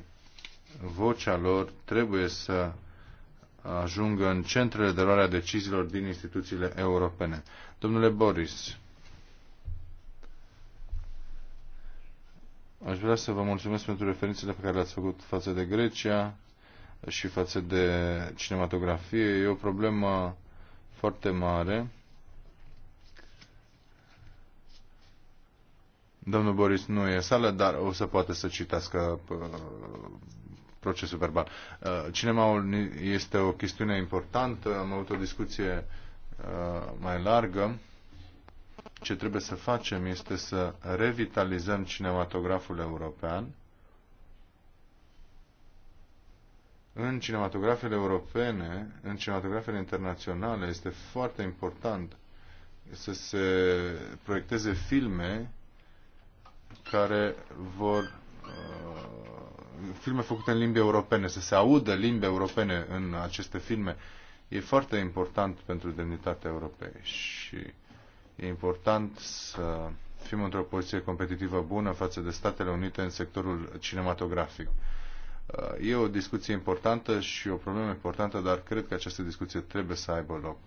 vocea lor trebuie să ajungă în centrele de luare a deciziilor din instituțiile europene. Domnule Boris, aș vrea să vă mulțumesc pentru referințele pe care le-ați făcut față de Grecia și față de cinematografie. E o problemă foarte mare Domnul Boris nu e sală, dar o să poată să citească uh, procesul verbal. Uh, Cinemaul este o chestiune importantă, am avut o discuție uh, mai largă. Ce trebuie să facem este să revitalizăm cinematograful european. În cinematografele europene, în cinematografele internaționale, este foarte important să se proiecteze filme care vor uh, filme făcute în limbi europene, să se audă limbi europene în aceste filme, e foarte important pentru demnitatea Europei și e important să fim într-o poziție competitivă bună față de Statele Unite în sectorul cinematografic. Uh, e o discuție importantă și o problemă importantă, dar cred că această discuție trebuie să aibă loc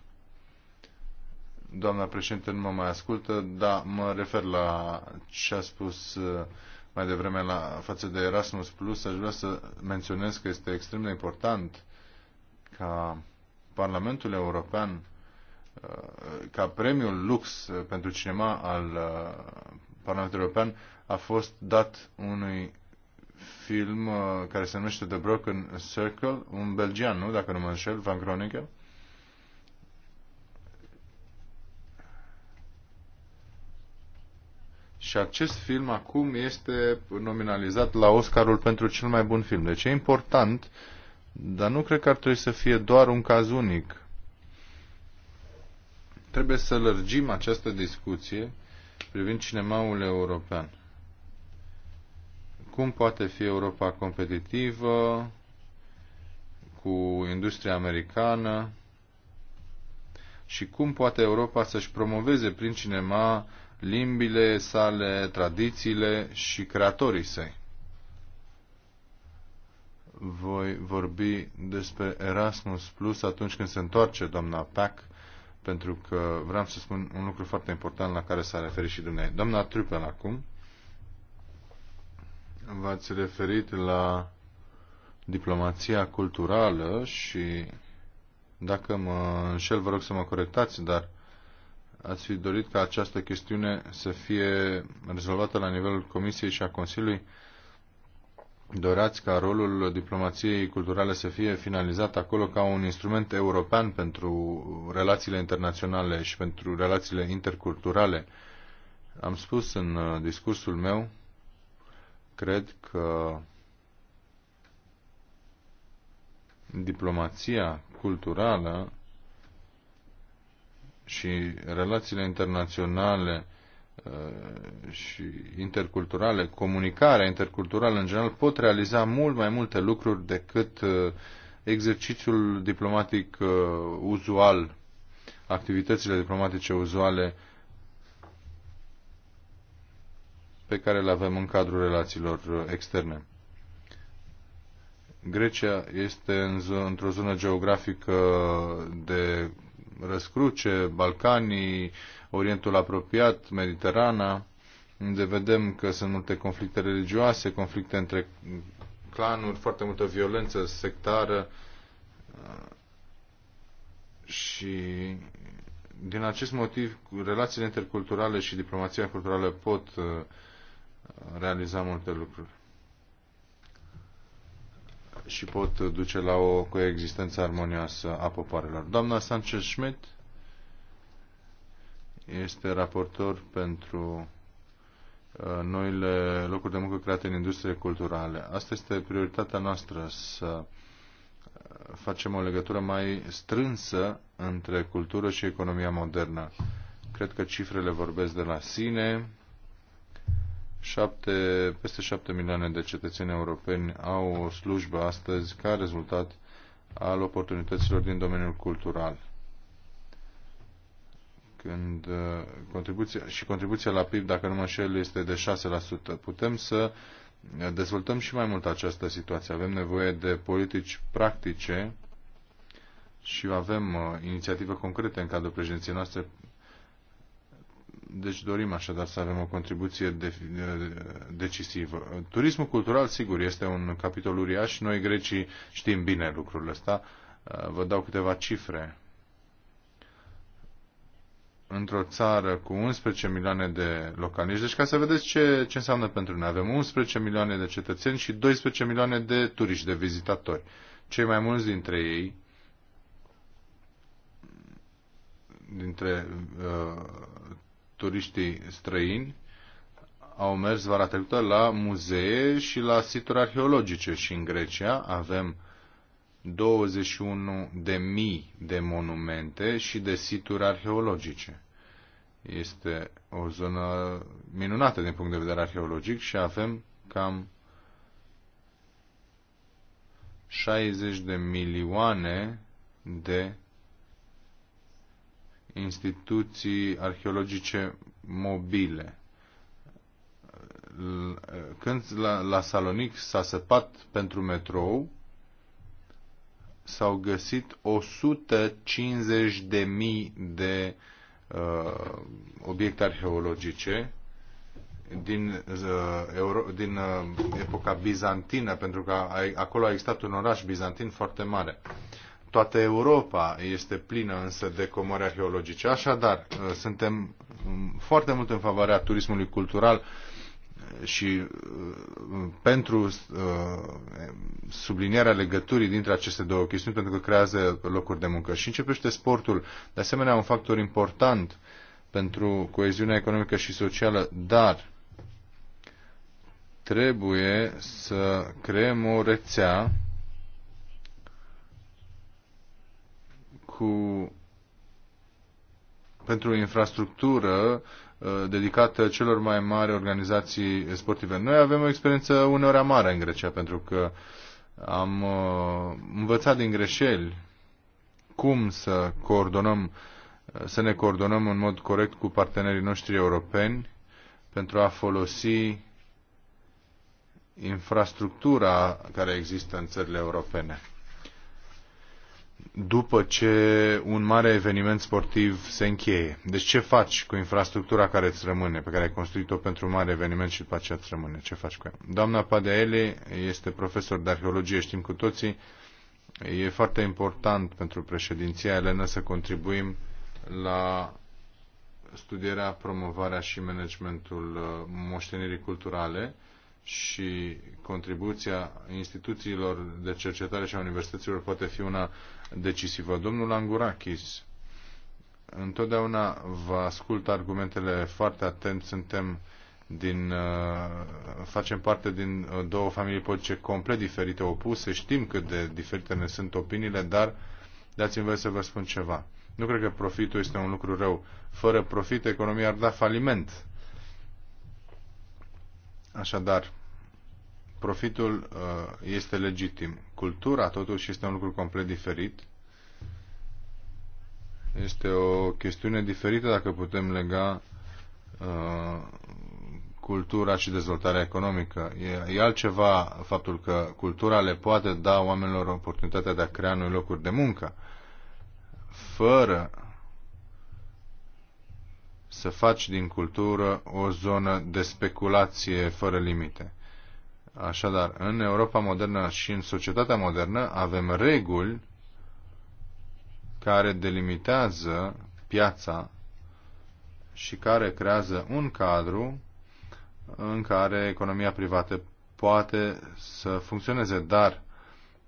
doamna președinte nu mă mai ascultă, dar mă refer la ce a spus uh, mai devreme la față de Erasmus Plus. Aș vrea să menționez că este extrem de important ca Parlamentul European uh, ca premiul Lux uh, pentru cinema al Parlamentului European a fost dat unui film care se numește The Broken Circle, un belgian, nu? Dacă nu mă înșel, Van Groningen Și acest film acum este nominalizat la Oscarul pentru cel mai bun film. Deci e important, dar nu cred că ar trebui să fie doar un caz unic. Trebuie să lărgim această discuție privind cinemaul european. Cum poate fi Europa competitivă cu industria americană și cum poate Europa să-și promoveze prin cinema limbile sale, tradițiile și creatorii săi. Voi vorbi despre Erasmus Plus atunci când se întoarce doamna Pack, pentru că vreau să spun un lucru foarte important la care s-a referit și dumneavoastră. Doamna Trupel acum, v-ați referit la diplomația culturală și dacă mă înșel, vă rog să mă corectați, dar ați fi dorit ca această chestiune să fie rezolvată la nivelul Comisiei și a Consiliului? Doreați ca rolul diplomației culturale să fie finalizat acolo ca un instrument european pentru relațiile internaționale și pentru relațiile interculturale? Am spus în uh, discursul meu, cred că diplomația culturală și relațiile internaționale uh, și interculturale, comunicarea interculturală în general, pot realiza mult mai multe lucruri decât uh, exercițiul diplomatic uh, uzual, activitățile diplomatice uzuale pe care le avem în cadrul relațiilor externe. Grecia este într-o zonă geografică de răscruce, Balcanii, Orientul apropiat, Mediterana, unde vedem că sunt multe conflicte religioase, conflicte între clanuri, foarte multă violență sectară uh, și din acest motiv relațiile interculturale și diplomația culturală pot uh, realiza multe lucruri și pot duce la o coexistență armonioasă a popoarelor. Doamna Sanchez Schmidt este raportor pentru uh, noile locuri de muncă create în industrie culturale. Asta este prioritatea noastră, să uh, facem o legătură mai strânsă între cultură și economia modernă. Cred că cifrele vorbesc de la sine Șapte, peste 7 milioane de cetățeni europeni au o slujbă astăzi ca rezultat al oportunităților din domeniul cultural. Când uh, contribuția, și contribuția la PIB, dacă nu mă înșel, este de 6%. Putem să dezvoltăm și mai mult această situație. Avem nevoie de politici practice și avem uh, inițiative concrete în cadrul președinției noastre deci dorim așadar să avem o contribuție de, de, decisivă. Turismul cultural, sigur, este un capitol uriaș. Noi, grecii, știm bine lucrul ăsta. Uh, vă dau câteva cifre. Într-o țară cu 11 milioane de localnici, deci ca să vedeți ce, ce înseamnă pentru noi, avem 11 milioane de cetățeni și 12 milioane de turiști, de vizitatori. Cei mai mulți dintre ei, dintre uh, turiștii străini au mers vara trecută la muzee și la situri arheologice și în Grecia avem 21 de mii de monumente și de situri arheologice. Este o zonă minunată din punct de vedere arheologic și avem cam 60 de milioane de instituții arheologice mobile. Când la, la Salonic s-a săpat pentru metrou, s-au găsit 150.000 de uh, obiecte arheologice din, uh, euro, din uh, epoca bizantină, pentru că a, acolo a existat un oraș bizantin foarte mare. Uh, Toată Europa este plină însă de comori arheologice. Așadar, ă, suntem foarte mult în favoarea turismului cultural ă, și ă, pentru sublinierea legăturii dintre aceste două chestiuni, pentru că creează locuri de muncă. Și începește sportul. De asemenea, un factor important pentru coeziunea economică și socială, dar trebuie să creăm o rețea cu pentru infrastructură uh, dedicată celor mai mari organizații sportive. Noi avem o experiență uneori amară în Grecia, pentru că am uh, învățat din greșeli cum să coordonăm, uh, să ne coordonăm în mod corect cu partenerii noștri europeni pentru a folosi infrastructura care există în țările europene după ce un mare eveniment sportiv se încheie. Deci ce faci cu infrastructura care îți rămâne, pe care ai construit-o pentru un mare eveniment și după aceea îți rămâne? Ce faci cu ea? Doamna Padeele este profesor de arheologie, știm cu toții. E foarte important pentru președinția Elena să contribuim la studierea, promovarea și managementul uh, moștenirii culturale și contribuția instituțiilor de cercetare și a universităților poate fi una decisivă. Domnul Angurakis, întotdeauna vă ascult argumentele foarte atent, suntem din, uh, facem parte din uh, două familii politice complet diferite, opuse, știm cât de diferite ne sunt opiniile, dar dați-mi voie să vă spun ceva. Nu cred că profitul este un lucru rău. Fără profit, economia ar da faliment. Așadar, profitul uh, este legitim. Cultura, totuși, este un lucru complet diferit. Este o chestiune diferită dacă putem lega uh, cultura și dezvoltarea economică. E, e altceva faptul că cultura le poate da oamenilor oportunitatea de a crea noi locuri de muncă, fără să faci din cultură o zonă de speculație fără limite. Așadar, în Europa modernă și în societatea modernă avem reguli care delimitează piața și care creează un cadru în care economia privată poate să funcționeze, dar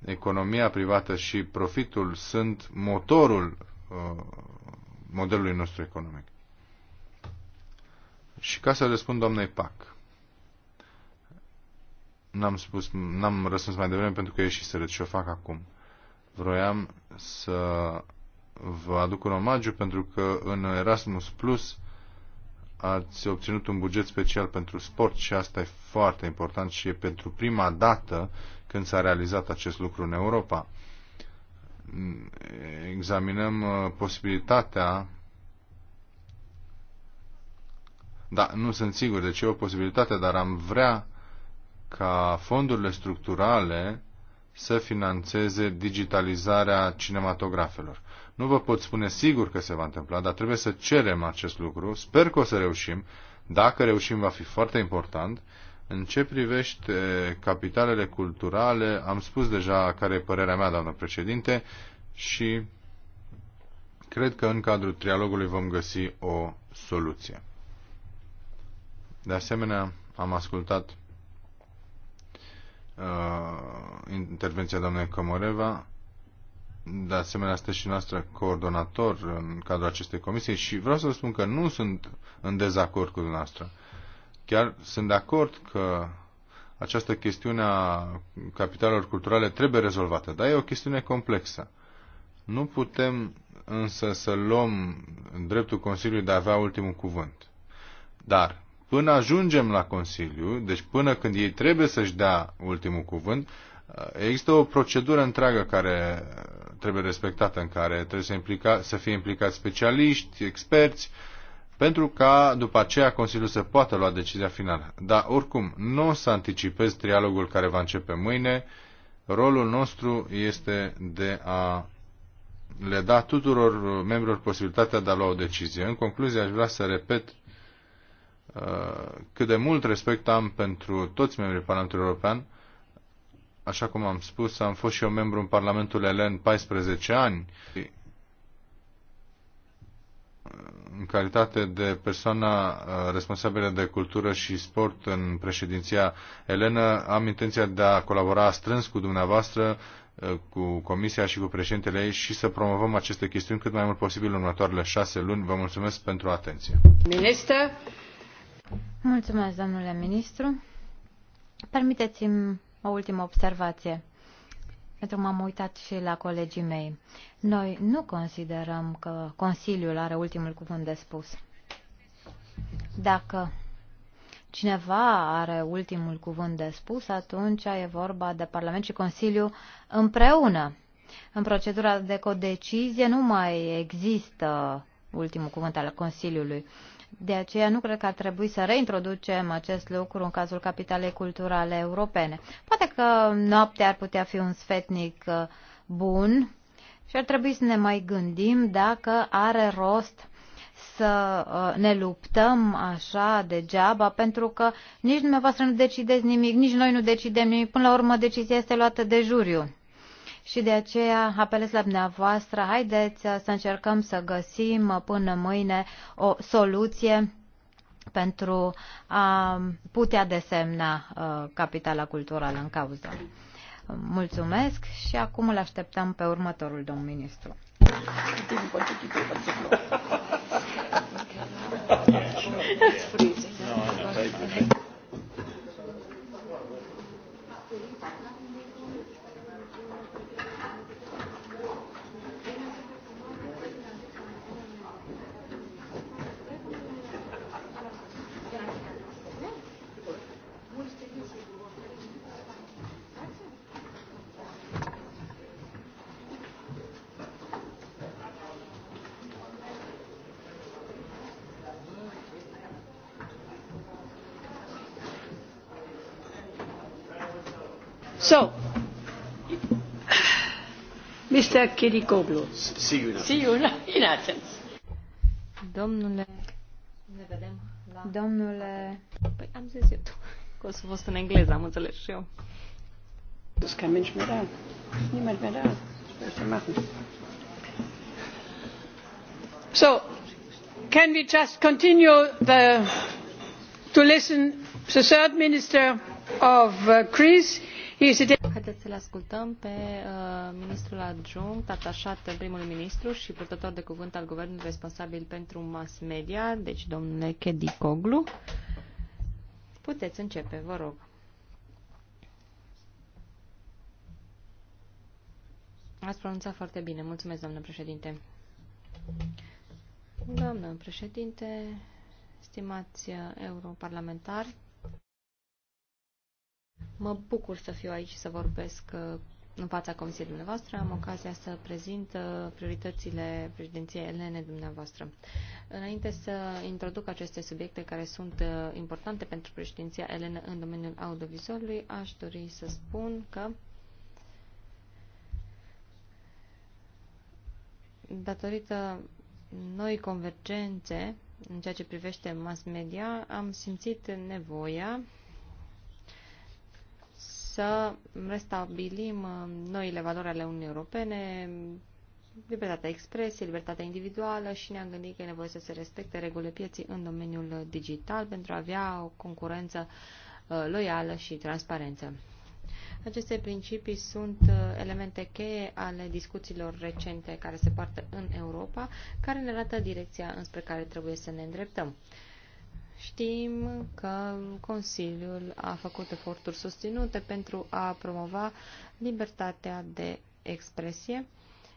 economia privată și profitul sunt motorul uh, modelului nostru economic. Și ca să răspund doamnei Pac, N-am spus, n-am răspuns mai devreme pentru că e și o fac acum. Vroiam să vă aduc un omagiu pentru că în Erasmus Plus ați obținut un buget special pentru sport și asta e foarte important și e pentru prima dată când s-a realizat acest lucru în Europa. Examinăm uh, posibilitatea da, nu sunt sigur, ce e o posibilitate, dar am vrea ca fondurile structurale să financeze digitalizarea cinematografelor. Nu vă pot spune sigur că se va întâmpla, dar trebuie să cerem acest lucru. Sper că o să reușim. Dacă reușim, va fi foarte important. În ce privește capitalele culturale, am spus deja care e părerea mea, doamnă președinte, și cred că în cadrul trialogului vom găsi o soluție. De asemenea, am ascultat uh, intervenția doamnei Comoreva. De asemenea, este și noastră coordonator în cadrul acestei comisii și vreau să vă spun că nu sunt în dezacord cu dumneavoastră. Chiar sunt de acord că această chestiune a capitalelor culturale trebuie rezolvată, dar e o chestiune complexă. Nu putem însă să luăm dreptul Consiliului de a avea ultimul cuvânt. Dar până ajungem la Consiliu, deci până când ei trebuie să-și dea ultimul cuvânt, există o procedură întreagă care trebuie respectată, în care trebuie să, implica, să fie implicați specialiști, experți, pentru ca după aceea Consiliul să poată lua decizia finală. Dar oricum, nu o să anticipez trialogul care va începe mâine. Rolul nostru este de a le da tuturor membrilor posibilitatea de a lua o decizie. În concluzie, aș vrea să repet Uh, cât de mult respect am pentru toți membrii Parlamentului European. Așa cum am spus, am fost și eu membru în Parlamentul Elen 14 ani în calitate de persoana uh, responsabilă de cultură și sport în președinția Elenă, am intenția de a colabora strâns cu dumneavoastră, uh, cu Comisia și cu președintele ei și să promovăm aceste chestiuni cât mai mult posibil în următoarele șase luni. Vă mulțumesc pentru atenție. Minister. Mulțumesc, domnule ministru. Permiteți-mi o ultimă observație, pentru că m-am uitat și la colegii mei. Noi nu considerăm că Consiliul are ultimul cuvânt de spus. Dacă cineva are ultimul cuvânt de spus, atunci e vorba de Parlament și Consiliu împreună. În procedura de codecizie nu mai există ultimul cuvânt al Consiliului. De aceea nu cred că ar trebui să reintroducem acest lucru în cazul capitalei culturale europene. Poate că noaptea ar putea fi un sfetnic uh, bun și ar trebui să ne mai gândim dacă are rost să uh, ne luptăm așa degeaba, pentru că nici dumneavoastră nu decideți nimic, nici noi nu decidem nimic. Până la urmă, decizia este luată de juriu și de aceea apelez la dumneavoastră, haideți să încercăm să găsim până mâine o soluție pentru a putea desemna uh, capitala culturală în cauză. Mulțumesc și acum îl așteptăm pe următorul domn ministru. you. So, Domnule, ne vedem la... Domnule... Păi am zis eu că o să fost în engleză, am înțeles și eu. Das kein Mensch mehr da. Niemand mehr da. Was soll machen? So, can we just continue the, to listen to the third minister of uh, Greece? Haideți să-l ascultăm pe uh, ministrul adjunct, atașat primului ministru și purtător de cuvânt al guvernului responsabil pentru mass media, deci domnule Chedicoglu. Puteți începe, vă rog. Ați pronunțat foarte bine. Mulțumesc, doamnă președinte. Doamnă președinte, stimați europarlamentari, Mă bucur să fiu aici și să vorbesc uh, în fața Comisiei dumneavoastră. Am ocazia să prezint uh, prioritățile președinției elene dumneavoastră. Înainte să introduc aceste subiecte care sunt uh, importante pentru președinția Elene în domeniul audiovizualului, aș dori să spun că datorită noi convergențe în ceea ce privește mass media, am simțit nevoia să restabilim uh, noile valori ale Uniunii Europene, libertatea expresiei, libertatea individuală și ne-am gândit că e nevoie să se respecte regulile pieții în domeniul digital pentru a avea o concurență uh, loială și transparență. Aceste principii sunt uh, elemente cheie ale discuțiilor recente care se poartă în Europa, care ne arată direcția înspre care trebuie să ne îndreptăm. Știm că Consiliul a făcut eforturi susținute pentru a promova libertatea de expresie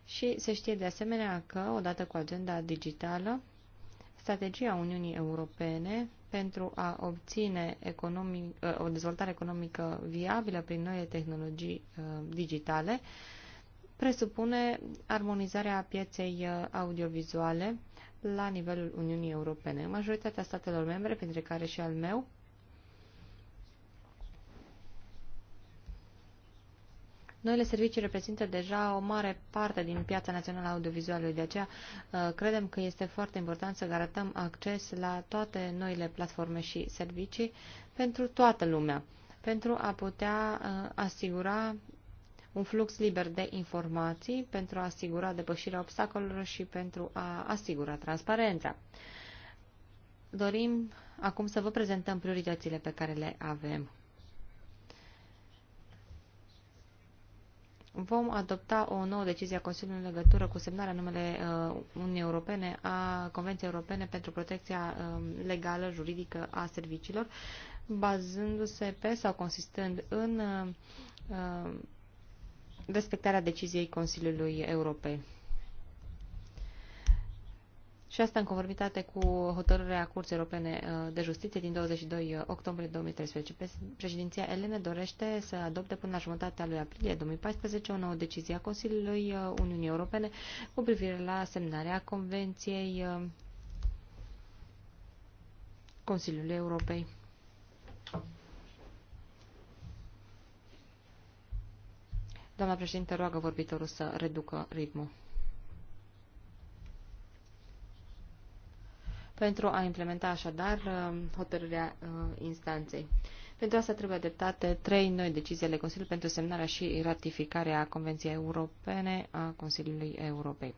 și se știe de asemenea că, odată cu agenda digitală, strategia Uniunii Europene pentru a obține economic, uh, o dezvoltare economică viabilă prin noile tehnologii uh, digitale presupune armonizarea pieței uh, audiovizuale la nivelul Uniunii Europene. Majoritatea statelor membre, printre care și al meu, Noile servicii reprezintă deja o mare parte din piața națională audiovizuală, de aceea uh, credem că este foarte important să garantăm acces la toate noile platforme și servicii pentru toată lumea, pentru a putea uh, asigura un flux liber de informații pentru a asigura depășirea obstacolelor și pentru a asigura transparența. Dorim acum să vă prezentăm prioritățile pe care le avem. vom adopta o nouă decizie a Consiliului în legătură cu semnarea numele uh, Uniunii Europene a Convenției Europene pentru protecția uh, legală juridică a serviciilor, bazându-se pe sau consistând în uh, respectarea deciziei Consiliului Europei. Și asta în conformitate cu hotărârea Curții Europene uh, de Justiție din 22 uh, octombrie 2013. Președinția Elene dorește să adopte până la jumătatea lui aprilie 2014 o nouă decizie a Consiliului uh, Uniunii Europene cu privire la semnarea Convenției Consiliului Europei Doamna președinte, roagă vorbitorul să reducă ritmul. Pentru a implementa așadar uh, hotărârea uh, instanței. Pentru asta trebuie adoptate trei noi decizii ale Consiliului pentru semnarea și ratificarea Convenției Europene a Consiliului Europei.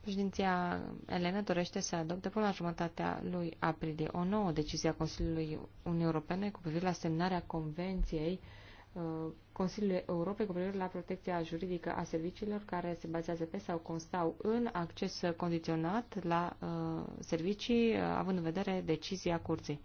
Președinția Elena dorește să adopte până la jumătatea lui aprilie o nouă decizie a Consiliului Uniunii Europene cu privire la semnarea Convenției uh, Uh, Consiliul Europei cu privire la protecția juridică a serviciilor care se bazează pe sau constau în acces condiționat la uh, servicii, uh, având în vedere decizia curții.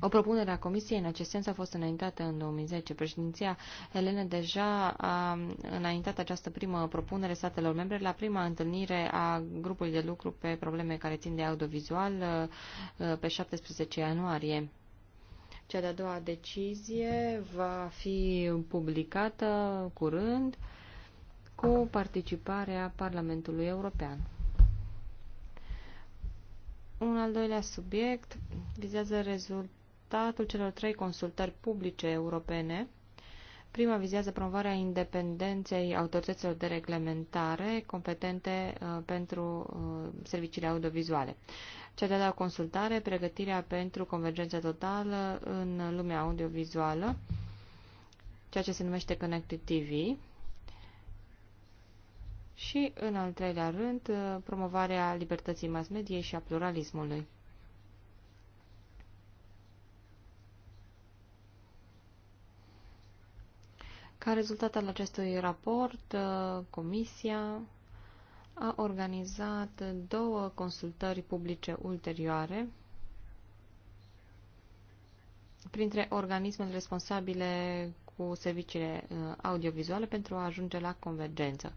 O propunere a Comisiei în acest sens a fost înaintată în 2010. Președinția Elena deja a înaintat această primă propunere statelor membre la prima întâlnire a grupului de lucru pe probleme care țin de audiovizual uh, pe 17 ianuarie. Cea de-a doua decizie va fi publicată curând cu participarea Parlamentului European. Un al doilea subiect vizează rezultatul rezultatul celor trei consultări publice europene. Prima vizează promovarea independenței autorităților de reglementare competente uh, pentru uh, serviciile audiovizuale. Cea de-a doua consultare, pregătirea pentru convergența totală în lumea audiovizuală, ceea ce se numește Connected TV. Și, în al treilea rând, uh, promovarea libertății mass-mediei și a pluralismului. Ca rezultat al acestui raport, uh, Comisia a organizat două consultări publice ulterioare printre organismele responsabile cu serviciile uh, audiovizuale pentru a ajunge la convergență.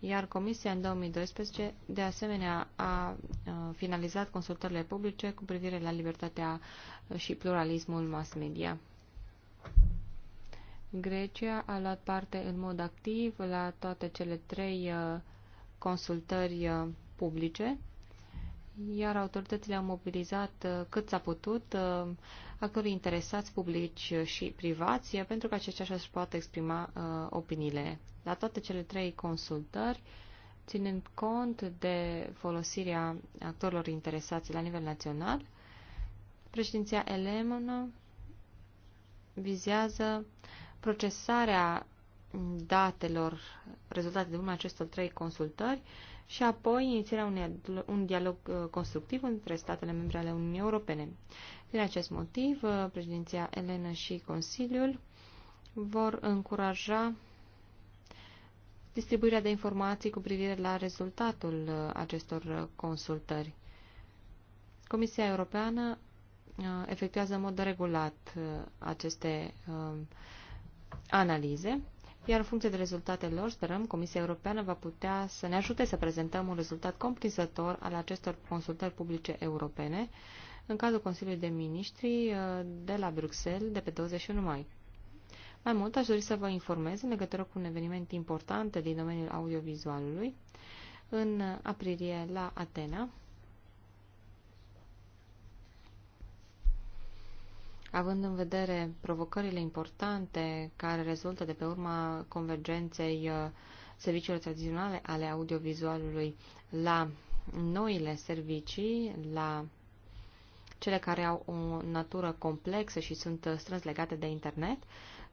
Iar Comisia în 2012, de asemenea, a uh, finalizat consultările publice cu privire la libertatea și pluralismul mass media. Grecia a luat parte în mod activ la toate cele trei uh, consultări uh, publice, iar autoritățile au mobilizat uh, cât s-a putut cărui interesați, publici și privați, pentru ca aceștia să-și poată exprima opiniile. La toate cele trei consultări, ținând cont de folosirea actorilor interesați la nivel național, președinția Elemona vizează procesarea datelor rezultate de urma acestor trei consultări și apoi inițierea unui, un dialog uh, constructiv între statele membre ale Uniunii Europene. Din acest motiv, uh, președinția Elena și Consiliul vor încuraja distribuirea de informații cu privire la rezultatul uh, acestor consultări. Comisia Europeană efectuează în mod regulat aceste analize, iar în funcție de rezultatele lor, sperăm, Comisia Europeană va putea să ne ajute să prezentăm un rezultat compensator al acestor consultări publice europene în cazul Consiliului de Ministri uh, de la Bruxelles de pe 21 mai. Mai mult, aș dori să vă informez în legătură cu un eveniment important din domeniul audiovizualului în aprilie la Atena, Având în vedere provocările importante care rezultă de pe urma convergenței uh, serviciilor tradiționale ale audiovizualului la noile servicii, la cele care au o natură complexă și sunt uh, strâns legate de internet,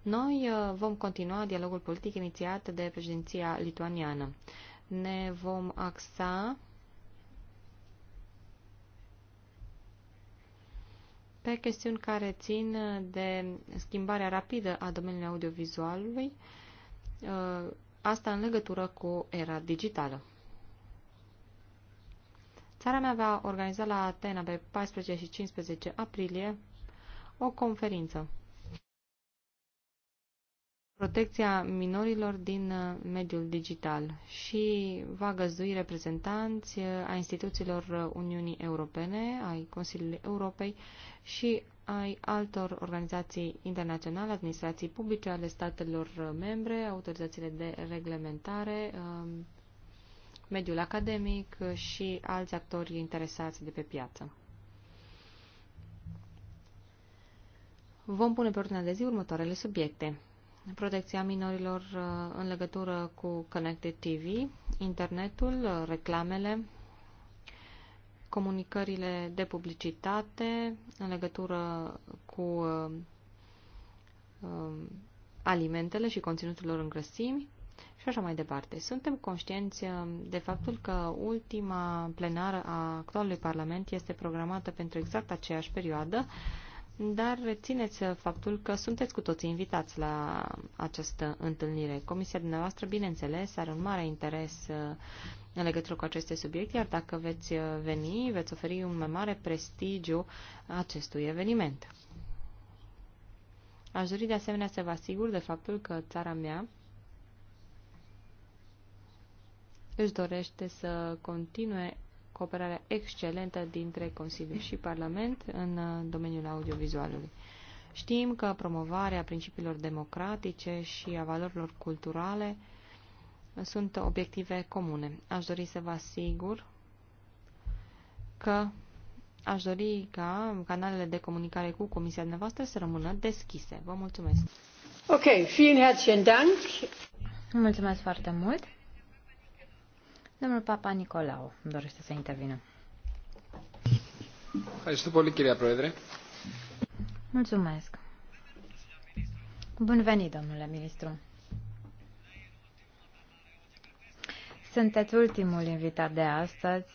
noi uh, vom continua dialogul politic inițiat de președinția lituaniană. Ne vom axa pe chestiuni care țin uh, de schimbarea rapidă a domeniului audiovizualului, uh, asta în legătură cu era digitală. Țara mea va organiza la Atena pe 14 și 15 aprilie o conferință protecția minorilor din uh, mediul digital și va găzdui reprezentanți uh, a instituțiilor uh, Uniunii Europene, ai Consiliului Europei și ai altor organizații internaționale, administrații publice ale statelor membre, autorizațiile de reglementare, um, mediul academic și alți actori interesați de pe piață. Vom pune pe ordinea de zi următoarele subiecte protecția minorilor uh, în legătură cu Connected TV, internetul, uh, reclamele, comunicările de publicitate în legătură cu uh, um, alimentele și conținutul lor în grăsimi și așa mai departe. Suntem conștienți de faptul că ultima plenară a actualului Parlament este programată pentru exact aceeași perioadă, dar rețineți faptul că sunteți cu toții invitați la această întâlnire. Comisia dumneavoastră, bineînțeles, are un mare interes uh, în legătură cu aceste subiecte, iar dacă veți uh, veni, veți oferi un mai mare prestigiu acestui eveniment. Aș dori de asemenea să vă asigur de faptul că țara mea își dorește să continue cooperarea excelentă dintre Consiliu și Parlament în uh, domeniul audiovizualului. Știm că promovarea principiilor democratice și a valorilor culturale sunt obiective comune. Aș dori să vă asigur că aș dori ca canalele de comunicare cu Comisia dumneavoastră să rămână deschise. Vă mulțumesc! Ok, vielen herzlichen Dank! Mulțumesc foarte mult! Domnul Papa Nicolau dorește să intervină. Mulțumesc. Bun venit, domnule ministru. Sunteți ultimul invitat de astăzi,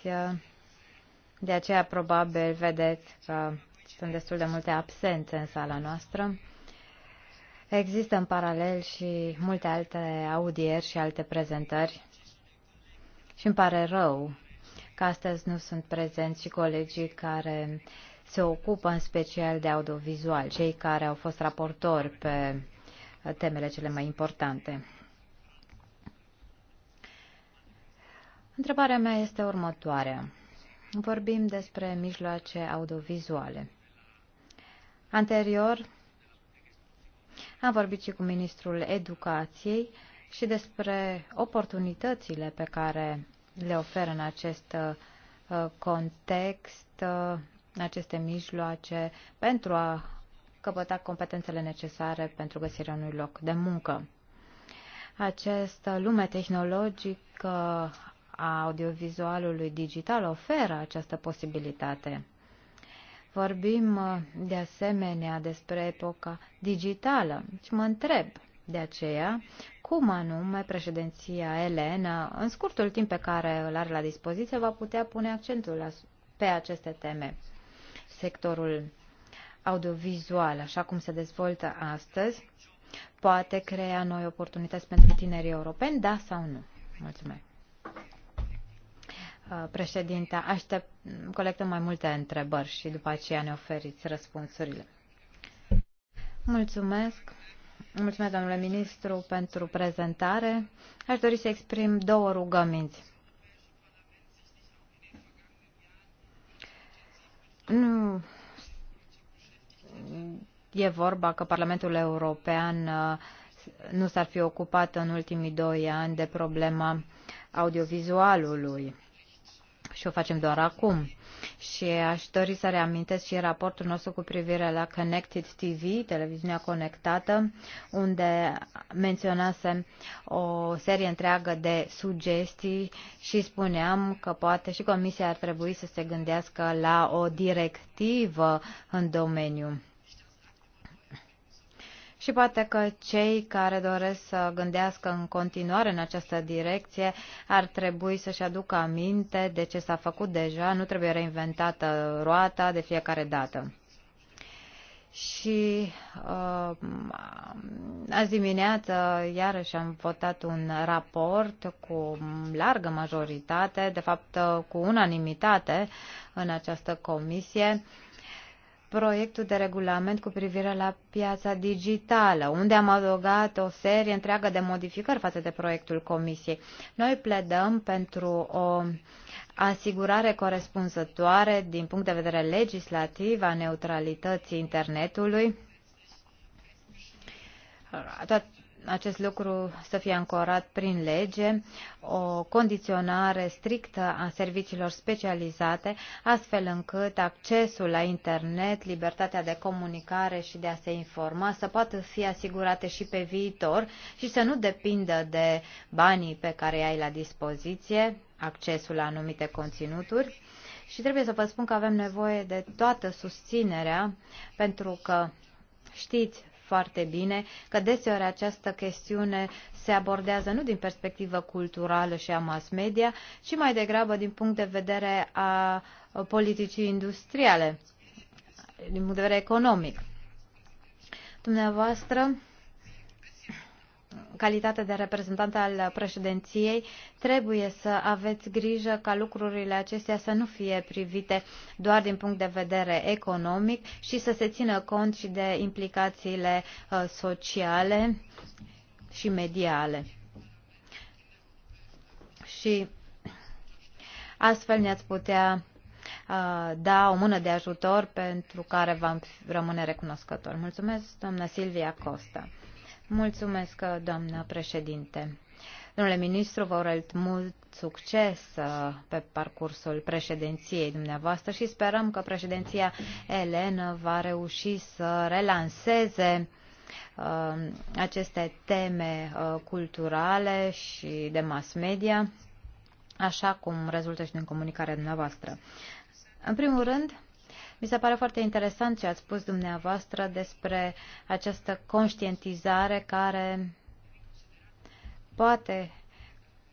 de aceea probabil vedeți că sunt destul de multe absențe în sala noastră. Există în paralel și multe alte audieri și alte prezentări și îmi pare rău că astăzi nu sunt prezenți și colegii care se ocupă în special de audiovizual, cei care au fost raportori pe temele cele mai importante. Întrebarea mea este următoarea. Vorbim despre mijloace audiovizuale. Anterior, am vorbit și cu ministrul educației și despre oportunitățile pe care le oferă în acest uh, context uh, aceste mijloace pentru a căpăta competențele necesare pentru găsirea unui loc de muncă. Această lume tehnologică a audiovizualului digital oferă această posibilitate. Vorbim uh, de asemenea despre epoca digitală și mă întreb de aceea, cum anume președinția Elena, în scurtul timp pe care îl are la dispoziție, va putea pune accentul pe aceste teme? Sectorul audiovizual, așa cum se dezvoltă astăzi, poate crea noi oportunități pentru tinerii europeni, da sau nu? Mulțumesc. Uh, președinte, aștept, colectăm mai multe întrebări și după aceea ne oferiți răspunsurile. Mulțumesc. Mulțumesc, domnule ministru, pentru prezentare. Aș dori să exprim două rugăminți. Nu e vorba că Parlamentul European uh, nu s-ar fi ocupat în ultimii doi ani de problema audiovizualului și o facem doar acum. Și aș dori să reamintesc și raportul nostru cu privire la Connected TV, televiziunea conectată, unde menționasem o serie întreagă de sugestii și spuneam că poate și Comisia ar trebui să se gândească la o directivă în domeniu și poate că cei care doresc să gândească în continuare în această direcție ar trebui să-și aducă aminte de ce s-a făcut deja, nu trebuie reinventată roata de fiecare dată. Și uh, azi dimineață iarăși am votat un raport cu largă majoritate, de fapt cu unanimitate în această comisie, proiectul de regulament cu privire la piața digitală, unde am adăugat o serie întreagă de modificări față de proiectul Comisiei. Noi pledăm pentru o asigurare corespunzătoare din punct de vedere legislativ a neutralității internetului, acest lucru să fie ancorat prin lege, o condiționare strictă a serviciilor specializate, astfel încât accesul la internet, libertatea de comunicare și de a se informa să poată fi asigurate și pe viitor și să nu depindă de banii pe care îi ai la dispoziție, accesul la anumite conținuturi. Și trebuie să vă spun că avem nevoie de toată susținerea, pentru că știți foarte bine că deseori această chestiune se abordează nu din perspectivă culturală și a mass media, ci mai degrabă din punct de vedere a politicii industriale, din punct de vedere economic. Dumneavoastră, calitate de reprezentant al președinției, trebuie să aveți grijă ca lucrurile acestea să nu fie privite doar din punct de vedere economic și să se țină cont și de implicațiile uh, sociale și mediale. Și astfel ne-ați putea uh, da o mână de ajutor pentru care v-am rămâne recunoscător. Mulțumesc, doamna Silvia Costa. Mulțumesc, doamnă președinte. Domnule ministru, vă urez mult succes uh, pe parcursul președinției dumneavoastră și sperăm că președinția Elenă va reuși să relanseze uh, aceste teme uh, culturale și de mass media, așa cum rezultă și din comunicarea dumneavoastră. În primul rând, mi se pare foarte interesant ce ați spus dumneavoastră despre această conștientizare care poate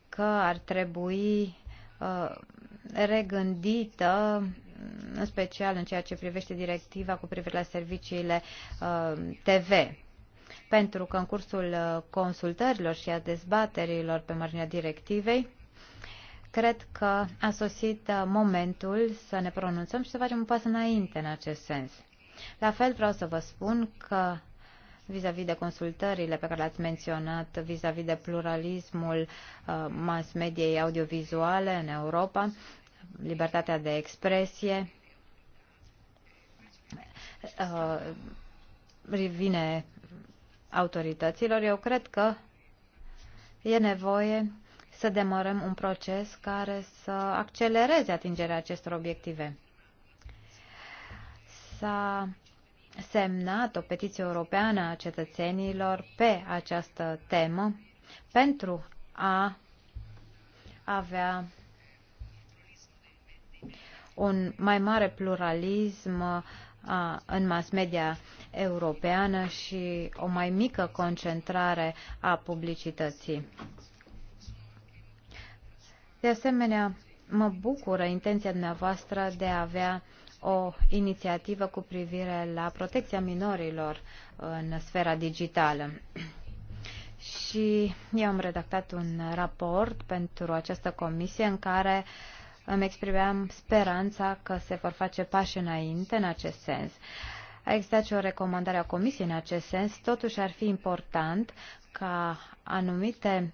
că ar trebui uh, regândită în special în ceea ce privește directiva cu privire la serviciile uh, TV. Pentru că în cursul uh, consultărilor și a dezbaterilor pe marginea directivei, cred că a sosit uh, momentul să ne pronunțăm și să facem un pas înainte în acest sens. La fel vreau să vă spun că vis-a-vis -vis de consultările pe care le-ați menționat, vis-a-vis -vis de pluralismul uh, mass mediei audiovizuale în Europa, libertatea de expresie, uh, revine autorităților, eu cred că e nevoie să demarăm un proces care să accelereze atingerea acestor obiective. S-a semnat o petiție europeană a cetățenilor pe această temă pentru a avea un mai mare pluralism uh, în mass media europeană și o mai mică concentrare a publicității. De asemenea, mă bucură intenția dumneavoastră de a avea o inițiativă cu privire la protecția minorilor în sfera digitală. Și eu am redactat un raport pentru această comisie în care îmi exprimeam speranța că se vor face pași înainte în acest sens. A existat și o recomandare a comisiei în acest sens, totuși ar fi important ca anumite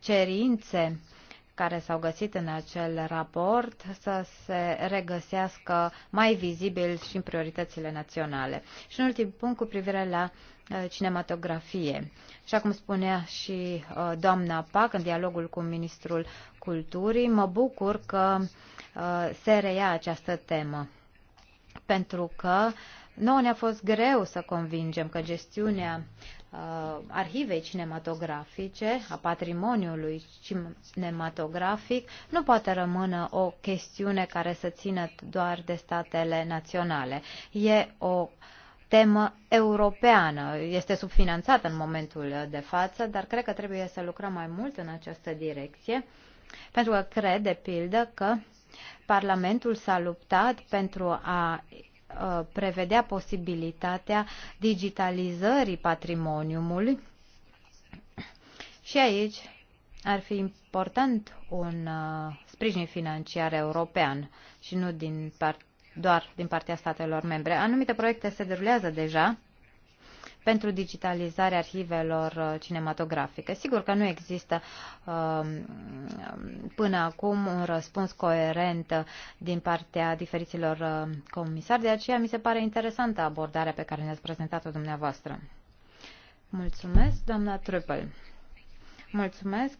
cerințe uh, care s-au găsit în acel raport să se regăsească mai vizibil și în prioritățile naționale. Și în ultim punct cu privire la uh, cinematografie. Așa cum spunea și uh, doamna Pac în dialogul cu Ministrul Culturii, mă bucur că uh, se reia această temă. Pentru că nouă ne-a fost greu să convingem că gestiunea uh, arhivei cinematografice, a patrimoniului cinematografic, nu poate rămână o chestiune care să țină doar de statele naționale. E o temă europeană. Este subfinanțată în momentul de față, dar cred că trebuie să lucrăm mai mult în această direcție, pentru că cred, de pildă, că Parlamentul s-a luptat pentru a Uh, prevedea posibilitatea digitalizării patrimoniului și aici ar fi important un uh, sprijin financiar european și nu din part, doar din partea statelor membre. Anumite proiecte se derulează deja pentru digitalizarea arhivelor uh, cinematografice. Sigur că nu există um, până acum un răspuns coerent din partea diferiților uh, comisari, de aceea mi se pare interesantă abordarea pe care ne-ați prezentat-o dumneavoastră. Mulțumesc, doamna Trupel. Mulțumesc.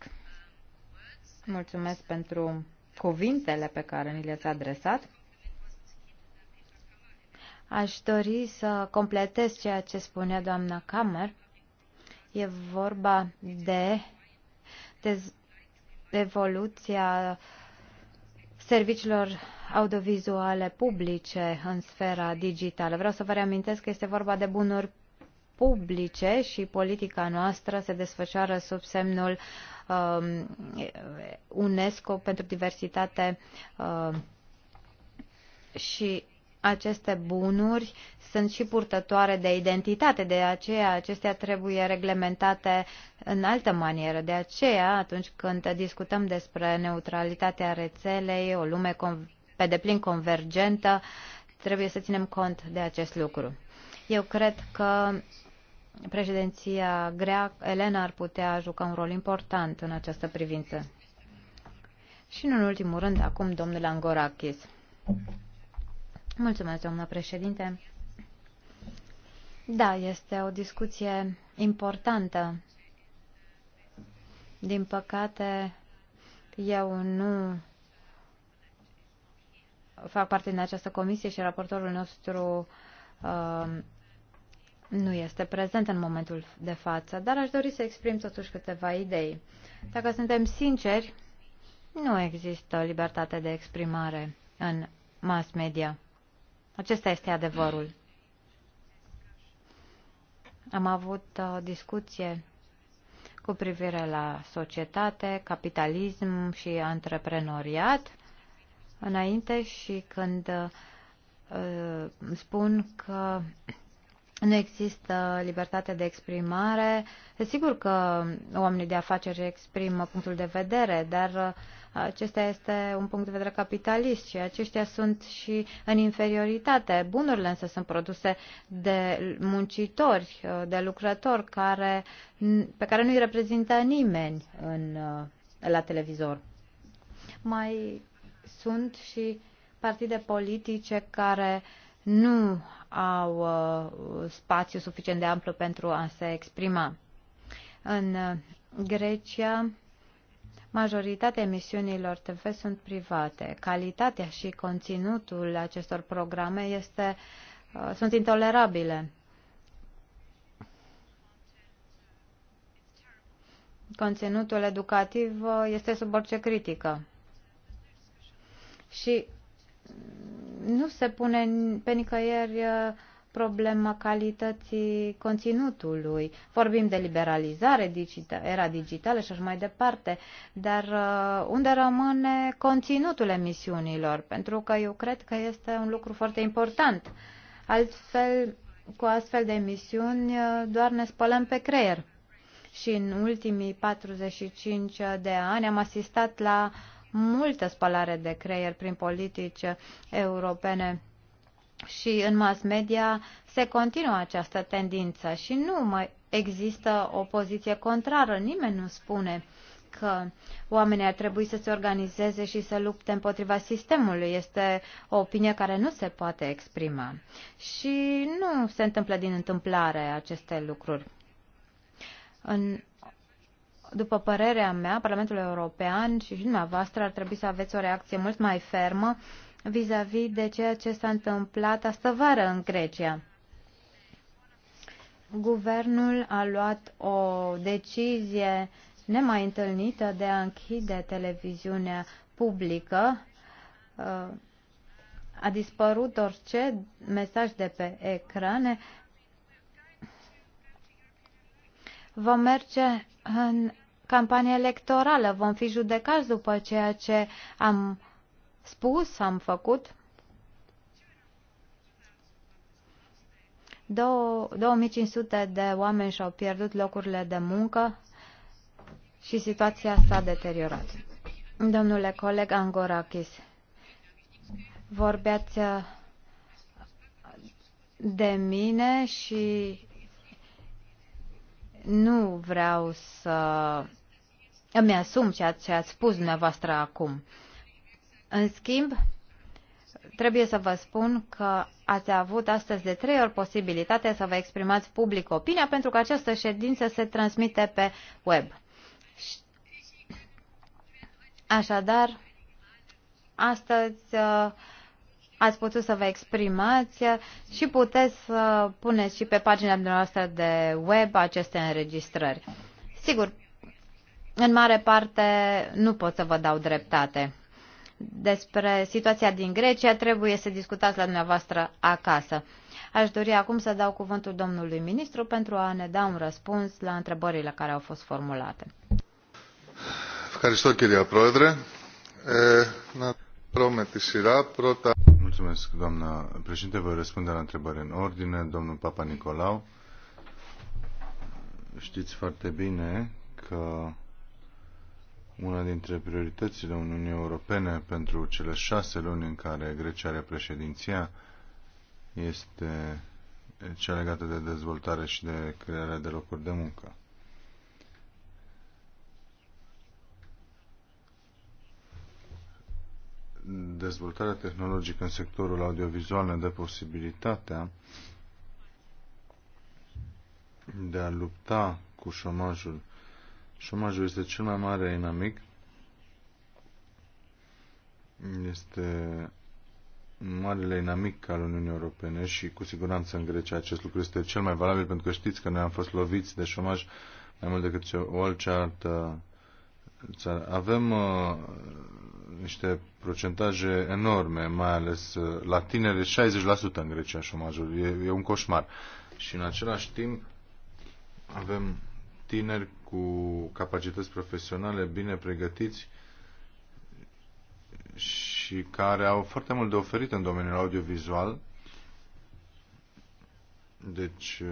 Mulțumesc pentru cuvintele pe care ni le-ați adresat. Aș dori să completez ceea ce spunea doamna Kammer. E vorba de, de evoluția serviciilor audiovizuale publice în sfera digitală. Vreau să vă reamintesc că este vorba de bunuri publice și politica noastră se desfășoară sub semnul um, UNESCO pentru diversitate uh, și aceste bunuri sunt și purtătoare de identitate, de aceea acestea trebuie reglementate în altă manieră. De aceea, atunci când discutăm despre neutralitatea rețelei, o lume pe deplin convergentă, trebuie să ținem cont de acest lucru. Eu cred că președinția grea, Elena, ar putea juca un rol important în această privință. Și, în ultimul rând, acum domnul Angorakis. Mulțumesc, doamnă președinte. Da, este o discuție importantă. Din păcate, eu nu fac parte din această comisie și raportorul nostru uh, nu este prezent în momentul de față, dar aș dori să exprim totuși câteva idei. Dacă suntem sinceri, nu există libertate de exprimare în mass media. Acesta este adevărul. Am avut o uh, discuție cu privire la societate, capitalism și antreprenoriat înainte și când uh, spun că nu există libertate de exprimare. Sigur că oamenii de afaceri exprimă punctul de vedere, dar uh, acesta este un punct de vedere capitalist și aceștia sunt și în inferioritate. Bunurile însă sunt produse de muncitori, de lucrători care, pe care nu îi reprezintă nimeni în, la televizor. Mai sunt și partide politice care nu au uh, spațiu suficient de amplu pentru a se exprima. În uh, Grecia Majoritatea emisiunilor TV sunt private. Calitatea și conținutul acestor programe este, uh, sunt intolerabile. Conținutul educativ uh, este sub orice critică. Și nu se pune pe nicăieri uh, problema calității conținutului. Vorbim de liberalizare, era digitală și așa mai departe, dar uh, unde rămâne conținutul emisiunilor? Pentru că eu cred că este un lucru foarte important. Altfel, cu astfel de emisiuni, uh, doar ne spălăm pe creier. Și în ultimii 45 de ani am asistat la multă spălare de creier prin politici europene și în mass media se continuă această tendință și nu mai există o poziție contrară. Nimeni nu spune că oamenii ar trebui să se organizeze și să lupte împotriva sistemului. Este o opinie care nu se poate exprima. Și nu se întâmplă din întâmplare aceste lucruri. În, după părerea mea, Parlamentul European și dumneavoastră ar trebui să aveți o reacție mult mai fermă vis-a-vis -vis de ceea ce s-a întâmplat astăvară în Grecia. Guvernul a luat o decizie nemai întâlnită de a închide televiziunea publică. A dispărut orice mesaj de pe ecrane. Vom merge în campanie electorală, vom fi judecați după ceea ce am uh, spus, am făcut. 2500 de oameni și-au pierdut locurile de muncă și situația s-a deteriorat. Domnule coleg Angorakis, vorbeați uh, de mine și nu vreau să îmi asum ceea ce ați spus dumneavoastră acum. În schimb, trebuie să vă spun că ați avut astăzi de trei ori posibilitatea să vă exprimați public opinia pentru că această ședință se transmite pe web. Așadar, astăzi uh, ați putut să vă exprimați și puteți să uh, puneți și pe pagina noastră de web aceste înregistrări. Sigur, în mare parte nu pot să vă dau dreptate despre situația din Grecia trebuie să discutați la dumneavoastră acasă. Aș dori acum să dau cuvântul domnului ministru pentru a ne da un răspuns la întrebările care au fost formulate. Mulțumesc, doamna președinte. Voi răspunde la întrebări în ordine. Domnul Papa Nicolau, știți foarte bine că una dintre prioritățile Uniunii Europene pentru cele șase luni în care Grecia are președinția este cea legată de dezvoltare și de crearea de locuri de muncă. Dezvoltarea tehnologică în sectorul audiovizual ne dă posibilitatea de a lupta cu șomajul Șomajul este cel mai mare inamic. Este marele inamic al Uniunii Europene și cu siguranță în Grecia acest lucru este cel mai valabil pentru că știți că noi am fost loviți de șomaj mai mult decât o altă altă țară. Avem uh, niște procentaje enorme, mai ales uh, la tineri, 60% în Grecia șomajul. E, e un coșmar. Și în același timp avem tineri cu capacități profesionale bine pregătiți și care au foarte mult de oferit în domeniul audiovizual. Deci,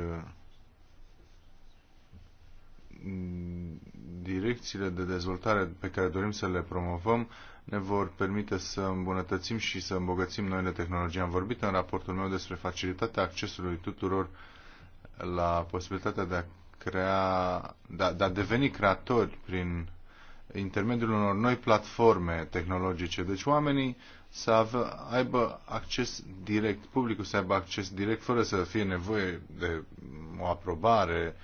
direcțiile de dezvoltare pe care dorim să le promovăm ne vor permite să îmbunătățim și să îmbogățim noile tehnologii. Am vorbit în raportul meu despre facilitatea accesului tuturor la posibilitatea de a crea, de a, de a deveni creatori prin intermediul unor noi platforme tehnologice. Deci oamenii să avă, aibă acces direct, publicul să aibă acces direct, fără să fie nevoie de o aprobare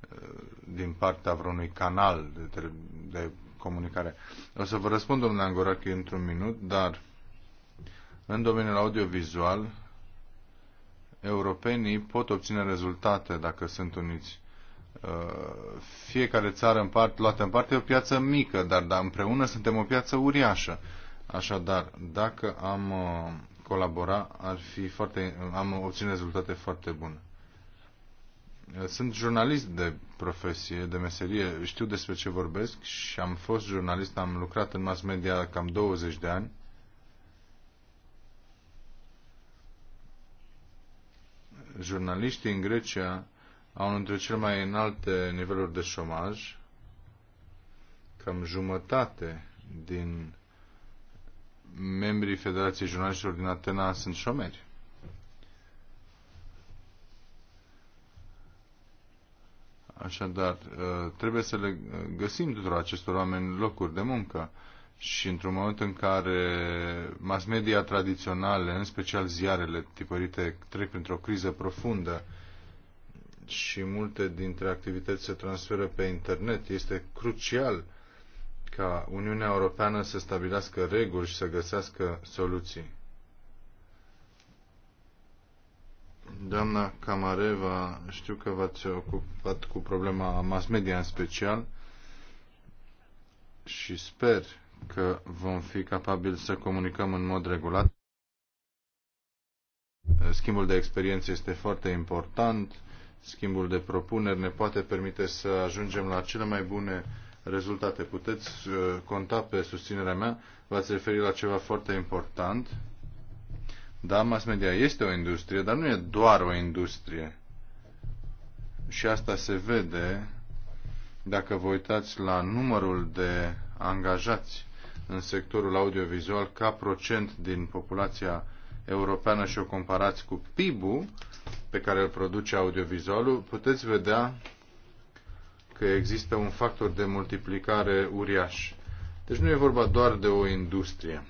eh, din partea vreunui canal de, de comunicare. O să vă răspund, domnule Angorache, într-un minut, dar în domeniul audiovizual, europenii pot obține rezultate dacă sunt uniți Uh, fiecare țară în parte, luată în parte e o piață mică, dar, dar împreună suntem o piață uriașă. Așadar, dacă am uh, colabora, ar fi foarte, am obținut rezultate foarte bune. Uh, sunt jurnalist de profesie, de meserie, știu despre ce vorbesc și am fost jurnalist, am lucrat în mass media cam 20 de ani. Jurnaliștii în Grecia au unul dintre cele mai înalte niveluri de șomaj. Cam jumătate din membrii Federației Jurnaliștilor din Atena sunt șomeri. Așadar, uh, trebuie să le găsim tuturor acestor oameni locuri de muncă și într-un moment în care mass media tradiționale, în special ziarele tipărite, trec printr-o criză profundă, și multe dintre activități se transferă pe internet. Este crucial ca Uniunea Europeană să stabilească reguli și să găsească soluții. Doamna Camareva, știu că v-ați ocupat cu problema mass media în special și sper că vom fi capabili să comunicăm în mod regulat. Schimbul de experiențe este foarte important Schimbul de propuneri ne poate permite să ajungem la cele mai bune rezultate. Puteți uh, conta pe susținerea mea. V-ați referit la ceva foarte important. Da, mass media este o industrie, dar nu e doar o industrie. Și asta se vede dacă vă uitați la numărul de angajați în sectorul audiovizual ca procent din populația europeană și o comparați cu PIB-ul, pe care îl produce audiovizualul, puteți vedea că există un factor de multiplicare uriaș. Deci nu e vorba doar de o industrie.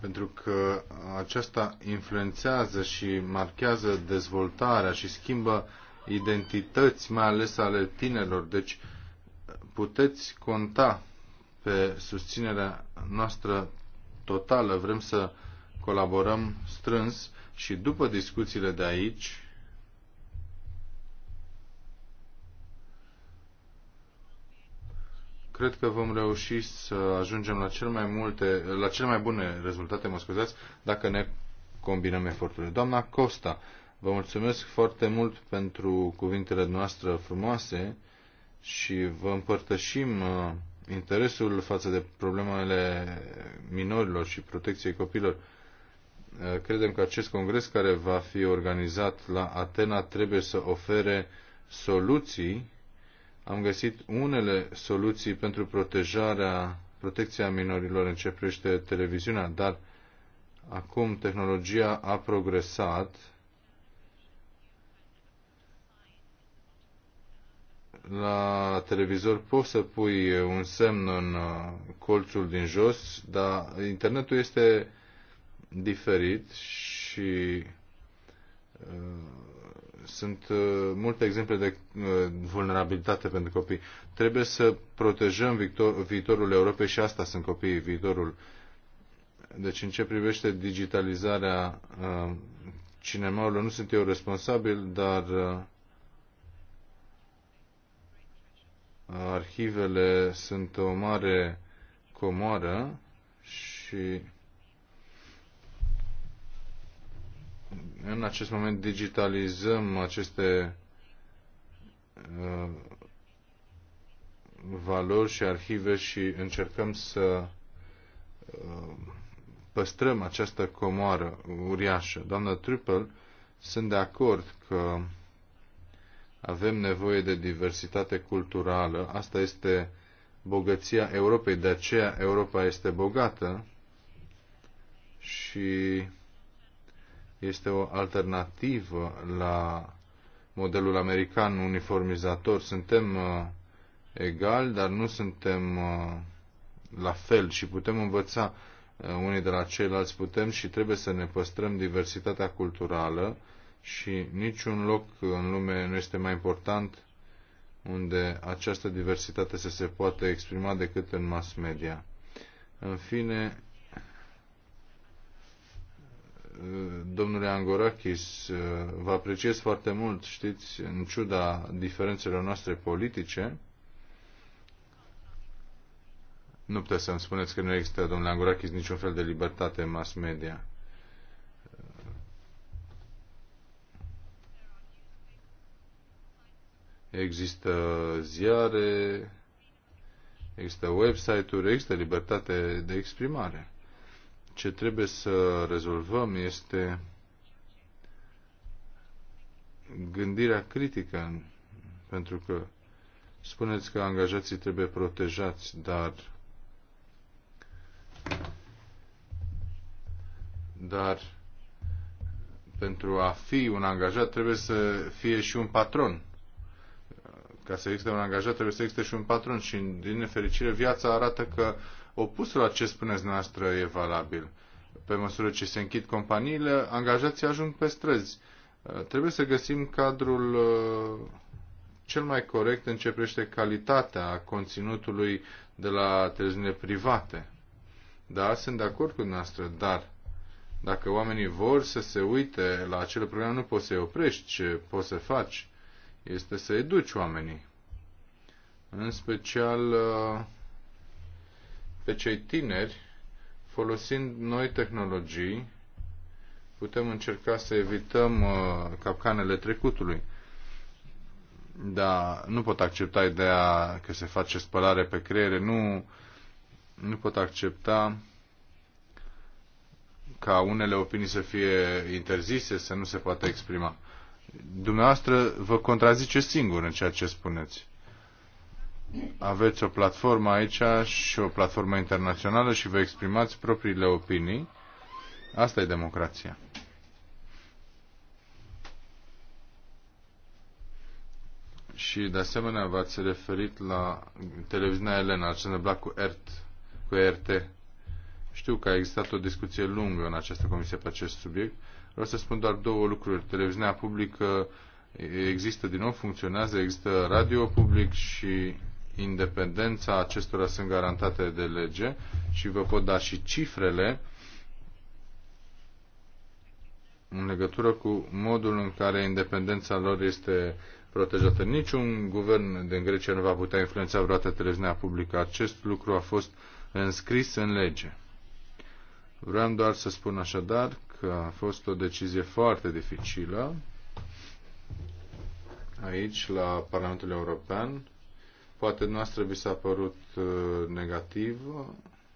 Pentru că aceasta influențează și marchează dezvoltarea și schimbă identități, mai ales ale tinerilor. Deci puteți conta pe susținerea noastră totală. Vrem să colaborăm strâns și după discuțiile de aici, cred că vom reuși să ajungem la cel mai multe, la cele mai bune rezultate, mă scuzați, dacă ne combinăm eforturile. Doamna Costa, vă mulțumesc foarte mult pentru cuvintele noastre frumoase și vă împărtășim uh, interesul față de problemele minorilor și protecției copilor. Credem că acest congres care va fi organizat la Atena trebuie să ofere soluții. Am găsit unele soluții pentru protejarea, protecția minorilor în ce privește televiziunea, dar acum tehnologia a progresat la televizor poți să pui un semn în uh, colțul din jos, dar internetul este diferit și uh, sunt uh, multe exemple de uh, vulnerabilitate pentru copii. Trebuie să protejăm victor, viitorul Europei și asta sunt copiii, viitorul. Deci în ce privește digitalizarea cinemaului, nu sunt eu responsabil, dar arhivele sunt o mare comoară și în acest moment digitalizăm aceste uh, valori și arhive și încercăm să uh, păstrăm această comoară uriașă. Doamnă Triple, sunt de acord că avem nevoie de diversitate culturală. Asta este bogăția Europei, de aceea Europa este bogată și este o alternativă la modelul american uniformizator. Suntem uh, egali, dar nu suntem uh, la fel și putem învăța uh, unii de la ceilalți, putem și trebuie să ne păstrăm diversitatea culturală și niciun loc în lume nu este mai important unde această diversitate să se poate exprima decât în mass media. În fine, domnule Angorakis, vă apreciez foarte mult, știți, în ciuda diferențelor noastre politice. Nu puteți să-mi spuneți că nu există, domnule Angorakis, niciun fel de libertate în mass media. Există ziare, există website-uri, există libertate de exprimare ce trebuie să rezolvăm este gândirea critică, pentru că spuneți că angajații trebuie protejați, dar dar pentru a fi un angajat trebuie să fie și un patron. Ca să existe un angajat trebuie să existe și un patron și din nefericire viața arată că opusul la ce spuneți noastră e valabil. Pe măsură ce se închid companiile, angajații ajung pe străzi. Uh, trebuie să găsim cadrul uh, cel mai corect în ce privește calitatea conținutului de la televiziunile private. Da, sunt de acord cu noastră, dar dacă oamenii vor să se uite la acele programe, nu poți să-i oprești. Ce poți să faci este să educi oamenii. În special uh, pe cei tineri, folosind noi tehnologii, putem încerca să evităm uh, capcanele trecutului. Dar nu pot accepta ideea că se face spălare pe creiere, nu, nu pot accepta ca unele opinii să fie interzise, să nu se poată exprima. Dumneavoastră vă contrazice singur în ceea ce spuneți aveți o platformă aici și o platformă internațională și vă exprimați propriile opinii. Asta e democrația. Și de asemenea v-ați referit la televiziunea Elena, ce ne cu ERT, cu ERT. Știu că a existat o discuție lungă în această comisie pe acest subiect. Vreau să spun doar două lucruri. Televiziunea publică există din nou, funcționează, există radio public și independența acestora sunt garantate de lege și vă pot da și cifrele în legătură cu modul în care independența lor este protejată. Niciun guvern din Grecia nu va putea influența vreodată televiziunea publică. Acest lucru a fost înscris în lege. Vreau doar să spun așadar că a fost o decizie foarte dificilă aici la Parlamentul European Poate noastră vi s-a părut uh, negativ,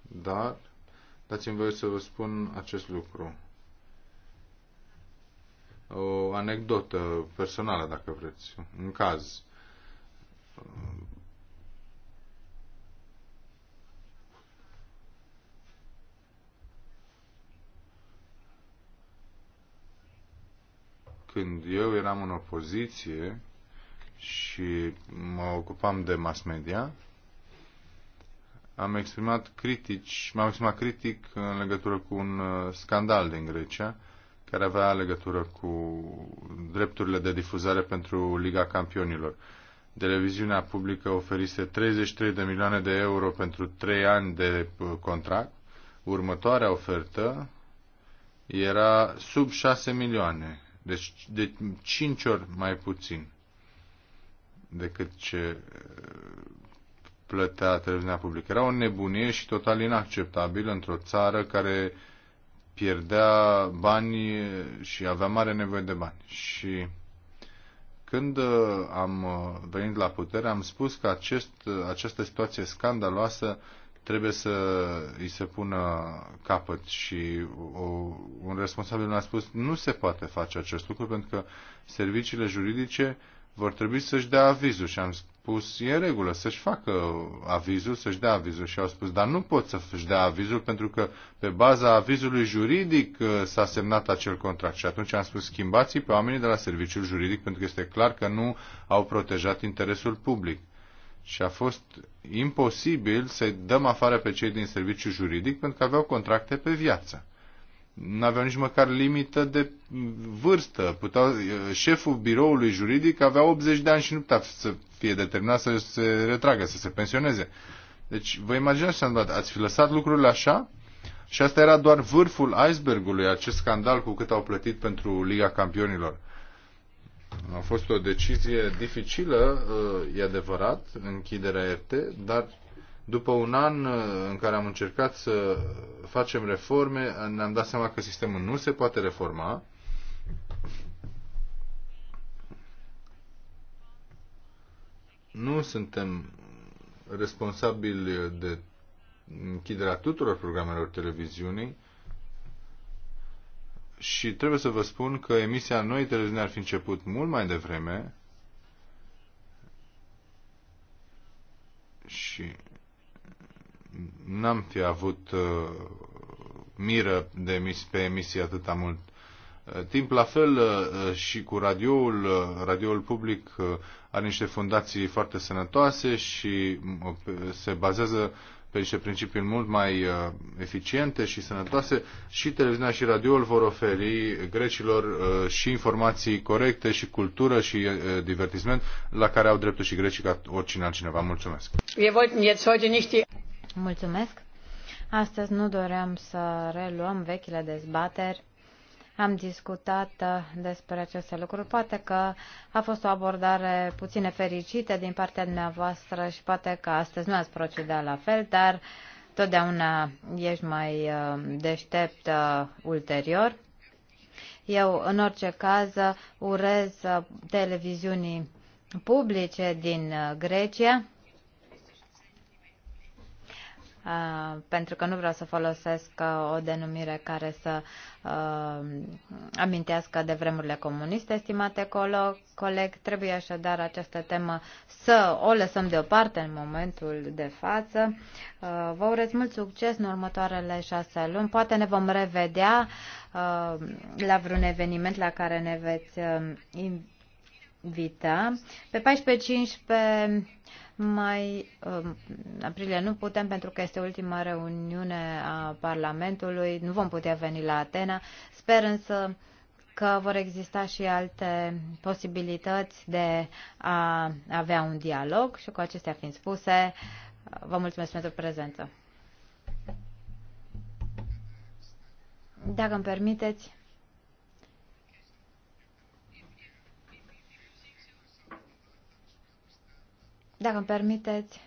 dar dați-mi voie să vă spun acest lucru. O anecdotă personală, dacă vreți, un caz. Când eu eram în opoziție, și mă ocupam de mass media, am exprimat critici, m-am exprimat critic în legătură cu un uh, scandal din Grecia, care avea legătură cu drepturile de difuzare pentru Liga Campionilor. Televiziunea publică oferise 33 de milioane de euro pentru 3 ani de uh, contract. Următoarea ofertă era sub 6 milioane, deci de 5 ori mai puțin decât ce plătea televiziunea publică. Era o nebunie și total inacceptabil într-o țară care pierdea bani și avea mare nevoie de bani. Și când am venit la putere, am spus că acest, această situație scandaloasă trebuie să îi se pună capăt și o, un responsabil mi-a spus nu se poate face acest lucru pentru că serviciile juridice uh, vor trebui să-și dea avizul și am spus, e regulă, să-și facă avizul, să-și dea avizul și au spus, dar nu pot să-și dea avizul pentru că pe baza avizului juridic uh, s-a semnat acel contract și atunci am spus, schimbați pe oamenii de la serviciul juridic pentru că este clar că nu au protejat interesul public. Și a fost imposibil să-i dăm afară pe cei din serviciu juridic pentru că aveau contracte pe viață nu aveau nici măcar limită de vârstă. Puteau, șeful biroului juridic avea 80 de ani și nu putea să fie determinat să se retragă, să se pensioneze. Deci, vă imaginați ce am dat. Ați fi lăsat lucrurile așa? Și asta era doar vârful icebergului, acest scandal cu cât au plătit pentru Liga Campionilor. A fost o decizie dificilă, uh, e adevărat, închiderea EFT, dar după un an uh, în care am încercat să facem reforme, uh, ne-am dat seama că sistemul nu se poate reforma. Nu suntem responsabili de închiderea tuturor programelor televiziunii și trebuie să vă spun că emisia noi televiziune ar fi început mult mai devreme și n-am fi avut uh, miră de emis, pe emisie atâta mult uh, timp. La fel uh, uh, și cu radioul, radioul public are niște fundații foarte sănătoase și mm, se bazează pe niște principii mult mai eficiente și sănătoase și televiziunea și radioul vor oferi grecilor și informații corecte și cultură și divertisment la care au dreptul și grecii ca oricine altcineva. Mulțumesc! Mulțumesc! Astăzi nu doream să reluăm vechile dezbateri. Am discutat uh, despre aceste lucruri. Poate că a fost o abordare puțin fericită din partea dumneavoastră și poate că astăzi nu ați procedat la fel, dar totdeauna ești mai uh, deștept uh, ulterior. Eu, în orice caz, urez televiziunii publice din Grecia Uh, pentru că nu vreau să folosesc uh, o denumire care să uh, amintească de vremurile comuniste, estimate colo, coleg. Trebuie așadar această temă să o lăsăm deoparte în momentul de față. Uh, vă urez mult succes în următoarele șase luni. Poate ne vom revedea uh, la vreun eveniment la care ne veți uh, vita Pe 14-15 mai uh, aprilie nu putem pentru că este ultima reuniune a Parlamentului. Nu vom putea veni la Atena. Sper însă că vor exista și alte posibilități de a avea un dialog și cu acestea fiind spuse, vă mulțumesc pentru prezență. Dacă îmi permiteți, Dacă îmi permiteți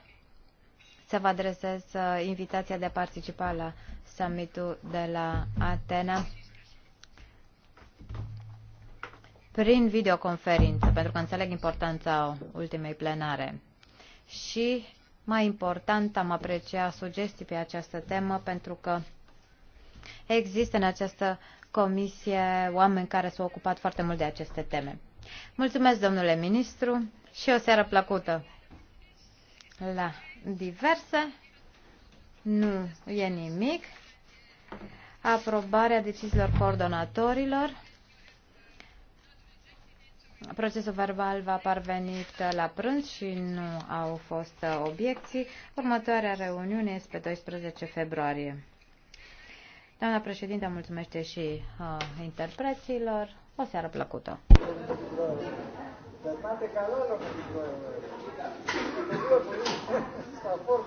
să vă adresez uh, invitația de a participa la summitul de la Atena prin videoconferință, pentru că înțeleg importanța ultimei plenare. Și mai important, am apreciat sugestii pe această temă, pentru că există în această comisie oameni care s-au ocupat foarte mult de aceste teme. Mulțumesc, domnule ministru, și o seară plăcută! La diverse nu e nimic. Aprobarea deciziilor coordonatorilor. Procesul verbal va parvenit la prânz și nu au fost obiecții. Următoarea reuniune este pe 12 februarie. Doamna președinte, mulțumește și uh, interpreților. O seară plăcută! Staforul.